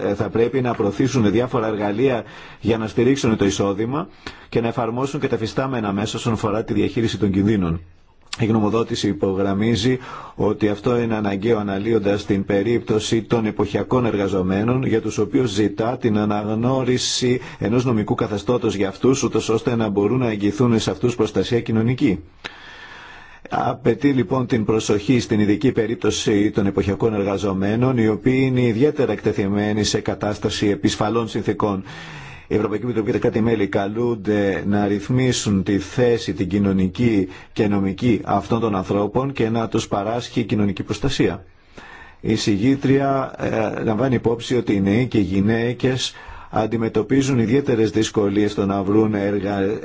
ε, θα πρέπει να προωθήσουν διάφορα εργαλεία για να στηρίξουν το εισόδημα και να εφαρμόσουν και τα φυστάμενα μέσα όσον αφορά τη διαχείριση των κινδύνων. Η γνωμοδότηση υπογραμμίζει ότι αυτό είναι αναγκαίο αναλύοντας την περίπτωση των εποχιακών εργαζομένων για τους οποίους ζητά την αναγνώριση ενός νομικού καθεστώτος για αυτούς ούτως ώστε να μπορούν να εγγυηθούν σε αυτούς προστασία κοινωνική. Απαιτεί λοιπόν την προσοχή στην ειδική περίπτωση των εποχιακών εργαζομένων οι οποίοι είναι ιδιαίτερα εκτεθειμένοι σε κατάσταση επισφαλών συνθήκων. Η Ευρωπαϊκή Επιτροπή και τα μελη καλούνται να ρυθμίσουν τη θέση, την κοινωνική και νομική αυτών των ανθρώπων και να τους παράσχει κοινωνική προστασία. Η συγγήτρια ε, λαμβάνει υπόψη ότι οι νέοι και οι γυναίκες αντιμετωπίζουν ιδιαίτερες δυσκολίες στο να βρουν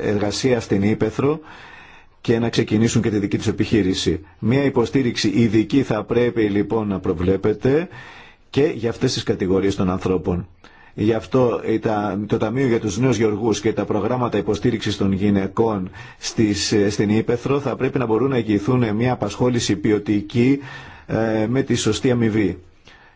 εργασία στην Ήπεθρο και να ξεκινήσουν και τη δική τους επιχείρηση. Μία υποστήριξη ειδική θα πρέπει λοιπόν να προβλέπεται και για αυτές τις κατηγορίες των ανθρώπων. Γι' αυτό το Ταμείο για τους Νέους Γεωργούς και τα προγράμματα υποστήριξης των γυναικών στις, στην Ήπεθρο θα πρέπει να μπορούν να εγγυηθούν μια απασχόληση ποιοτική ε, με τη σωστή αμοιβή.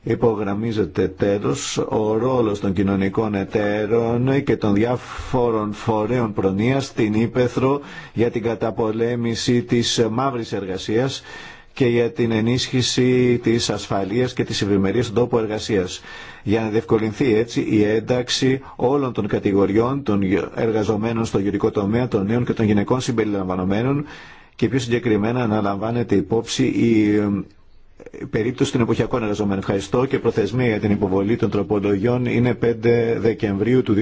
Υπογραμμίζεται τέλος ο ρόλος των κοινωνικών εταίρων και των διάφορων φορέων προνοίας στην Ήπεθρο για την καταπολέμηση της μαύρης εργασίας και για την ενίσχυση της ασφαλείας και της ευημερίας στον τόπο εργασίας για να διευκολυνθεί έτσι η ένταξη όλων των κατηγοριών των εργαζομένων στο γεωρικό τομέα, των νέων και των γυναικών συμπεριλαμβανομένων και πιο συγκεκριμένα να λαμβάνεται υπόψη η περίπτωση των εποχιακών εργαζομένων. Ευχαριστώ και προθεσμία για την υποβολή των τροπολογιών είναι 5 Δεκεμβρίου του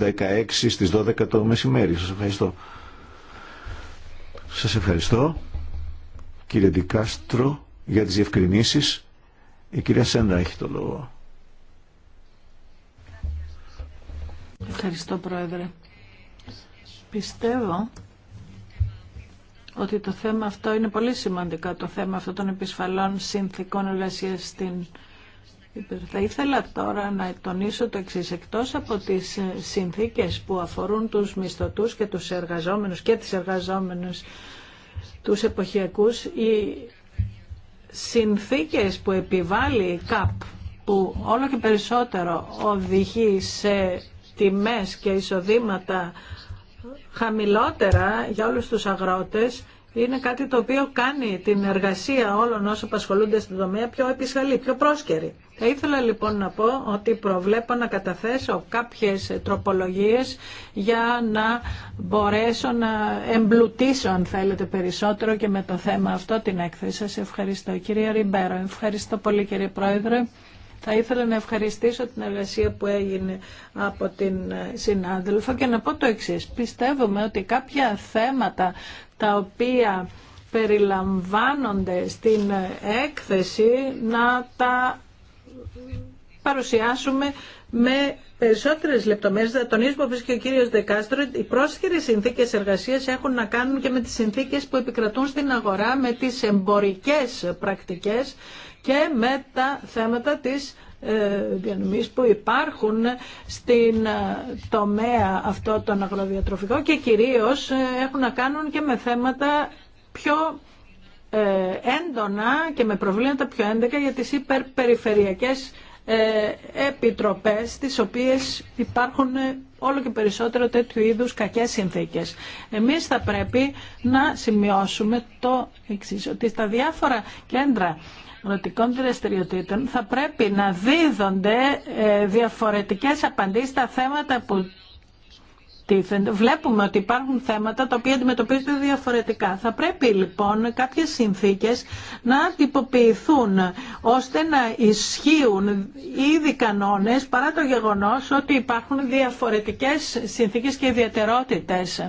2016 στις 12 το μεσημέρι. Σας ευχαριστώ. Σας ευχαριστώ κύριε Δικάστρο για τις διευκρινήσεις. Η κυρία Σέντρα, έχει το λόγο. Ευχαριστώ, Πρόεδρε. Πιστεύω ότι το θέμα αυτό είναι πολύ σημαντικό, το θέμα αυτό των επισφαλών συνθήκων εργασία στην θα ήθελα τώρα να τονίσω το εξή. Εκτό από τι ε, συνθήκε που αφορούν τους μισθωτού και τους εργαζόμενους και τι εργαζόμενου τους εποχιακού, οι συνθήκες που επιβάλλει η ΚΑΠ που όλο και περισσότερο οδηγεί σε τιμές και εισοδήματα χαμηλότερα για όλους τους αγρότες είναι κάτι το οποίο κάνει την εργασία όλων όσων απασχολούνται στην τομέα πιο επισχαλή, πιο πρόσκαιρη. Θα ήθελα λοιπόν να πω ότι προβλέπω να καταθέσω κάποιες τροπολογίες για να μπορέσω να εμπλουτίσω αν θέλετε περισσότερο και με το θέμα αυτό την έκθεση. Σας ευχαριστώ. κύριε Ριμπέρο, ευχαριστώ πολύ κύριε Πρόεδρε. Θα ήθελα να ευχαριστήσω την εργασία που έγινε από την συνάδελφο και να πω το εξή. Πιστεύουμε ότι κάποια θέματα τα οποία περιλαμβάνονται στην έκθεση να τα παρουσιάσουμε με περισσότερες λεπτομέρειε. Θα τονίσουμε όπω και ο κύριος Δεκάστρο, οι πρόσχερε συνθήκε εργασία έχουν να κάνουν και με τις συνθήκες που επικρατούν στην αγορά, με τι εμπορικέ πρακτικέ και με τα θέματα της ε, διανομής που υπάρχουν στην ε, τομέα αυτό των αγροδιατροφικών και κυρίως ε, έχουν να κάνουν και με θέματα πιο έντονα και με προβλήματα πιο έντεκα για τις υπερπεριφερειακές επιτροπές τις οποίες υπάρχουν όλο και περισσότερο τέτοιου είδους κακές συνθήκες. Εμείς θα πρέπει να σημειώσουμε το εξής, ότι στα διάφορα κέντρα αγροτικών δραστηριοτήτων θα πρέπει να δίδονται ε, διαφορετικές απαντήσεις στα θέματα που τίθενται. Βλέπουμε ότι υπάρχουν θέματα τα οποία αντιμετωπίζονται διαφορετικά. Θα πρέπει λοιπόν κάποιες συνθήκες να τυποποιηθούν ώστε να ισχύουν ήδη κανόνες παρά το γεγονός ότι υπάρχουν διαφορετικές συνθήκες και ιδιαιτερότητες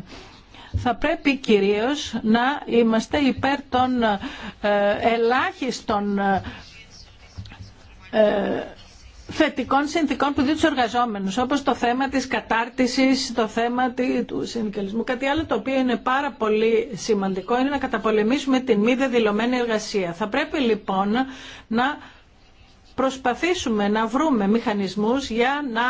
θα πρέπει κυρίως να είμαστε υπέρ των ε, ελάχιστων ε, ε, θετικών συνθήκων που δίνουν του εργαζόμενου, όπω το θέμα της κατάρτισης, το θέμα του συνδικαλισμού. Κάτι άλλο το οποίο είναι πάρα πολύ σημαντικό είναι να καταπολεμήσουμε την μη δεδηλωμένη εργασία. Θα πρέπει λοιπόν να προσπαθήσουμε να βρούμε μηχανισμούς για να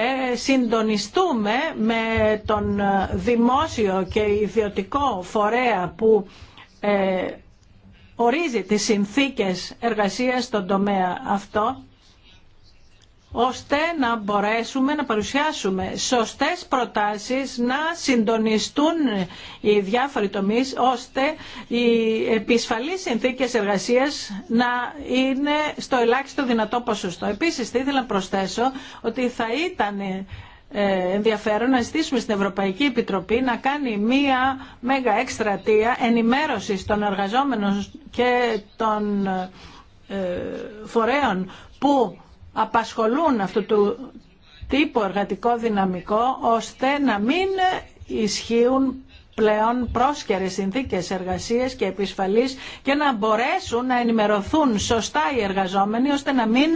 ε, συντονιστούμε με τον δημόσιο και ιδιωτικό φορέα που ε, ορίζει τις συνθήκες εργασίας στον τομέα αυτό ώστε να μπορέσουμε να παρουσιάσουμε σωστές προτάσεις, να συντονιστούν οι διάφοροι τομείς, ώστε οι επισφαλείς συνθήκες εργασίας να είναι στο ελάχιστο δυνατό ποσοστό. Επίσης, θα ήθελα να προσθέσω ότι θα ήταν ε, ενδιαφέρον να ζητήσουμε στην Ευρωπαϊκή Επιτροπή να κάνει μία μέγα εκστρατεία ενημέρωσης των εργαζόμενων και των ε, φορέων που απασχολούν αυτού του τύπου εργατικό δυναμικό ώστε να μην ισχύουν πλέον πρόσκαιρες συνθήκες εργασίας και επισφαλής και να μπορέσουν να ενημερωθούν σωστά οι εργαζόμενοι ώστε να μην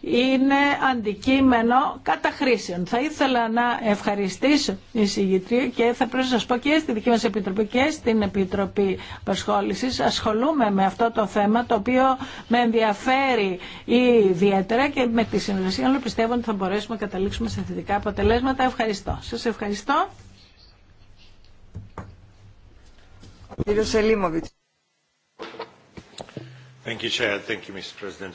είναι αντικείμενο καταχρήσεων. Θα ήθελα να ευχαριστήσω η συγγητρία και θα πρέπει να σας πω και στη δική μας Επιτροπή και στην Επιτροπή Πασχόλησης ασχολούμαι με αυτό το θέμα το οποίο με ενδιαφέρει ιδιαίτερα και με τη συνεργασία όλων πιστεύω ότι θα μπορέσουμε να καταλήξουμε σε θετικά αποτελέσματα. Ευχαριστώ. Σας ευχαριστώ. Thank you, Chair. Thank you, Mr. President.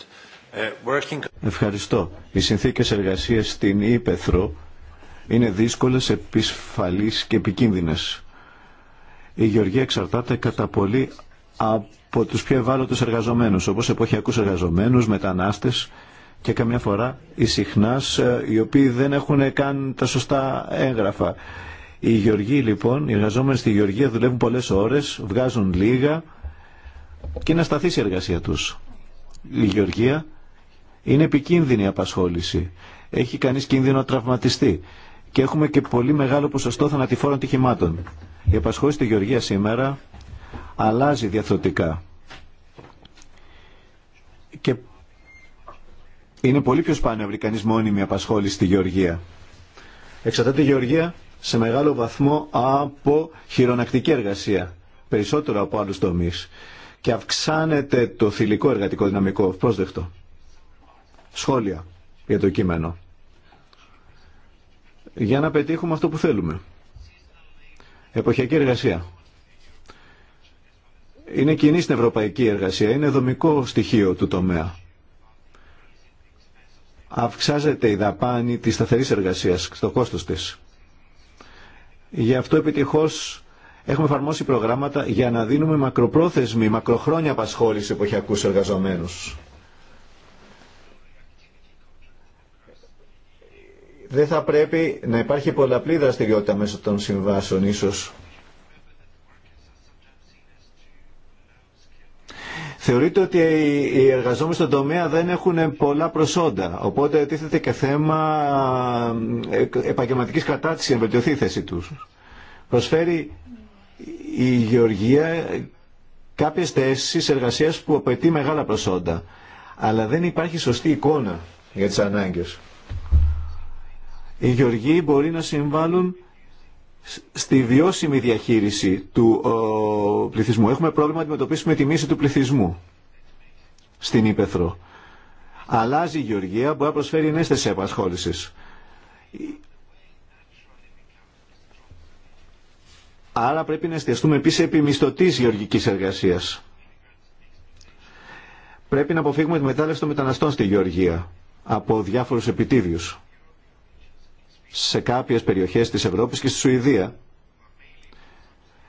Ευχαριστώ. Οι συνθήκες εργασίας στην Ήπεθρο είναι δύσκολες, επισφαλείς και επικίνδυνες. Η γεωργία εξαρτάται κατά πολύ από τους πιο ευάλωτους εργαζομένους, όπως εποχιακούς εργαζομένους, μετανάστες και καμιά φορά οι συχνάς, ε, οι οποίοι δεν έχουν καν τα σωστά έγγραφα. Οι γεωργοί λοιπόν, οι εργαζόμενοι στη γεωργία δουλεύουν πολλές ώρες, βγάζουν λίγα και είναι ασταθής η εργασία τους. Η γεωργία είναι επικίνδυνη η απασχόληση. Έχει κανεί κίνδυνο να τραυματιστεί. Και έχουμε και πολύ μεγάλο ποσοστό θανατηφόρων τυχημάτων. Η απασχόληση στη Γεωργία σήμερα αλλάζει διαθροτικά. Και είναι πολύ πιο σπάνιο να μόνιμη απασχόληση στη Γεωργία. Εξαρτάται η Γεωργία σε μεγάλο βαθμό από χειρονακτική εργασία, περισσότερο από άλλου τομεί. Και αυξάνεται το θηλυκό εργατικό δυναμικό, πρόσδεκτο σχόλια για το κείμενο. Για να πετύχουμε αυτό που θέλουμε. Εποχιακή εργασία. Είναι κοινή στην ευρωπαϊκή εργασία, είναι δομικό στοιχείο του τομέα. Αυξάζεται η δαπάνη της σταθερής εργασίας στο κόστος της. Γι' αυτό επιτυχώς έχουμε εφαρμόσει προγράμματα για να δίνουμε μακροπρόθεσμη, μακροχρόνια απασχόληση εποχιακούς εργαζομένους. δεν θα πρέπει να υπάρχει πολλαπλή δραστηριότητα μέσω των συμβάσεων ίσως. Θεωρείται ότι οι εργαζόμενοι στον τομέα δεν έχουν πολλά προσόντα, οπότε τίθεται και θέμα ε, επαγγελματικής κατάρτισης για να βελτιωθεί η θέση τους. Προσφέρει η Γεωργία κάποιες θέσεις εργασίας που απαιτεί μεγάλα προσόντα, αλλά δεν υπάρχει σωστή εικόνα για τις ανάγκες οι γεωργοί μπορεί να συμβάλλουν στη βιώσιμη διαχείριση του ε, πληθυσμού. Έχουμε πρόβλημα να αντιμετωπίσουμε τη μίση του πληθυσμού στην Ήπεθρο. Αλλάζει η γεωργία, μπορεί να προσφέρει νέες θέσεις επασχόλησης. Άρα πρέπει να εστιαστούμε επίσης επί μισθωτής γεωργικής εργασίας. Πρέπει να αποφύγουμε τη μετάλλευση των μεταναστών στη γεωργία από διάφορους επιτίδιους σε κάποιες περιοχές της Ευρώπης και στη Σουηδία.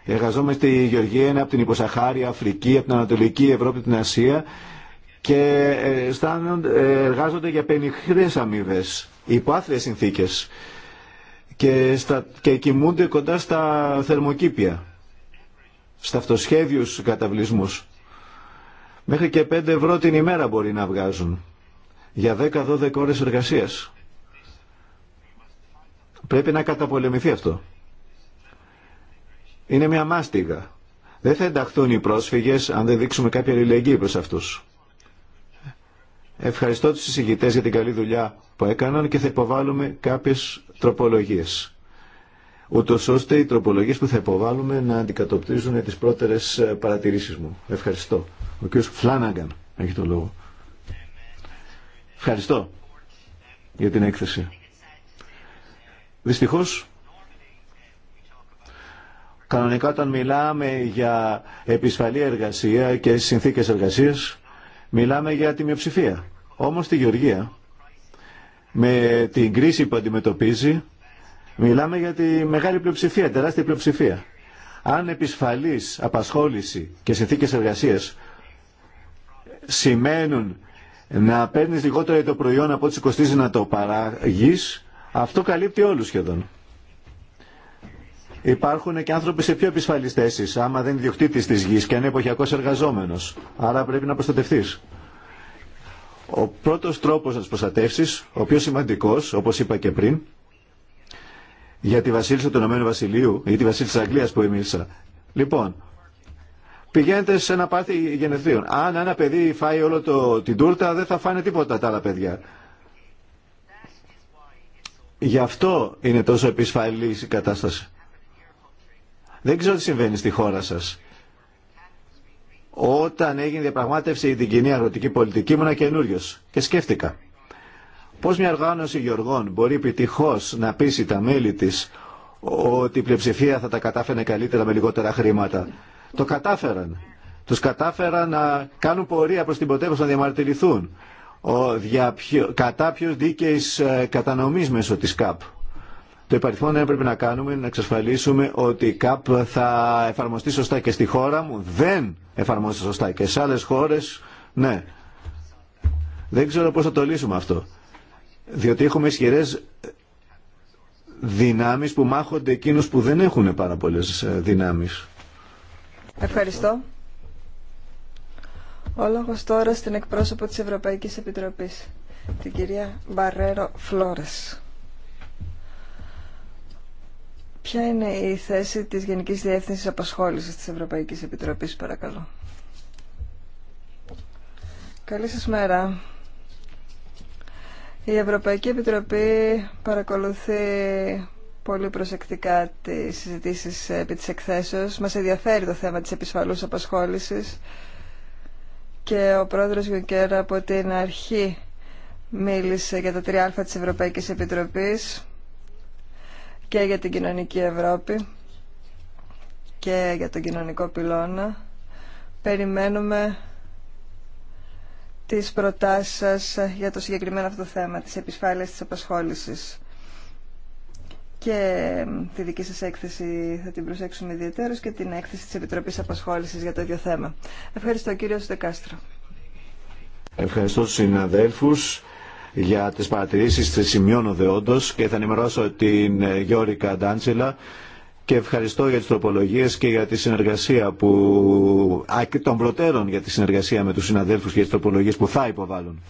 Εργαζόμαστε η Γεωργία είναι από την Υποσαχάρια Αφρική, από την Ανατολική Ευρώπη, την Ασία και ε, ε, εργάζονται για πενιχρές αμοιβέ, υπό άθλες συνθήκες και, στα, και κοιμούνται κοντά στα θερμοκήπια, στα αυτοσχέδιους καταβλισμούς. Μέχρι και 5 ευρώ την ημέρα μπορεί να βγάζουν για 10-12 ώρες εργασίας. Πρέπει να καταπολεμηθεί αυτό. Είναι μια μάστιγα. Δεν θα ενταχθούν οι πρόσφυγες αν δεν δείξουμε κάποια αλληλεγγύη προς αυτούς. Ευχαριστώ τους συγγητές για την καλή δουλειά που έκαναν και θα υποβάλουμε κάποιες τροπολογίες. Ούτως ώστε οι τροπολογίες που θα υποβάλουμε να αντικατοπτρίζουν τις πρώτερες ε, παρατηρήσεις μου. Ευχαριστώ. Ο κ. Φλάναγκαν έχει το λόγο. Ευχαριστώ για την έκθεση. Δυστυχώς, κανονικά όταν μιλάμε για επισφαλή εργασία και συνθήκες εργασίας, μιλάμε για τη μειοψηφία. Όμως τη Γεωργία, με την κρίση που αντιμετωπίζει, μιλάμε για τη μεγάλη πλειοψηφία, τεράστια πλειοψηφία. Αν επισφαλής απασχόληση και συνθήκες εργασίας σημαίνουν να παίρνεις λιγότερο το προϊόν από ό,τι σου κοστίζει να το παράγεις, αυτό καλύπτει όλους σχεδόν. Υπάρχουν και άνθρωποι σε πιο επισφαλείς θέσεις, άμα δεν είναι διοκτήτης της γης και είναι εποχιακός εργαζόμενος. Άρα πρέπει να προστατευτείς. Ο πρώτος τρόπος να τους προστατεύσεις, ο πιο σημαντικός, όπως είπα και πριν, για τη βασίλισσα του Ηνωμένου Βασιλείου ή τη βασίλισσα της Αγγλίας που εμίλησα. Λοιπόν, πηγαίνετε σε ένα πάθη γενεθλίων. Αν ένα παιδί φάει όλο το, την τούρτα δεν θα φάνε τίποτα τα άλλα παιδιά. Γι' αυτό είναι τόσο επισφαλής η κατάσταση. Δεν ξέρω τι συμβαίνει στη χώρα σας. Όταν έγινε διαπραγμάτευση για την κοινή αγροτική πολιτική ήμουνα καινούριο και σκέφτηκα. Πώς μια οργάνωση γεωργών μπορεί επιτυχώ να πείσει τα μέλη τη ότι η πλειοψηφία θα τα κατάφερε καλύτερα με λιγότερα χρήματα. Το κατάφεραν. Του κατάφεραν να κάνουν πορεία προ την ποτέ να διαμαρτυρηθούν ο, για κατά ποιο δίκαιης ε, κατανομής μέσω της ΚΑΠ. Το υπαριθμό να έπρεπε να κάνουμε να εξασφαλίσουμε ότι η ΚΑΠ θα εφαρμοστεί σωστά και στη χώρα μου. Δεν εφαρμόζεται σωστά και σε άλλες χώρες, ναι. Δεν ξέρω πώς θα το λύσουμε αυτό. Διότι έχουμε ισχυρέ δυνάμεις που μάχονται εκείνους που δεν έχουν πάρα πολλές ε, δυνάμεις. Ευχαριστώ. Ο λόγος τώρα στην εκπρόσωπο της Ευρωπαϊκής Επιτροπής, την κυρία Μπαρέρο Φλόρες. Ποια είναι η θέση της Γενικής Διεύθυνσης Απασχόλησης της Ευρωπαϊκής Επιτροπής, παρακαλώ. Καλή σας μέρα. Η Ευρωπαϊκή Επιτροπή παρακολουθεί πολύ προσεκτικά τις συζητήσεις επί της εκθέσεως. Μας ενδιαφέρει το θέμα της επισφαλούς απασχόλησης και ο πρόεδρος Γιουγκέρα από την αρχή μίλησε για τα 3α της Ευρωπαϊκής Επιτροπής και για την κοινωνική Ευρώπη και για τον κοινωνικό πυλώνα. Περιμένουμε τις προτάσεις σας για το συγκεκριμένο αυτό θέμα της επισφάλειας της απασχόλησης και τη δική σας έκθεση θα την προσέξουμε ιδιαίτερως και την έκθεση της Επιτροπής Απασχόλησης για το ίδιο θέμα. Ευχαριστώ κύριο Στεκάστρο. Ευχαριστώ τους συναδέλφους για τις παρατηρήσεις της σημειώνω και θα ενημερώσω την ε, Γιώργη Καντάντσιλα και ευχαριστώ για τις τροπολογίες και για τη συνεργασία που... Α, και των προτέρων για τη συνεργασία με τους συναδέλφους και τις τροπολογίες που θα υποβάλουν.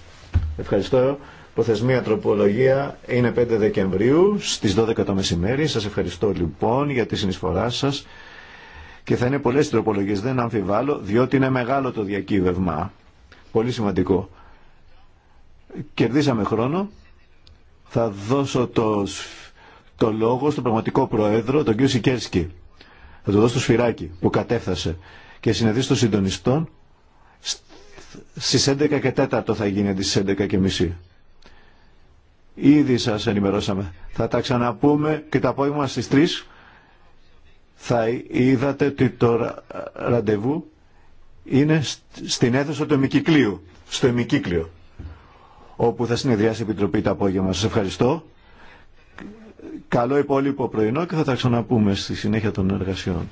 Ευχαριστώ. Προθεσμία τροπολογία είναι 5 Δεκεμβρίου στις 12 το μεσημέρι. Σας ευχαριστώ λοιπόν για τη συνεισφορά σας και θα είναι πολλές τροπολογίες, δεν αμφιβάλλω, διότι είναι μεγάλο το διακύβευμα. Πολύ σημαντικό. Κερδίσαμε χρόνο. Θα δώσω το, το λόγο στον πραγματικό πρόεδρο, τον κ. Σικέρσκι. Θα του δώσω το σφυράκι που κατέφθασε και συνεδρίσει των συντονιστών στις 11 και 4 θα γίνει αντί στις 11 και μισή. Ήδη σας ενημερώσαμε. Θα τα ξαναπούμε και το απόγευμα στις 3 θα είδατε ότι το ραντεβού είναι στην αίθουσα του εμικυκλίου, στο εμικύκλιο, όπου θα συνεδριάσει η Επιτροπή το απόγευμα. Σας ευχαριστώ. Καλό υπόλοιπο πρωινό και θα τα ξαναπούμε στη συνέχεια των εργασιών.